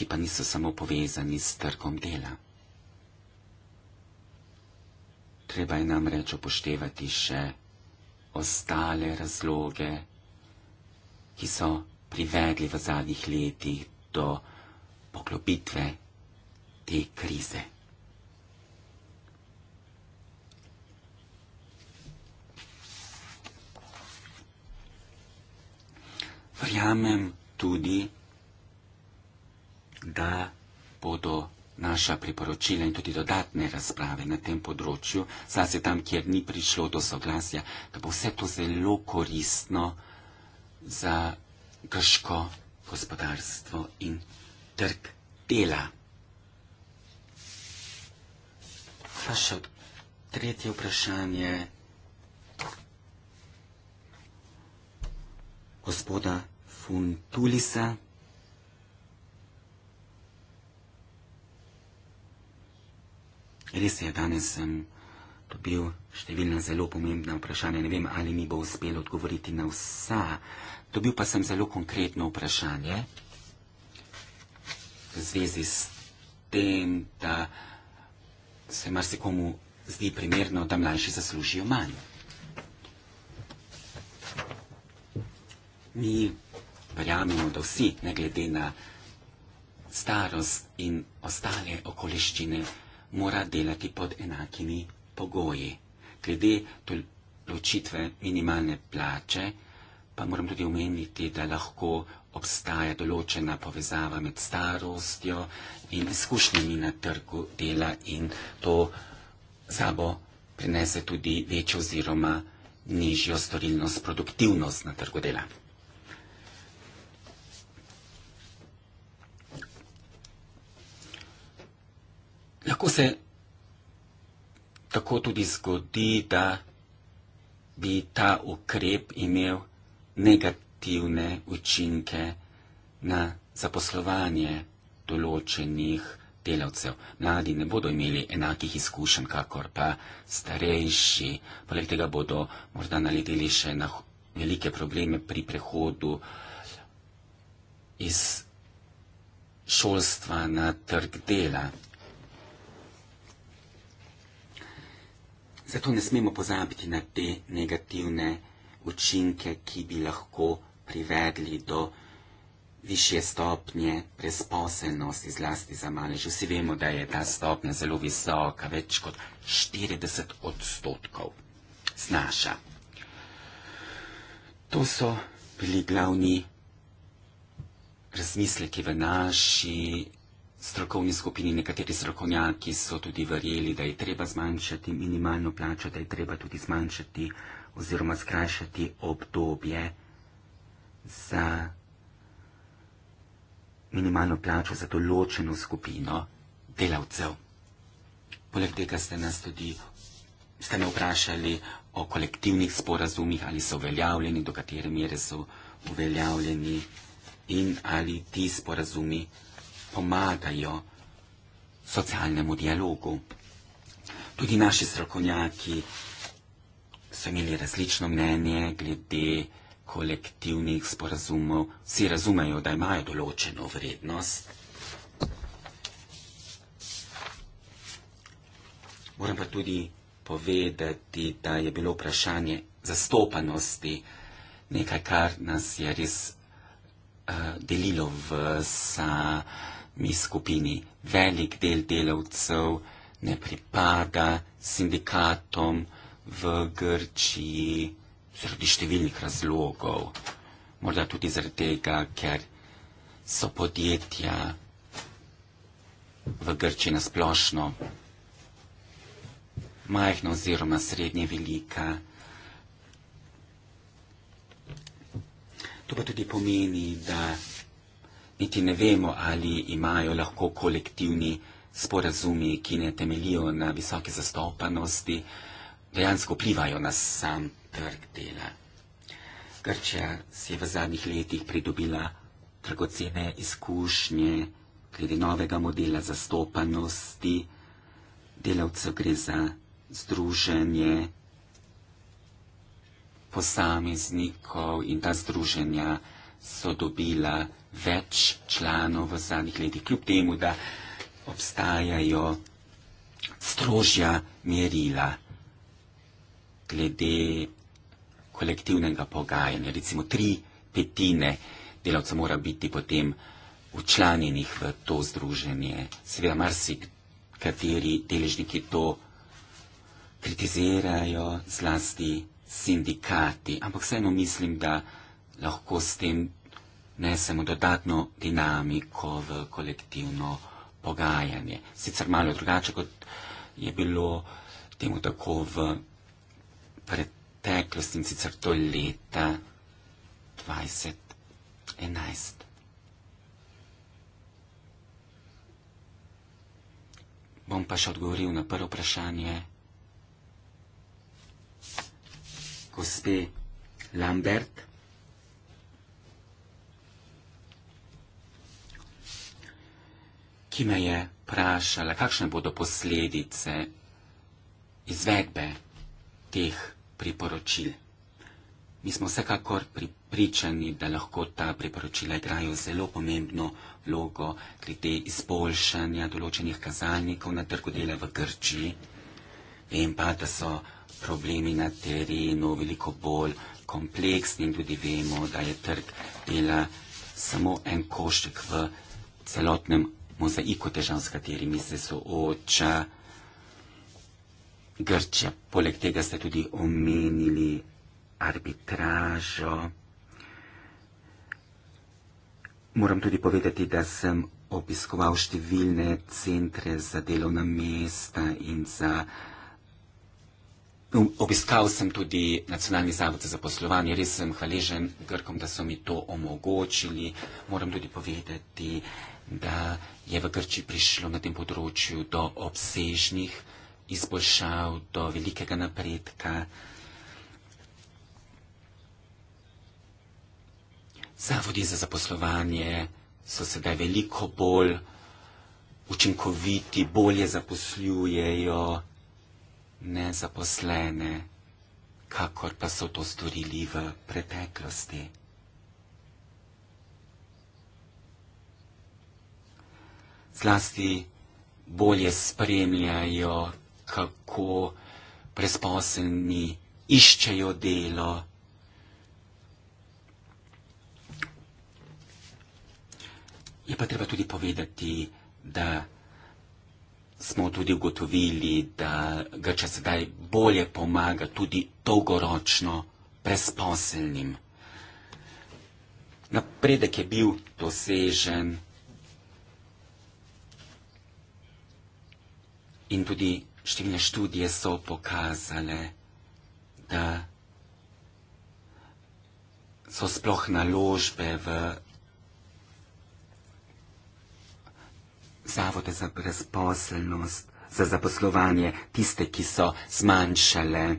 ki pa niso samo povezani s trgom dela treba je namreč upoštevati še ostale razloge, ki so privedli v zadnjih letih do poklopitve te krize. Verjamem tudi, da bodo naša priporočila in tudi dodatne razprave na tem področju, saj se tam, kjer ni prišlo do soglasja, da bo vse to zelo koristno za krško gospodarstvo in trg dela. Pa še tretje vprašanje gospoda Funtulisa. Res je, danes sem dobil številna zelo pomembna vprašanja. Ne vem, ali mi bo uspelo odgovoriti na vsa. Dobil pa sem zelo konkretno vprašanje v zvezi s tem, da se marsikomu zdi primerno, da mlajši zaslužijo manj. Mi verjamemo, da vsi, ne glede na starost in ostale okoliščine, mora delati pod enakimi pogoji. Glede določitve minimalne plače, pa moram tudi omeniti, da lahko obstaja določena povezava med starostjo in izkušnjami na trgu dela in to zabo prinese tudi večjo oziroma nižjo storilnost, produktivnost na trgu dela. Lahko se tako tudi zgodi, da bi ta ukrep imel negativne učinke na zaposlovanje določenih delavcev. Mladi ne bodo imeli enakih izkušenj, kakor pa starejši. Poleg tega bodo morda naleteli še na velike probleme pri prehodu iz šolstva na trg dela. Zato ne smemo pozabiti na te negativne učinke, ki bi lahko privedli do višje stopnje brezposelnosti, zlasti za malež. Vsi vemo, da je ta stopnja zelo visoka, več kot 40 odstotkov znaša. To so bili glavni razmisleki v naši strokovni skupini, nekateri strokovnjaki so tudi verjeli, da je treba zmanjšati minimalno plačo, da je treba tudi zmanjšati oziroma skrajšati obdobje za minimalno plačo za določeno skupino delavcev. Poleg tega ste nas tudi ste me vprašali o kolektivnih sporazumih, ali so uveljavljeni, do katere mere so uveljavljeni in ali ti sporazumi pomagajo socialnemu dialogu. Tudi naši strokovnjaki so imeli različno mnenje glede kolektivnih sporazumov. Vsi razumejo, da imajo določeno vrednost. Moram pa tudi povedati, da je bilo vprašanje zastopanosti nekaj, kar nas je res uh, delilo v sa. Uh, mi skupini velik del delavcev ne pripada sindikatom v Grčiji zaradi številnih razlogov. Morda tudi zaradi tega, ker so podjetja v Grčiji nasplošno majhna oziroma srednje velika. To pa tudi pomeni, da niti ne vemo, ali imajo lahko kolektivni sporazumi, ki ne temelijo na visoke zastopanosti, dejansko vplivajo na sam trg dela. Grčija si je v zadnjih letih pridobila dragocene izkušnje glede novega modela zastopanosti, delavcev gre za združenje posameznikov in ta združenja so dobila več članov v zadnjih letih, kljub temu, da obstajajo strožja merila glede kolektivnega pogajanja. Recimo tri petine delavcev mora biti potem učlanjenih v to združenje. Seveda marsikateri deležniki to kritizirajo, zlasti sindikati, ampak vseeno mislim, da lahko s tem nesemo dodatno dinamiko v kolektivno pogajanje. Sicer malo drugače, kot je bilo temu tako v preteklosti in sicer to leta 2011. Bom pa še odgovoril na prvo vprašanje gospe Lambert. ki me je vprašala, kakšne bodo posledice izvedbe teh priporočil. Mi smo vsekakor pripričani, da lahko ta priporočila igrajo zelo pomembno vlogo glede izboljšanja določenih kazalnikov na trgu dela v Grčiji. Vem pa, da so problemi na terenu veliko bolj kompleksni in tudi vemo, da je trg dela samo en košček v celotnem mozaiku težav, s katerimi se sooča Grčija. Poleg tega ste tudi omenili arbitražo. Moram tudi povedati, da sem obiskoval številne centre za delovna mesta in za Um, obiskal sem tudi Nacionalni zavod za zaposlovanje, res sem hvaležen Grkom, da so mi to omogočili. Moram tudi povedati, da je v Grči prišlo na tem področju do obsežnih izboljšav, do velikega napredka. Zavodi za zaposlovanje so sedaj veliko bolj učinkoviti, bolje zaposlujejo nezaposlene, kakor pa so to storili v preteklosti. Zlasti bolje spremljajo, kako presposeljni iščejo delo. Je pa treba tudi povedati, da smo tudi ugotovili, da Grča sedaj bolje pomaga tudi dolgoročno presposelnim. Napredek je bil dosežen in tudi številne študije so pokazale, da so sploh naložbe v zavode za brezposelnost, za zaposlovanje, tiste, ki so zmanjšale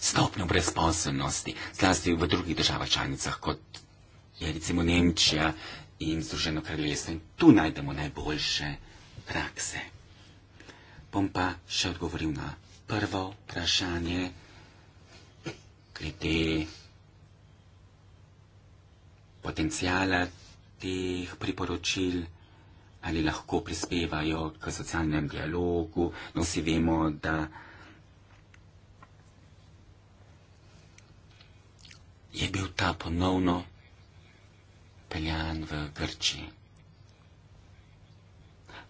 stopnjo brezposelnosti, zlasti v drugih državah članicah, kot je recimo Nemčija in Združeno kraljestvo. In tu najdemo najboljše prakse. Bom pa še odgovoril na prvo vprašanje glede potencijala teh priporočil ali lahko prispevajo k socialnem dialogu. No, vsi vemo, da je bil ta ponovno peljan v Grčiji.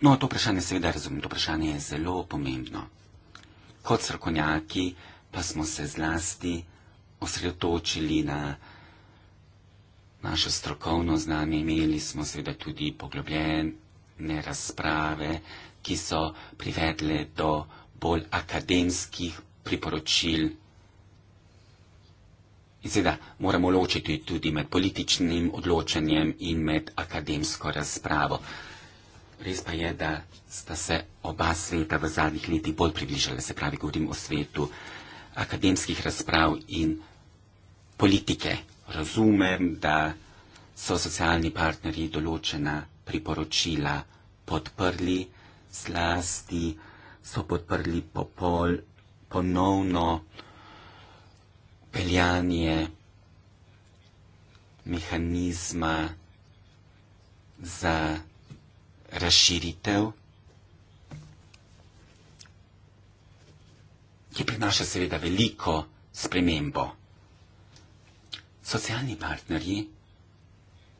No, to vprašanje seveda razumem, to vprašanje je zelo pomembno. Kot srkonjaki pa smo se zlasti osredotočili na našo strokovno znanje, imeli smo seveda tudi poglobljen ne razprave, ki so privedle do bolj akademskih priporočil. In seveda moramo ločiti tudi med političnim odločanjem in med akademsko razpravo. Res pa je, da sta se oba sveta v zadnjih letih bolj približala, se pravi, govorim o svetu akademskih razprav in politike. Razumem, da so socialni partnerji določena priporočila podprli, zlasti so podprli popol, ponovno peljanje mehanizma za razširitev, ki prinaša seveda veliko spremembo. Socialni partnerji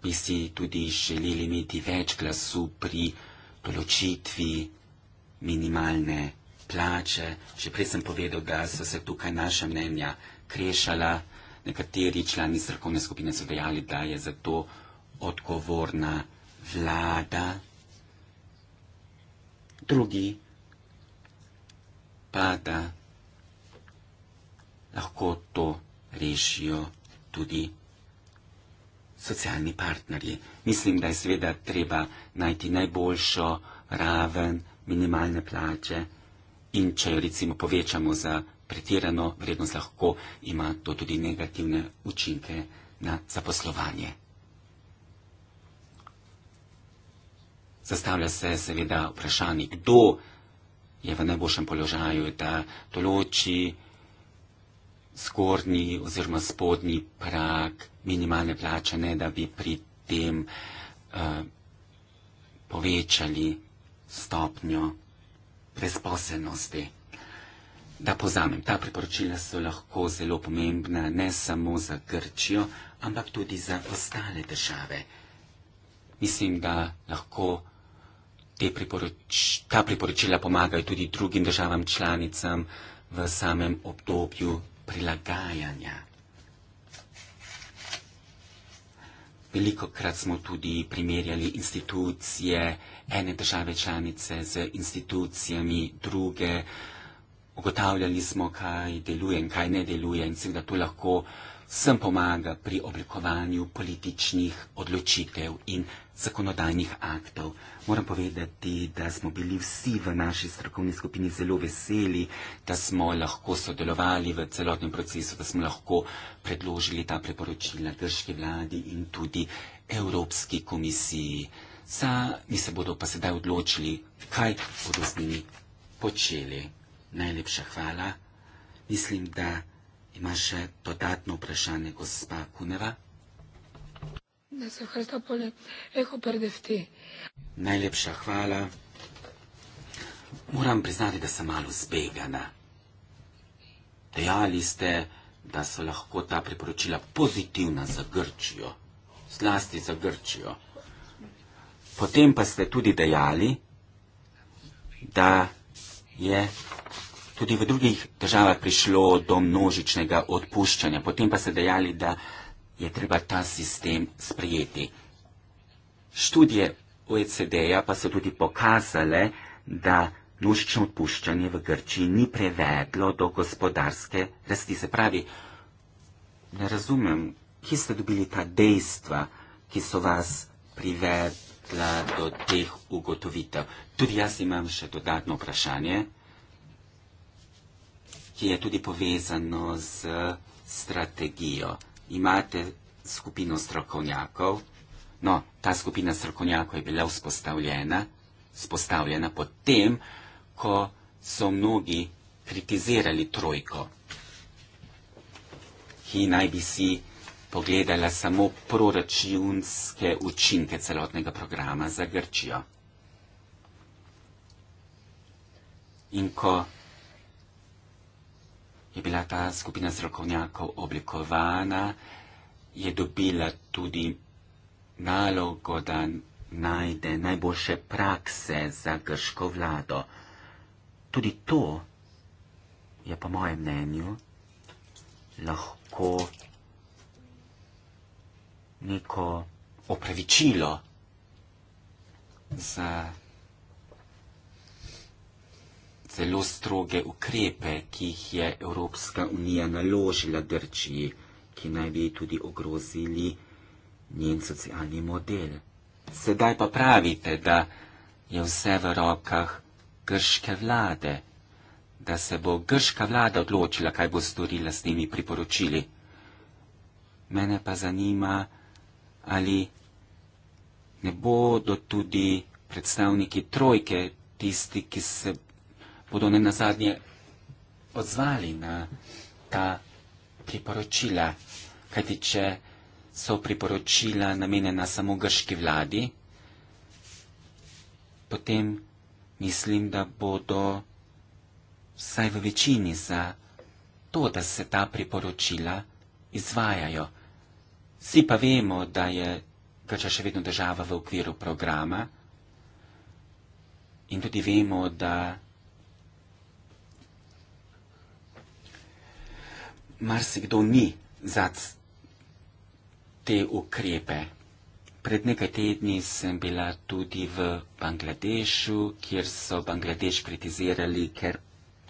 bi si tudi želeli imeti več glasu pri določitvi minimalne plače. Že prej sem povedal, da so se tukaj naša mnenja krešala. Nekateri člani strokovne skupine so dejali, da je za to odgovorna vlada. Drugi pa da lahko to rešijo tudi socialni partnerji. Mislim, da je seveda treba najti najboljšo raven minimalne plače in če jo recimo povečamo za pretirano vrednost, lahko ima to tudi negativne učinke na zaposlovanje. Zastavlja se seveda vprašanje, kdo je v najboljšem položaju, da določi zgornji oziroma spodnji prag minimalne plače, ne da bi pri tem uh, povečali stopnjo brezposelnosti. Da povzamem, ta priporočila so lahko zelo pomembna ne samo za Grčijo, ampak tudi za ostale države. Mislim, da lahko priporoč ta priporočila pomagajo tudi drugim državam članicam v samem obdobju prilagajanja. Veliko krat smo tudi primerjali institucije ene države članice z institucijami druge, ugotavljali smo, kaj deluje in kaj ne deluje in seveda to lahko uh, sem pomaga pri oblikovanju političnih odločitev in zakonodajnih aktov. Moram povedati, da smo bili vsi v naši strokovni skupini zelo veseli, da smo lahko sodelovali v celotnem procesu, da smo lahko predložili ta preporočila grški vladi in tudi Evropski komisiji. Za mi se bodo pa sedaj odločili, kaj bodo z njimi počeli. Najlepša hvala. Mislim, da. Ima še dodatno vprašanje gospa Kuneva. Najlepša hvala. Moram priznati, da sem malo zbegana. Dejali ste, da so lahko ta priporočila pozitivna za Grčijo, zlasti za Grčijo. Potem pa ste tudi dejali, da je tudi v drugih državah prišlo do množičnega odpuščanja. Potem pa ste dejali, da je treba ta sistem sprijeti. Študije OECD-ja pa so tudi pokazale, da množično odpuščanje v Grčiji ni prevedlo do gospodarske rasti. Se pravi, ne razumem, kje ste dobili ta dejstva, ki so vas privedla do teh ugotovitev. Tudi jaz imam še dodatno vprašanje ki je tudi povezano z strategijo. Imate skupino strokovnjakov, no, ta skupina strokovnjakov je bila vzpostavljena, vzpostavljena potem, ko so mnogi kritizirali trojko, ki naj bi si pogledala samo proračunske učinke celotnega programa za Grčijo. In ko je bila ta skupina strokovnjakov oblikovana, je dobila tudi nalogo, da najde najboljše prakse za grško vlado. Tudi to je, po mojem mnenju, lahko neko opravičilo za zelo stroge ukrepe, ki jih je Evropska unija naložila Grčiji, ki naj bi tudi ogrozili njen socialni model. Sedaj pa pravite, da je vse v rokah grške vlade, da se bo grška vlada odločila, kaj bo storila s temi priporočili. Mene pa zanima, ali ne bodo tudi predstavniki trojke tisti, ki se bodo ne nazadnje odzvali na ta priporočila. Kajti, če so priporočila namenjena samo grški vladi, potem mislim, da bodo vsaj v večini za to, da se ta priporočila izvajajo. Vsi pa vemo, da je Grča še vedno država v okviru programa in tudi vemo, da marsikdo ni za te ukrepe. Pred nekaj tedni sem bila tudi v Bangladešu, kjer so Bangladeš kritizirali, ker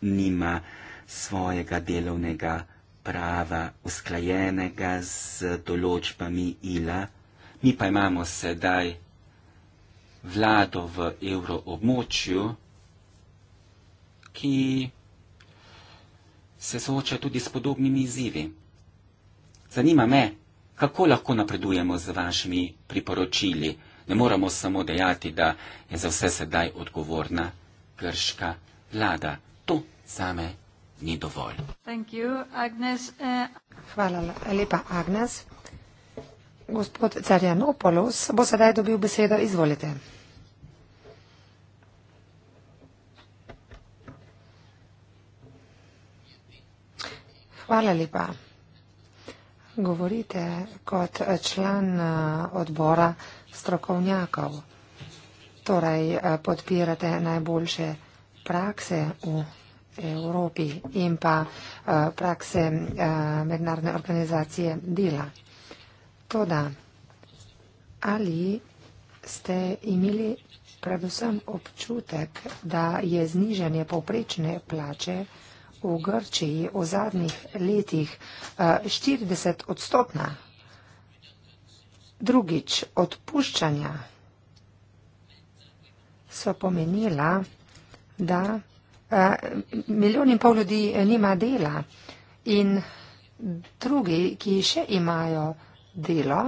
nima svojega delovnega prava usklajenega z določbami ILA. Mi pa imamo sedaj vlado v evroobmočju, ki se soočajo tudi s podobnimi izzivi. Zanima me, kako lahko napredujemo z vašimi priporočili. Ne moramo samo dejati, da je za vse sedaj odgovorna grška vlada. To same ni dovolj. You, Agnes, eh... Hvala lepa, Agnes. Gospod Carjanopoulos bo sedaj dobil besedo. Izvolite. Hvala lepa. Govorite kot član eh, odbora strokovnjakov, torej eh, podpirate najboljše prakse v Evropi in pa eh, prakse mednarodne organizacije dela. Toda, ali ste imeli predvsem občutek, da je znižanje povprečne plače v Grčiji v zadnjih letih 40 eh, odstotna. Drugič, odpuščanja so pomenila, da eh, milijon in pol ljudi nima dela in drugi, ki še imajo delo,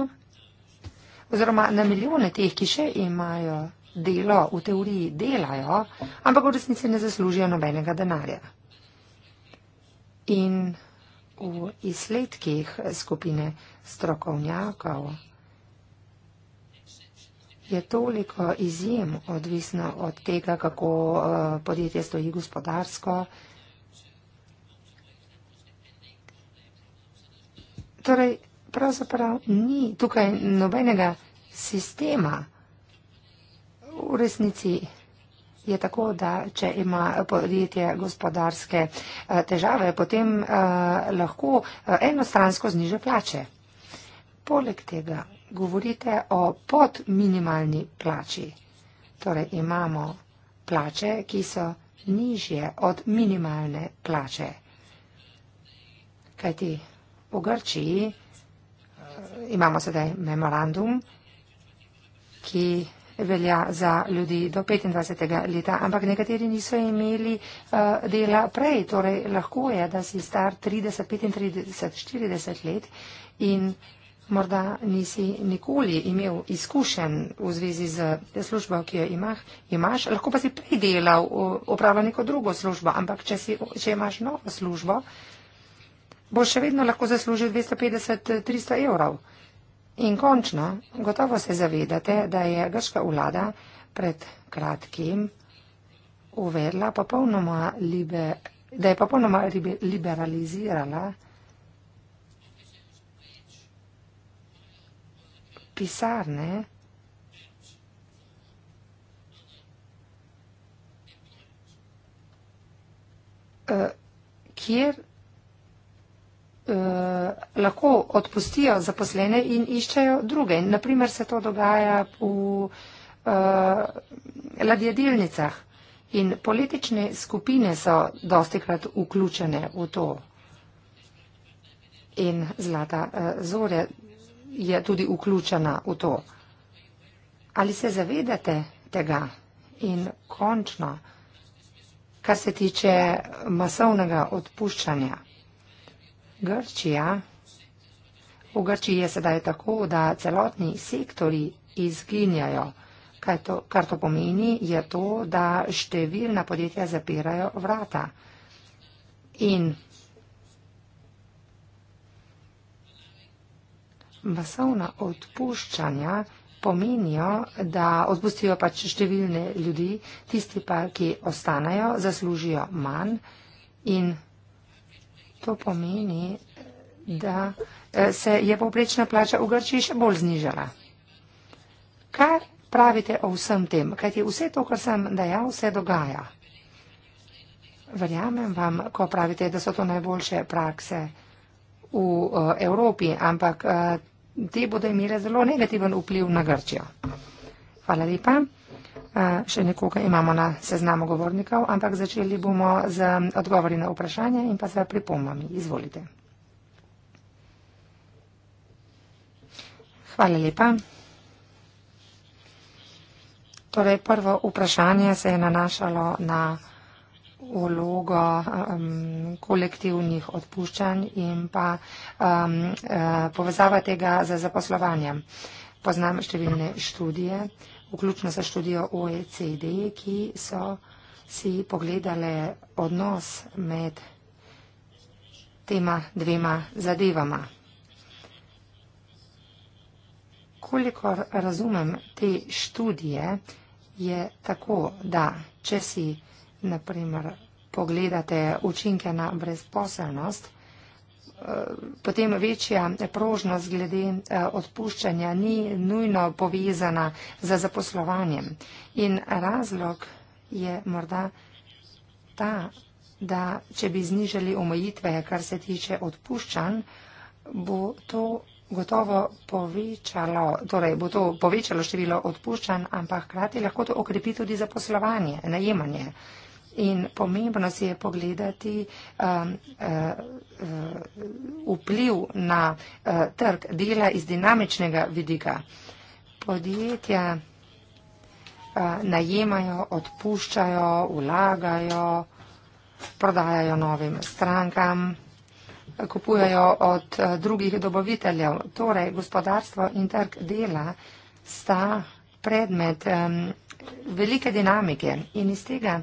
oziroma na milijone teh, ki še imajo delo, v teoriji delajo, ampak v resnici ne zaslužijo nobenega denarja in v izsledkih skupine strokovnjakov je toliko izjem odvisno od tega, kako eh, podjetje stoji gospodarsko. Torej, pravzaprav ni tukaj nobenega sistema. V resnici je tako, da če ima podjetje gospodarske eh, težave, potem eh, lahko eh, enostransko zniže plače. Poleg tega govorite o podminimalni plači. Torej imamo plače, ki so nižje od minimalne plače. Kajti v Grčiji imamo sedaj memorandum, ki velja za ljudi do 25. leta, ampak nekateri niso imeli uh, dela prej. Torej, lahko je, da si star 30, 35, 40 let in morda nisi nikoli imel izkušen v zvezi z službo, ki jo imah, imaš, lahko pa si prej delal, opravljal neko drugo službo, ampak če, si, če imaš novo službo, boš še vedno lahko zaslužil 250-300 evrov. In končno, gotovo se zavedate, da je grška vlada pred kratkim uvedla popolnoma liber, da je popolnoma liberalizirala pisarne. Eh, kjer Eh, lahko odpustijo zaposlene in iščejo druge. Naprimer se to dogaja v uh, ladjedelnicah in politične skupine so dostikrat vključene v to. In Zlata uh, eh, Zore je tudi vključena v to. Ali se zavedate tega in končno, kar se tiče masovnega odpuščanja? Grčija. V Grčiji je sedaj tako, da celotni sektori izginjajo. Kaj to, kar to pomeni, je to, da številna podjetja zapirajo vrata. In masovna odpuščanja pomenijo, da odpustijo pač številne ljudi, tisti pa, ki ostanejo, zaslužijo manj in manj to pomeni, da eh, se je povprečna plača v Grčiji še bolj znižala. Kaj pravite o vsem tem? Kaj ti vse to, kar sem dejal, se dogaja? Verjamem vam, ko pravite, da so to najboljše prakse v eh, Evropi, ampak eh, te bodo imele zelo negativen vpliv na Grčijo. Hvala lepa še nekoga imamo na seznamu govornikov, ampak začeli bomo z odgovori na vprašanje in pa z pripombami. Izvolite. Hvala lepa. Torej, prvo vprašanje se je nanašalo na vlogo um, kolektivnih odpuščanj in pa um, uh, povezava tega z zaposlovanjem. Poznam številne študije, uh, vključno za študijo OECD, ki so si pogledale odnos med tema dvema zadevama. Kolikor razumem te študije, je tako, da če si, naprimer, pogledate učinke na brezposelnost, potem večja prožnost glede eh, odpuščanja ni nujno povezana za zaposlovanjem. In razlog je morda ta, da če bi znižali omejitve, kar se tiče odpuščanj, bo to gotovo povečalo, torej bo to povečalo število odpuščanj, ampak hkrati lahko to okrepi tudi zaposlovanje, najemanje. In pomembno si je pogledati um, uh, vpliv na uh, trg dela iz dinamičnega vidika. Podjetja uh, najemajo, odpuščajo, vlagajo, prodajajo novim strankam, kupujajo od uh, drugih doboviteljev. Torej, gospodarstvo in trg dela sta predmet um, velike dinamike in iz tega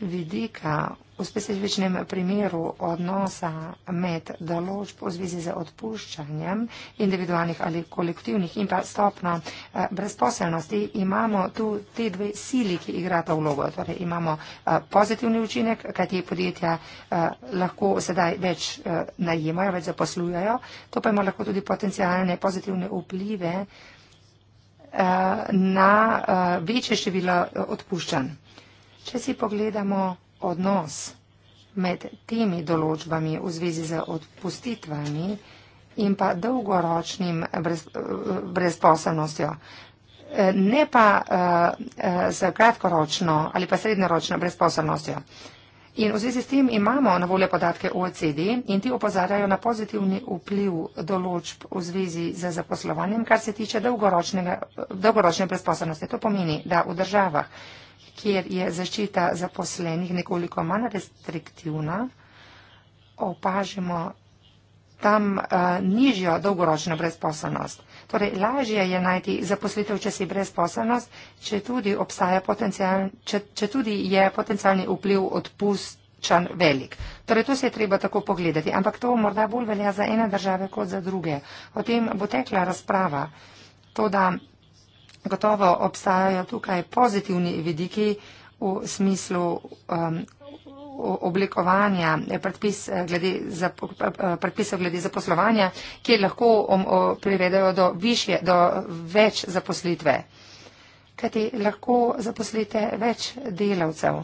vidika, v specifičnem primeru odnosa med določb v zvezi z odpuščanjem individualnih ali kolektivnih in pa stopno eh, brezposelnosti, imamo tu te dve sili, ki igrata vlogo. Torej imamo eh, pozitivni učinek, kajti podjetja eh, lahko sedaj več najemajo, več zaposlujajo, to pa ima lahko tudi potencijalne pozitivne vplive na večje število odpuščanj. Če si pogledamo odnos med temi določbami v zvezi z odpustitvami in pa dolgoročnim brez, brezposobnostjo, ne pa z eh, eh, kratkoročno ali pa srednjeročno brezposobnostjo. In v zvezi s tem imamo na voljo podatke OECD in ti opozarjajo na pozitivni vpliv določb v zvezi z zaposlovanjem, kar se tiče dolgoročne brezposobnosti. To pomeni, da v državah, kjer je zaščita zaposlenih nekoliko manj restriktivna, opažimo tam uh, nižjo dolgoročno brezposobnost. Torej, lažje je najti zaposlitev, če si brezposobnost, če tudi, obstaja potencial, če, če tudi je potencialni vpliv odpuščan velik. Torej, to se je treba tako pogledati, ampak to morda bolj velja za ene države kot za druge. O tem bo tekla razprava. To, da Gotovo obstajajo tukaj pozitivni vidiki v smislu um, oblikovanja eh, eh, predpisov glede zaposlovanja, ki lahko um, privedajo do, višje, do več zaposlitve. Kajti lahko zaposlite več delavcev,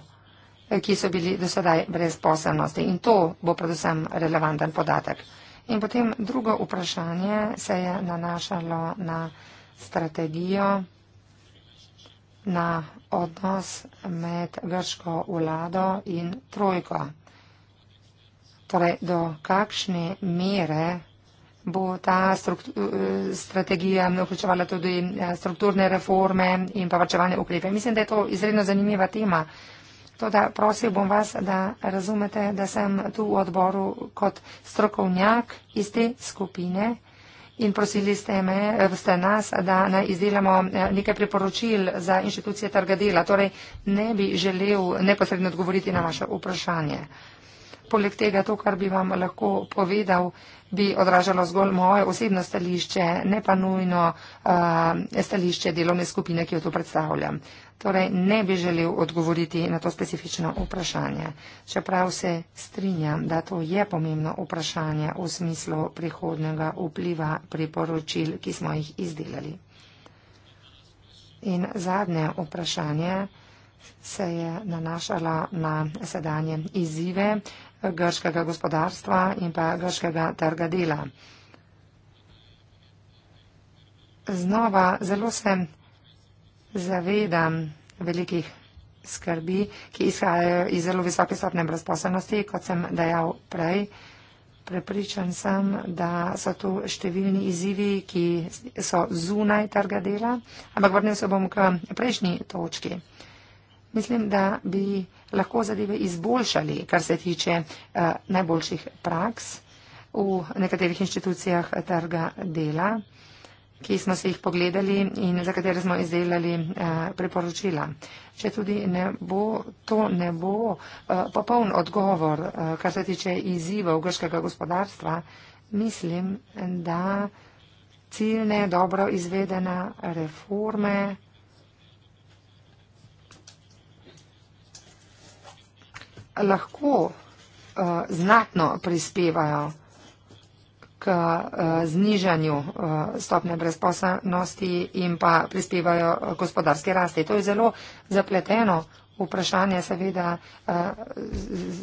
eh, ki so bili do sedaj brez poselnosti. In to bo predvsem relevanten podatek. In potem drugo vprašanje se je nanašalo na strategijo na odnos med grško vlado in trojko. Torej, do kakšne mere bo ta strategija vključevala tudi eh, strukturne reforme in pa vrčevalne ukrepe. Mislim, da je to izredno zanimiva tema. Toda prosil bom vas, da razumete, da sem tu v odboru kot strokovnjak iz te skupine. In prosili ste me, eh, ste nas, da ne izdelamo eh, nekaj priporočil za inštitucije trga dela. Torej, ne bi želel neposredno odgovoriti na vaše vprašanje. Poleg tega, to, kar bi vam lahko povedal, bi odražalo zgolj moje osebno stališče, ne pa nujno uh, stališče delovne skupine, ki jo tu predstavljam torej ne bi želel odgovoriti na to specifično vprašanje. Čeprav se strinjam, da to je pomembno vprašanje v smislu prihodnega vpliva priporočil, ki smo jih izdelali. In zadnje vprašanje se je nanašala na sedanje izzive grškega gospodarstva in pa grškega trga dela. Znova zelo se zavedam velikih skrbi, ki izhajajo iz zelo visoke stopne brezposobnosti, kot sem dejal prej. Prepričan sem, da so tu številni izzivi, ki so zunaj trga dela, ampak vrnil se bom k prejšnji točki. Mislim, da bi lahko zadeve izboljšali, kar se tiče eh, najboljših praks v nekaterih inštitucijah trga dela ki smo se jih pogledali in za katere smo izdelali eh, priporočila. Če tudi ne bo, to ne bo eh, popoln odgovor, eh, kar se tiče izzivov grškega gospodarstva, mislim, da ciljne, dobro izvedene reforme lahko eh, znatno prispevajo k eh, znižanju eh, stopne brezposobnosti in pa prispevajo eh, gospodarske rasti. To je zelo zapleteno vprašanje, seveda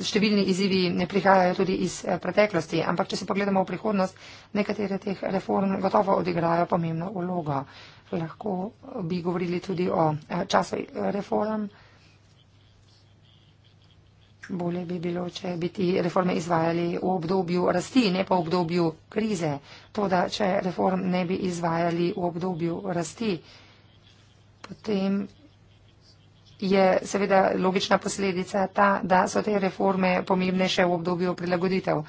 številni izzivi ne prihajajo tudi iz preteklosti, ampak če se pogledamo v prihodnost, nekatere teh reform gotovo odigrajo pomembno vlogo. Lahko bi govorili tudi o času reform. Bolje bi bilo, če bi ti reforme izvajali v obdobju rasti, ne pa v obdobju krize. Toda, če reform ne bi izvajali v obdobju rasti, potem je seveda logična posledica ta, da so te reforme pomembne še v obdobju prilagoditev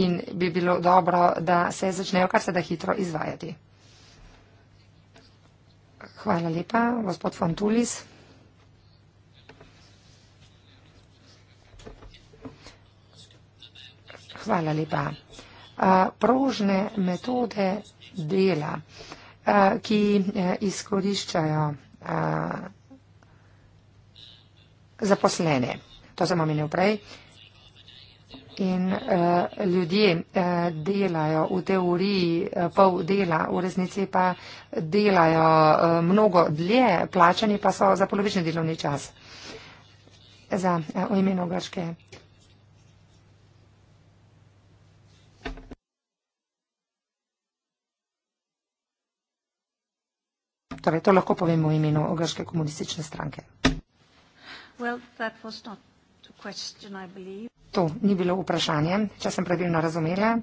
in bi bilo dobro, da se začnejo kar se da hitro izvajati. Hvala lepa, gospod Fontulis. Hvala lepa. Prožne metode dela, ki e, izkoriščajo zaposlene, to sem omenil prej, in e, ljudje e, delajo v teoriji pol dela, v resnici pa delajo mnogo dlje, plačani pa so za polovični delovni čas. Za, v imenu Grške Torej, to lahko povem v imenu grške komunistične stranke. Well, question, to ni bilo vprašanje, če sem pravilno razumela.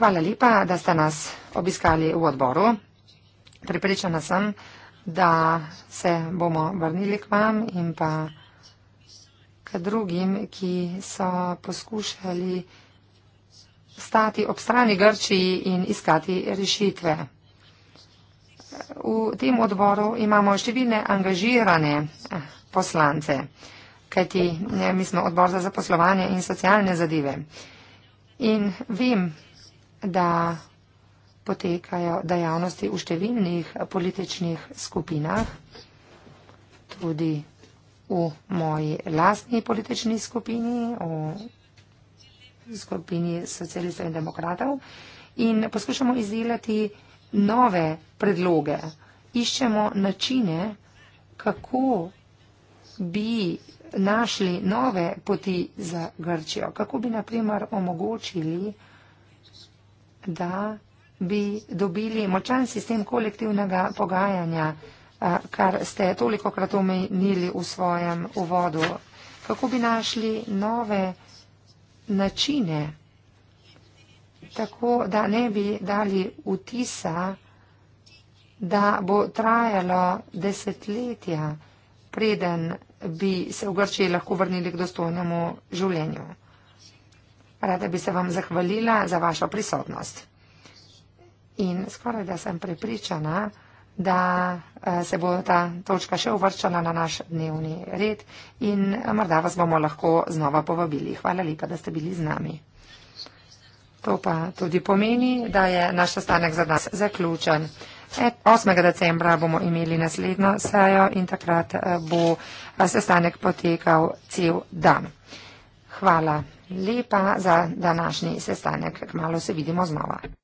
Hvala lepa, da ste nas obiskali v odboru. Pripričana sem, da se bomo vrnili k vam in pa k drugim, ki so poskušali stati ob strani Grčiji in iskati rešitve v tem odboru imamo številne angažirane eh, poslance, kajti mi smo odbor za zaposlovanje in socialne zadeve. In vem, da potekajo dejavnosti v številnih političnih skupinah, tudi v moji lastni politični skupini, v skupini socialistov in demokratov. In poskušamo izdelati nove predloge, iščemo načine, kako bi našli nove poti za Grčijo, kako bi naprimer omogočili, da bi dobili močan sistem kolektivnega pogajanja, kar ste toliko krat omenili v svojem uvodu, kako bi našli nove načine tako da ne bi dali vtisa, da bo trajalo desetletja, preden bi se v Grčiji lahko vrnili k dostojnemu življenju. Rada bi se vam zahvalila za vašo prisotnost. In skoraj da sem prepričana, da eh, se bo ta točka še uvrščala na naš dnevni red in eh, morda vas bomo lahko znova povabili. Hvala lepa, da ste bili z nami. To pa tudi pomeni, da je naš sestanek za danes zaključen. 8. E, decembra bomo imeli naslednjo sejo in takrat eh, bo eh, sestanek potekal cel dan. Hvala lepa za današnji sestanek. Malo se vidimo znova.